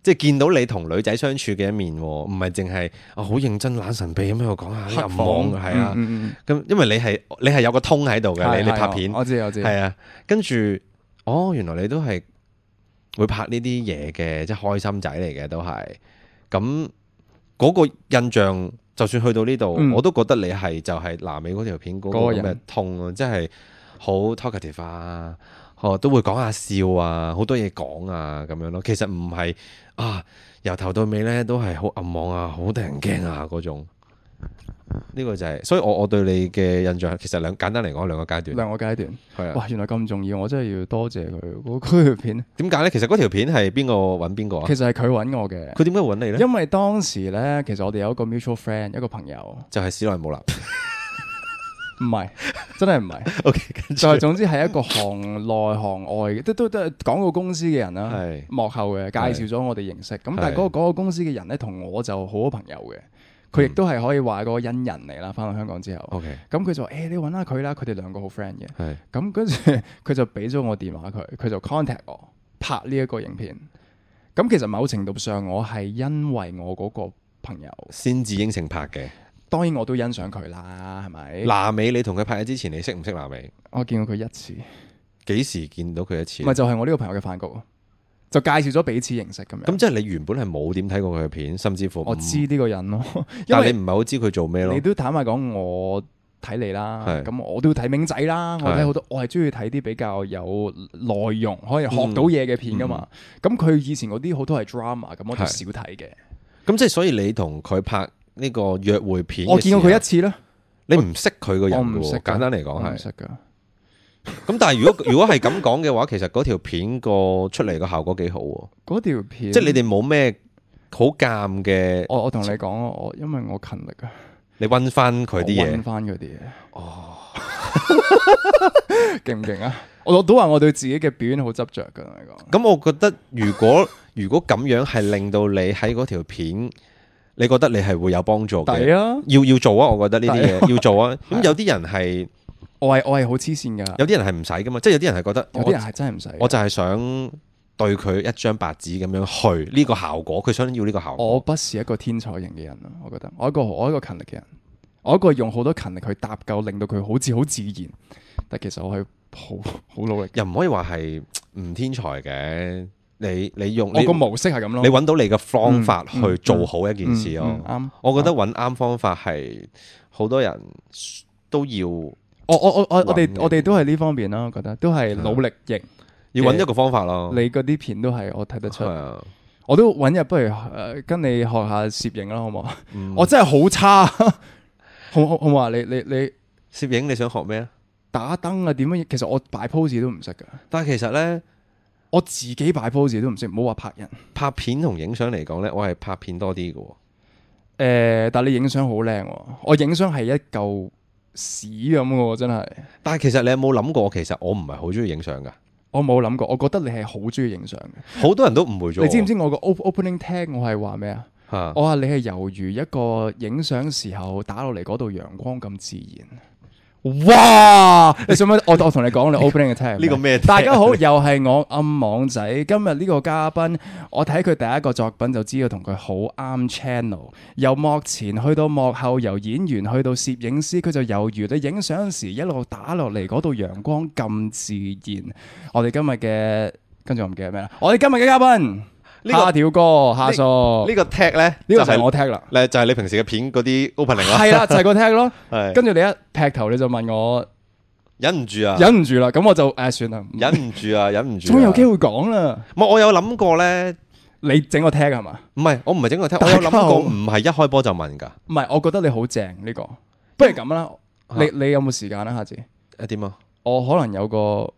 即係見到你同女仔相處嘅一面，唔係淨係啊好認真懶神秘咁喺度講下黑網係啊，咁因為你係你係有個通喺度嘅，你的你拍片我知我知，係啊，跟住哦原來你都係會拍呢啲嘢嘅，即係開心仔嚟嘅都係，咁嗰個印象就算去到呢度，嗯、我都覺得你係就係、是、南美嗰條片嗰個咩通啊，即係好 talkative 啊。哦，都會講下笑啊，好多嘢講啊，咁樣咯。其實唔係啊，由頭到尾咧都係好暗網啊，好得人驚啊嗰種。呢個就係，所以我我對你嘅印象其實兩簡單嚟講兩個階段。兩個階段係啊，的哇！原來咁重要，我真係要多謝佢嗰嗰條片。點解咧？其實嗰條片係邊個揾邊個啊？其實係佢揾我嘅。佢點解揾你呢？因為當時呢，其實我哋有一個 mutual friend，一個朋友就係史內姆啦。 <laughs> 唔係，真係唔係。 <laughs> OK，再跟着 總之係一個行內行外嘅，都都都係廣告公司嘅人啦、啊。係是幕後嘅介紹咗我哋認識。咁是但係嗰、那個告、那個、公司嘅人咧，同我就好好朋友嘅。佢亦都係可以話個恩人嚟啦。返到香港之後，OK，咁佢就誒、欸、你搵下佢啦。佢哋兩個好 friend 嘅。係咁跟住佢就俾咗我電話佢，佢就 contact 我拍呢一個影片。咁其實某程度上，我係因為我嗰個朋友先至應承拍嘅。當然我都欣賞佢啦，係咪？娜美，你同佢拍嘢之前，你識唔識娜美？我見過佢一次，幾時見到佢一次？唔係就係、是、我呢個朋友嘅飯局，就介紹咗彼此認識咁樣。咁即係你原本係冇點睇過佢嘅片，甚至乎我知呢個人咯。 <laughs> 因為但係你唔係好知佢做咩咯？你都坦白講，我睇你啦，咁是我都睇明仔啦。是我睇好多，我係中意睇啲比較有內容可以學到嘢嘅片噶嘛。咁佢、嗯嗯、以前嗰啲好多係 drama，咁我都少睇嘅。咁即係所以你同佢拍。呢個約會片，我見過佢一次啦。你唔識佢個人喎，簡單嚟講係。唔識㗎。咁但係如果如果係咁講嘅話，其實嗰條片個出嚟個效果幾好喎。嗰條片，即係你哋冇咩好尷嘅。我我同你講，我因為我勤力啊。你揾翻佢啲嘢，揾翻嗰啲嘢。哦，勁唔勁啊？我我都話我對自己嘅表演好執著嘅嚟講。咁我覺得如果如果咁樣係令到你喺嗰條片。你覺得你係會有幫助嘅，啊、要要做啊！我覺得呢啲嘢要做啊。咁 <laughs> 的有啲人係，我係我係好黐線噶。有啲人係唔使噶嘛，即係有啲人係覺得有啲人係真係唔使。我就係想對佢一張白紙咁樣去呢個效果，佢想要呢個效果。我不是一個天才型嘅人啊，我覺得我一個我一個勤力嘅人，我一個用好多勤力去搭救，令到佢好似好自然，但其實我係好好努力。又唔可以話係唔天才嘅。你你用我個模式係咁咯，你揾到你嘅方法去做好一件事咯啱、嗯嗯，我覺得揾啱方法係好多人都要。我我我我我哋我哋都係呢方面啦。我覺得都係努力型、啊，要揾一個方法咯。你嗰啲片都係我睇得出。啊、我都揾日不如誒，跟你學下攝影啦，好唔好？嗯、我真係好差。我我我話你你你攝影你想學咩？打燈啊，點樣？其實我擺 pose 都唔識噶。但係其實咧。我自己擺 pose 都唔識，唔好話拍人。拍片同影相嚟講呢，我係拍片多啲嘅。誒、呃，但係你影相好靚，我影相係一嚿屎咁嘅，真係。但係其實你有冇諗過？其實我唔係好中意影相噶。我冇諗過，我覺得你係好中意影相嘅。好多人都誤會咗。你知唔知我個 opening 聽我係話咩啊？我話你係猶如一個影相時候打落嚟嗰度陽光咁自然。哇！你做乜？ <laughs> 我我同你講，我 opening 嘅 time 呢個咩？大家好，又係我暗網仔。今日呢個嘉賓，我睇佢第一個作品就知道同佢好啱 channel。由幕前去到幕後，由演員去到攝影師，佢就猶如你影相時一路打落嚟嗰度陽光咁自然。我哋今日嘅跟住我唔記得咩啦？我哋今日嘅嘉賓。呢個蝦條哥，下數呢個踢咧，就係我踢啦。誒，就係你平時嘅片嗰啲 opening 啊。係啦，就係個踢咯。跟住你一劈頭你就問我，忍唔住啊？忍唔住啦。咁我就誒，算啦。忍唔住啊，忍唔住。總有機會講啦。冇，我有諗過咧。你整個踢係嘛？唔係，我唔係整個踢。我有諗過唔係一開波就問噶。唔係，我覺得你好正呢個。不如咁啦，你你有冇時間啦？下次誒，點啊？我可能有個。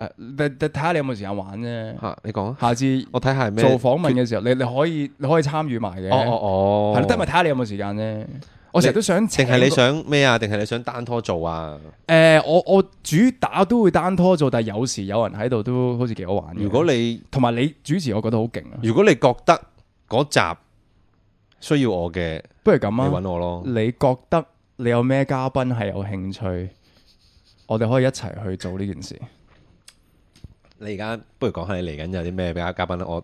睇下你有冇時間玩啫。吓、啊，你講下次我睇下咩做訪問嘅時候，決你你可以你可以參與埋嘅。哦哦哦，係咯，都睇下你有冇時間啫。我成日你 都想，定係你想咩啊？定係你想單拖做啊？誒、呃，我我主打都會單拖做，但係有時有人喺度都好似幾好玩。如果你同埋你主持，我覺得好勁啊。如果你覺得嗰集需要我嘅，不如咁啊，你搵我咯。你覺得你有咩嘉賓係有興趣，我哋可以一齊去做呢件事。你而家不如講下你嚟緊有啲咩嘉賓啦？我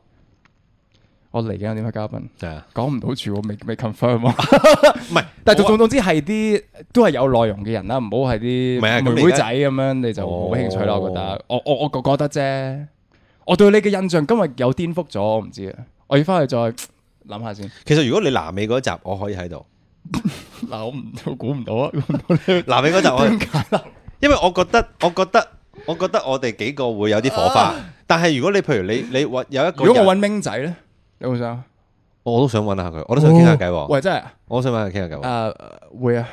我嚟緊有啲咩嘉賓？係啊，講唔到住，未未 confirm 唔係，但係總總之係啲都係有內容嘅人啦，唔好係啲妹妹仔咁樣，你就冇興趣咯。我覺得，我我我覺覺得啫，我對你嘅印象今日有顛覆咗，我唔知啊，我要翻去再諗下先。其實如果你南美嗰集，我可以喺度。嗱，我唔估唔到啊！南美嗰集，我點解？因為我覺得，我覺得。我覺得我哋幾個會有啲火花，但係如果你譬如你你揾有一個如果我揾明仔咧，有冇想？我都想揾下佢，我都想傾下偈。喂，真係，我想揾下傾下偈。誒，會啊，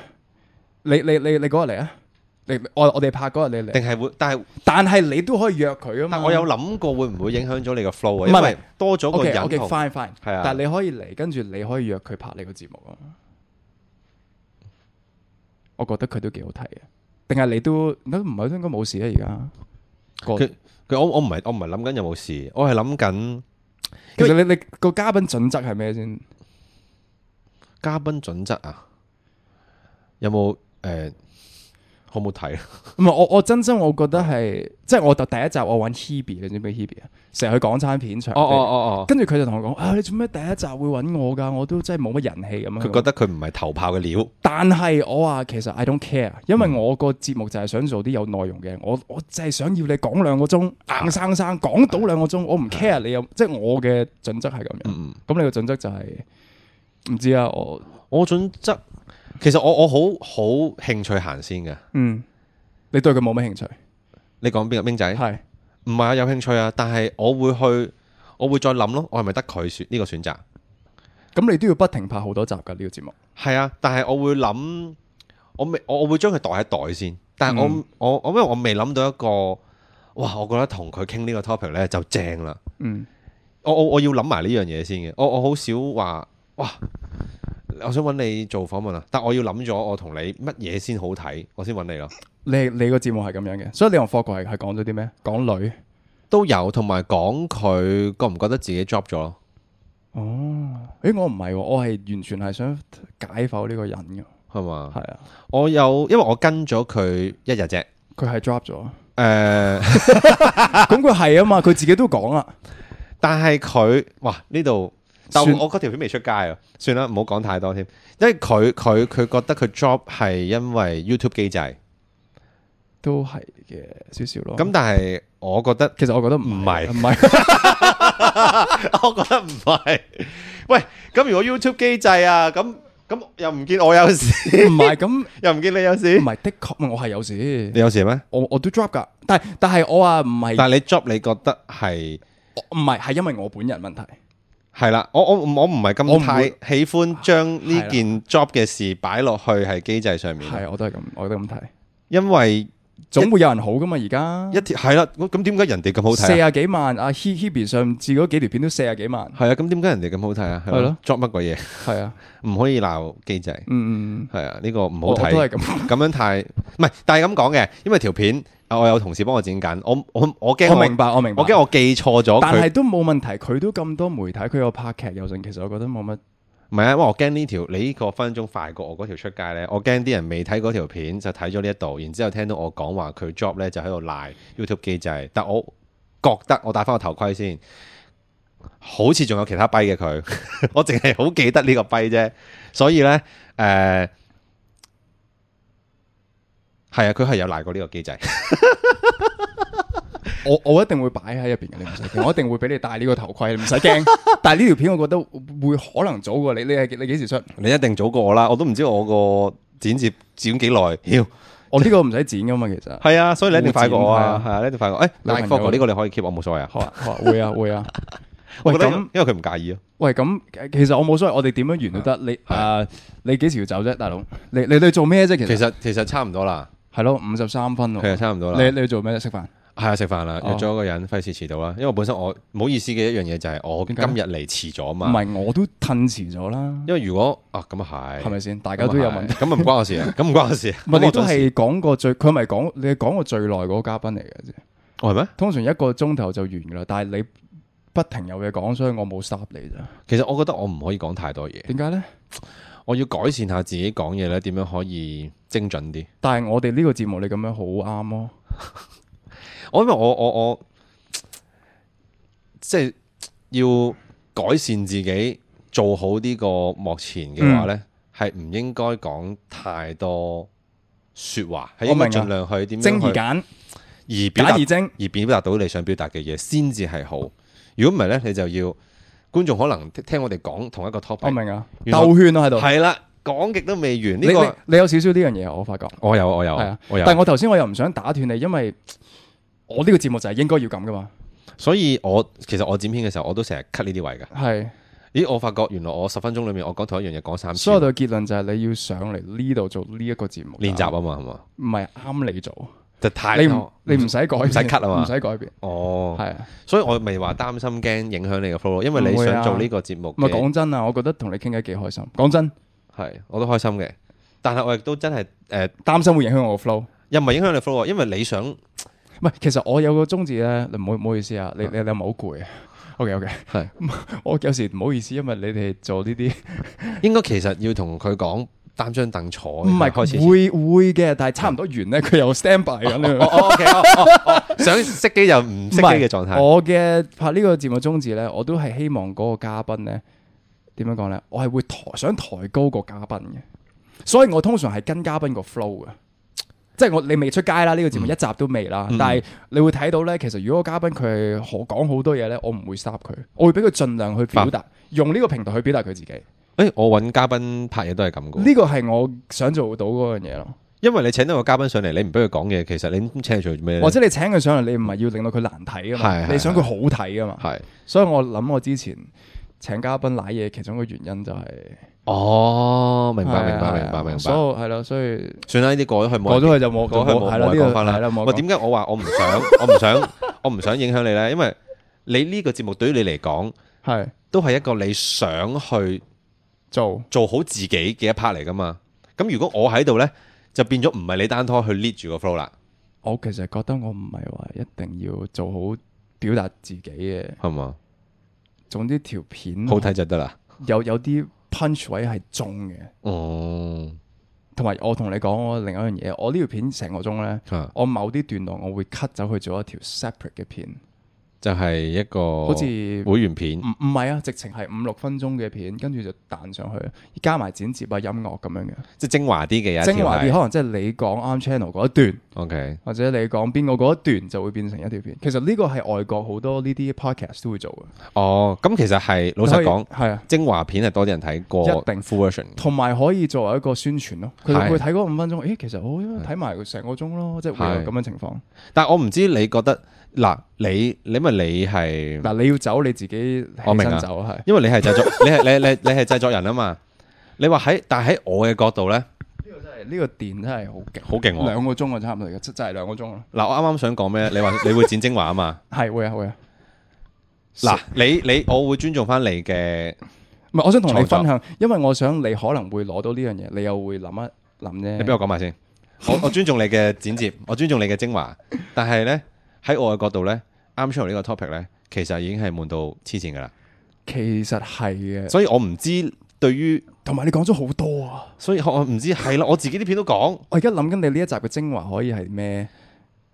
你你你你嗰日嚟啊？你我我哋拍嗰日你嚟，定係會？但係但係你都可以約佢啊嘛。我有諗過會唔會影響咗你個 flow？啊？唔係多咗個人嘅。但係你可以嚟，跟住你可以約佢拍你個節目啊。我覺得佢都幾好睇啊。定係你都，你都唔係都應該冇事啊？而家佢佢我我唔係我唔係諗緊有冇事，我係諗緊。其實你你個嘉賓準則係咩先？嘉賓準則啊，有冇誒？好好 <laughs> 我冇睇，唔係我我真心我覺得係，即係我第第一集我搵 Hebe，你知唔知 Hebe 啊？成日去港產片場，哦哦哦跟住佢就同我講啊，你做咩第一集會搵我噶我都真係冇乜人氣咁樣。佢覺得佢唔係頭炮嘅料，但係我話其實 I don't care，因為我個節目就係想做啲有內容嘅，嗯，我我就係想要你講兩個鐘，硬生生講到兩個鐘，我唔 care 你有，即係、嗯、我嘅準則係咁樣。咁、嗯、你個準則就係、是、唔知啊，我我準則。其實我我好好興趣行先嘅，嗯，你對佢冇咩興趣？你講邊個兵仔？係唔係啊？有興趣啊！但係我會去，我會再諗咯。我係咪得佢選呢個選擇？咁你都要不停拍好多集噶呢個節目？係啊，但係我會諗，我未我我會將佢袋一袋先。但係我我我因為我未諗到一個，哇！我覺得同佢傾呢個 topic 咧就正啦。嗯，我我我要諗埋呢樣嘢先嘅。我我好少話。哇！我想揾你做訪問啊，但我要諗咗我同你乜嘢先好睇，我先揾你咯。你你個節目係咁樣嘅，所以你同霍哥係係講咗啲咩？講女都有，同埋講佢覺唔覺得自己 drop 咗咯？哦，誒，我唔係，我係完全係想解剖呢個人噶，係嘛吧？係啊，我有，因為我跟咗佢一日啫，佢係 drop 咗。誒、呃，咁佢係啊嘛，佢自己都講啦，但係佢哇呢度。但我嗰條片未出街啊，算啦，唔好講太多添。因為佢佢佢覺得佢 drop 係因為 YouTube 機制，都係嘅少少咯。咁但係我覺得，其實我覺得唔係，唔係，我覺得唔係。喂，咁如果 YouTube 機制啊，咁咁又唔見我有事，唔係咁又唔見你有事，唔係的確我係有事，你有事咩？我我都 drop 噶，但係但係我話唔係，但係你 drop 你覺得係唔係係因為我本人問題？係啦，我我我唔係咁太喜歡將呢件 job 嘅事擺落去係機制上面。係，我都係咁，我都咁睇，因為總會有人好噶嘛。而家一係啦，咁點解人哋咁好睇？四十幾萬，啊 He Hebe 上次嗰幾條片都四十幾萬。係啊，咁點解人哋咁好睇啊？係咯，job 乜鬼嘢？係啊，唔了可以鬧機制。嗯嗯嗯，係啊，呢、這個唔好睇都係咁，咁樣， <laughs> 樣太唔係，但係咁講嘅，因為條片。我有同事幫我剪緊，我我我驚，我明白我明白，我驚我我記錯咗。但係都冇問題，佢都咁多媒體，佢有拍劇有上，其實我覺得冇乜。唔係啊，因為我驚呢條你呢個分鐘快過我嗰條出街咧，我驚啲人未睇嗰條片就睇咗呢一度，然後之後聽到我講話佢 job 咧就喺度賴 YouTube 機制，但我覺得我戴翻個頭盔先，好似仲有其他跛嘅佢， <laughs> 我淨係好記得呢個跛啫，所以咧誒。呃係啊，佢係有賴過呢個機制，我我一定會擺喺入邊嘅，你唔使驚，我一定會俾你戴呢個頭盔，你唔使驚。但係呢條片，我覺得會可能早過你，你係你幾時出？你一定早過我啦，我都唔知我個剪接剪幾耐。我呢個唔使剪噶嘛，其實係啊，所以你一定快過我啊，係啊，一定快過。誒，賴過呢個你可以 keep，我冇所謂啊。好啊，會啊會啊。喂，咁因為佢唔介意啊。喂，咁其實我冇所謂，我哋點樣完都得。你啊，你幾時要走啫，大佬？你你哋做咩啫？其實其實其實差唔多啦。係咯，五十三分咯，其實差唔多啦。你你做咩食飯？係啊，食飯啦，約咗一個人，費事遲到啦。因為本身我唔好意思嘅一樣嘢，就係我今日嚟遲咗嘛。唔係我都吞遲咗啦。因為如果啊咁啊係，係咪先？大家都有問題，咁啊唔關我事啊，咁唔關我事啊。唔係你都係講過最，佢咪講你講過最耐嗰個嘉賓嚟嘅啫。係咩？通常一個鐘頭就完噶啦，但係你不停有嘢講，所以我冇 stop 你啫。其實我覺得我唔可以講太多嘢。點解咧？我要改善下自己講嘢咧，點樣可以精準啲？但係我哋呢個節目你咁樣好啱咯。 <laughs> 我因為我我我即係、就是、要改善自己做好呢個幕前嘅話咧，係唔、嗯、應該講太多說話，係、嗯、因為盡量去點精而簡，而表、簡而精、而表達到你想表達嘅嘢先至係好。如果唔係咧，你就要。觀眾可能聽我哋講同一個 topic，我明啊，兜來圈，啊，都喺度。係啦，講極都未完。呢，這個你，你，你有少少呢樣嘢，我發覺。我有，我有，係啊的，我有。但係我頭先我又唔想打斷你，因為我呢個節目就係應該要咁噶嘛所以我其實我剪片嘅時候，我都成日 cut 呢啲位噶係是，咦？我發覺原來我十分鐘裏面，我講同一樣嘢講三次。所以我哋嘅結論就係你要上嚟呢度做呢一個節目練習樣啊嘛，係嘛？唔係啱你做。你你唔使改唔使 cut 啊嘛，唔使改變。哦，係，所以，我咪話擔心驚影響你個 flow，因為你想做呢個節目。唔係，講真啊，我覺得同你傾偈幾開心。講真係，我都開心嘅，但係我亦都真係誒擔心會影響我 flow，又唔係影響你 flow，因為你想，唔係其實我有個宗旨咧，你唔好唔好意思啊，你你你係咪好攰啊？OK OK，係，我有時唔好意思，因為你哋做呢啲，應該其實要同佢講。擔張凳坐，唔係是會會嘅，但係差唔多完咧，佢是又 stand by 咁樣。 <laughs> 哦、o、okay, K，、哦、 <laughs> 想熄機又唔熄機嘅狀態。我嘅拍呢個節目宗旨咧，我都係希望嗰個嘉賓咧，點樣講咧？我係會抬想抬高個嘉賓嘅，所以我通常係跟嘉賓個 flow 嘅。即、就、係、是、我你未出街啦，呢、這個節目一集都未啦、嗯、但係你會睇到咧。其實如果嘉賓佢係好講好多嘢咧，我唔會 stop 佢，我會俾佢盡量去表達，用呢個平台去表達佢自己。誒，我揾嘉賓拍嘢都係咁嘅。呢個係我想做到嗰樣嘢咯，因為你請到個嘉賓上嚟，你唔俾佢講嘢，其實你請佢做咩？或者你請佢上嚟，你唔係要令到佢難睇啊嘛？係，你想佢好睇啊嘛？係，所以我諗我之前請嘉賓瀨嘢，其中一個原因就係，哦，明白，明白，明白，明白。所以所以算啦，呢啲過咗去，冇過咗去就冇，過咗去冇人講翻啦。我點解我話我唔想，我唔想，我唔想影響你咧？因為你呢個節目對於你嚟講，係都係一個你想去。做做好自己嘅一 part 嚟㗎嘛？咁如果我喺度呢，就變咗唔係你單拖去 lead 住個 flow 啦。我其實覺得我唔係話一定要做好表達自己嘅，係嘛嗎？總之條片好睇就得啦。有、嗯、有啲 punch 位係中嘅，哦。同埋我同你講我另一樣嘢，我呢條片成個鐘呢，嗎我某啲段落我會 cut 走去做一條 separate 嘅片。就係一個好似會員片，唔唔係啊，直情係五六分鐘嘅片，跟住就彈上去，加埋剪接啊、音樂咁樣嘅，即係精華啲嘅一條。精華啲可能即係你講啱 channel 嗰一段，OK，或者你講邊個嗰一段就會變成一條片。其實呢個係外國好多呢啲 podcast 都會做嘅。哦，咁其實係老實講，係啊，精華片係多啲人睇過，一定 full version 同埋可以作為一個宣傳咯。佢會睇嗰五分鐘，誒，其實我睇埋成個鐘咯，即係的、就是、會有咁樣情況。但係我唔知你覺得。嗱，你你咪你係，嗱你要走你自己我明。走係，因為你係製作， <laughs> 你係你你你係製作人啊嘛，你話喺，但係喺我嘅角度咧，呢個真係呢個電真係好勁好勁喎，兩個鐘啊，差唔多嘅，真真係兩個鐘咯。嗱，我啱啱想講咩？你話你會剪精華啊嘛？係會啊會啊。嗱、啊，你你我會尊重翻你嘅，唔係我想同你分享，因為我想你可能會攞到呢樣嘢，你又會諗一諗啫。你俾我講埋先，好，我尊重你嘅剪接， <laughs> 我尊重你嘅精華，但係咧。喺我嘅角度咧，啱出嚟呢個 topic 咧，其實已經係悶到黐線噶啦。其實係嘅，所以我唔知對於同埋你講咗好多啊。所以我唔知係咯、嗯，我自己啲片都講。我而家諗緊你呢一集嘅精華可以係咩？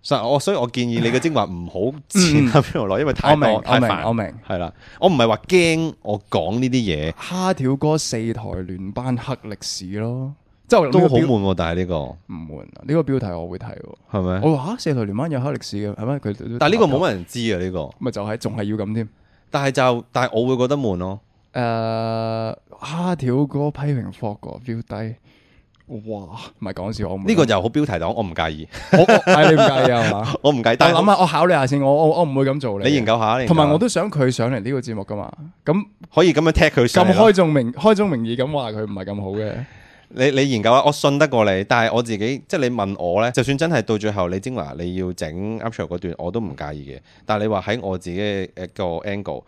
所以我所以我建議你嘅精華唔好剪喺邊度落，嗯、因為太多，我明。太煩，我明，我明係啦，我唔係話驚我講呢啲嘢。蝦條哥四台聯班黑歷史咯。就都好悶，但係呢個唔悶啊！呢個標題我會睇，係咪？我話吓，四台聯灣有黑歷史嘅係咪？佢但係呢個冇乜人知啊！呢個咪就係仲係要咁添。但係就但係我會覺得悶咯。誒，蝦條哥批評霍哥標題，哇！唔係講笑，我呢個就好標題黨，我唔介意。我你唔介意啊，係嘛？我唔介意，但係諗下，我考慮下先。我我我唔會咁做你。研究下，你。同埋我都想佢上嚟呢個節目噶嘛。咁可以咁樣踢佢上，咁開眾名開宗明義咁話佢唔係咁好嘅。你你研究啊，我信得過你，但係我自己即係你問我咧，就算真係到最後你精華你要整 u 啱出嗰段，我都唔介意嘅。但係你話喺我自己一個 angle，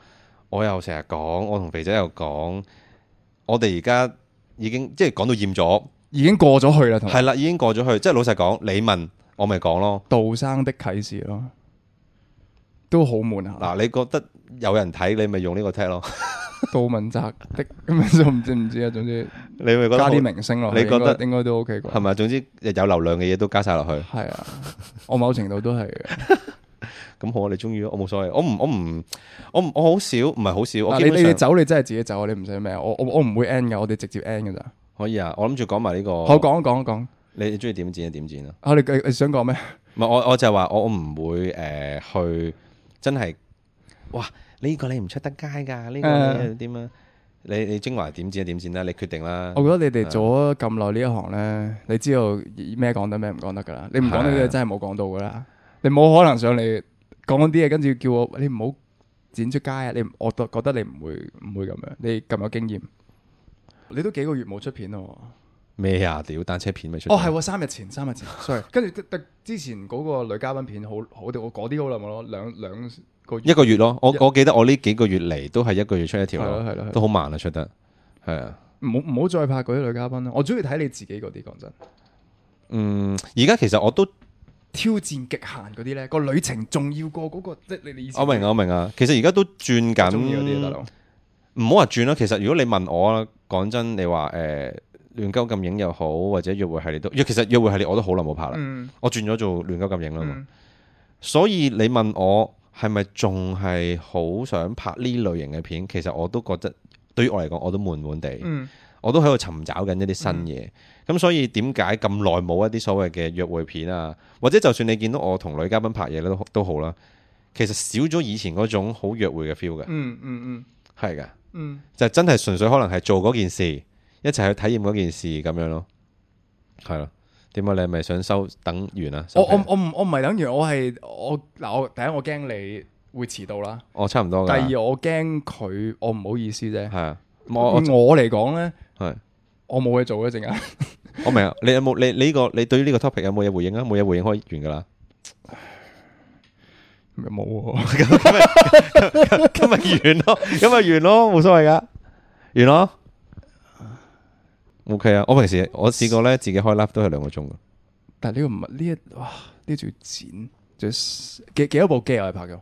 我又成日講，我同肥仔又講，我哋而家已經即係講到厭咗，已經過咗去啦，同埋，係啦，已經過咗去。即係老實講，你問我咪講咯。道生的啟示咯，都好悶啊。嗱，你覺得有人睇你咪用呢個踢咯。杜汶澤的咁樣就唔知唔知啊，總之你會覺得加啲明星落，你覺得應該都 O K 啩？係咪？總之有流量嘅嘢都加晒落去。係 <laughs> 啊，我某程度都係嘅。咁 <laughs> 好啊，我你中意我冇所謂。我唔我唔我我好少，唔係好少。我你你走，你真係自己走啊，你唔使咩？我我我唔會 end 噶，我哋直接 end 噶咋。可以啊，我諗住講埋呢個。好，講講講，你中意點剪就點剪啦。啊，你你，你想講咩？唔係 <laughs> 我我，我就係話我我唔會誒、呃、去真係哇。呢個你唔出得街㗎，呢 <noise> 個點啊你？你你精華點剪點剪啦，你決定啦，啊。我覺得你哋做咗咁耐呢一行咧，你知道咩講得咩唔講得㗎啦？你唔講呢嘢真係冇講到㗎啦。你冇可能上嚟講啲嘢，跟住叫我你唔好剪出街啊！你我都覺得你唔會唔會咁樣。你咁有經驗，你都幾個月冇出片咯？咩啊？屌單車片未出？哦，係三日前，三日前。Sorry, <laughs> 跟住之前嗰個女嘉賓片好，好好啲，我嗰啲好耐冇咯，兩兩。兩兩一個月咯，我我記得我呢幾個月嚟都係一個月出一條咯，都好慢啊，出得係啊，唔好唔好再拍嗰啲女嘉賓啦，我中意睇你自己嗰啲，講真，嗯，而家其實我都挑戰極限嗰啲咧，嗰個旅程重要過嗰、嗰個，即係你，你意思我，我明我明啊，其實而家都轉緊，唔好話轉啦，其實如果你問我啊，講真，你話誒亂鳩禁影又好，或者約會系列都其實約會系列我都好耐冇拍啦，了嗯、我轉咗做亂鳩禁影啦，嗯、所以你問我。係咪仲係好想拍呢類型嘅片？其實我都覺得，對於我嚟講，我都悶悶地，嗯、我都喺度尋找緊一啲新嘢。咁、嗯、所以點解咁耐冇一啲所謂嘅約會片啊？或者就算你見到我同女嘉賓拍嘢都都好啦。其實少咗以前嗰種好約會嘅 feel 嘅。嗯嗯嗯，係噶，嗯，嗯，嗯就真係純粹可能係做嗰件事，一齊去體驗嗰件事咁樣咯，係咯。點解你係咪想收等完啊？我我我唔我唔係等完，我係我嗱，我第一我驚你會遲到啦。我差唔多。第二我驚佢，我唔好意思啫。係啊，我我嚟講咧，係我冇嘢做嘅，一陣間。我明啊，你有冇你你呢個你對於呢個 topic 有冇嘢回應啊？冇嘢回應可以完噶啦。冇咁咪完咯，咁咪完咯，冇所謂噶，完咯。O K 啊，okay, 我平時我試過咧自己開 lap 都係兩個鐘噶，但係呢個唔係呢一哇呢叫剪，仲有幾幾多部機啊？我哋拍嘅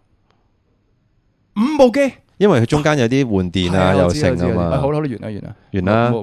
五部機，因為佢中間有啲換電啊，啊，又剩啊嘛。好啦，好完啦，完啦，完啦。完了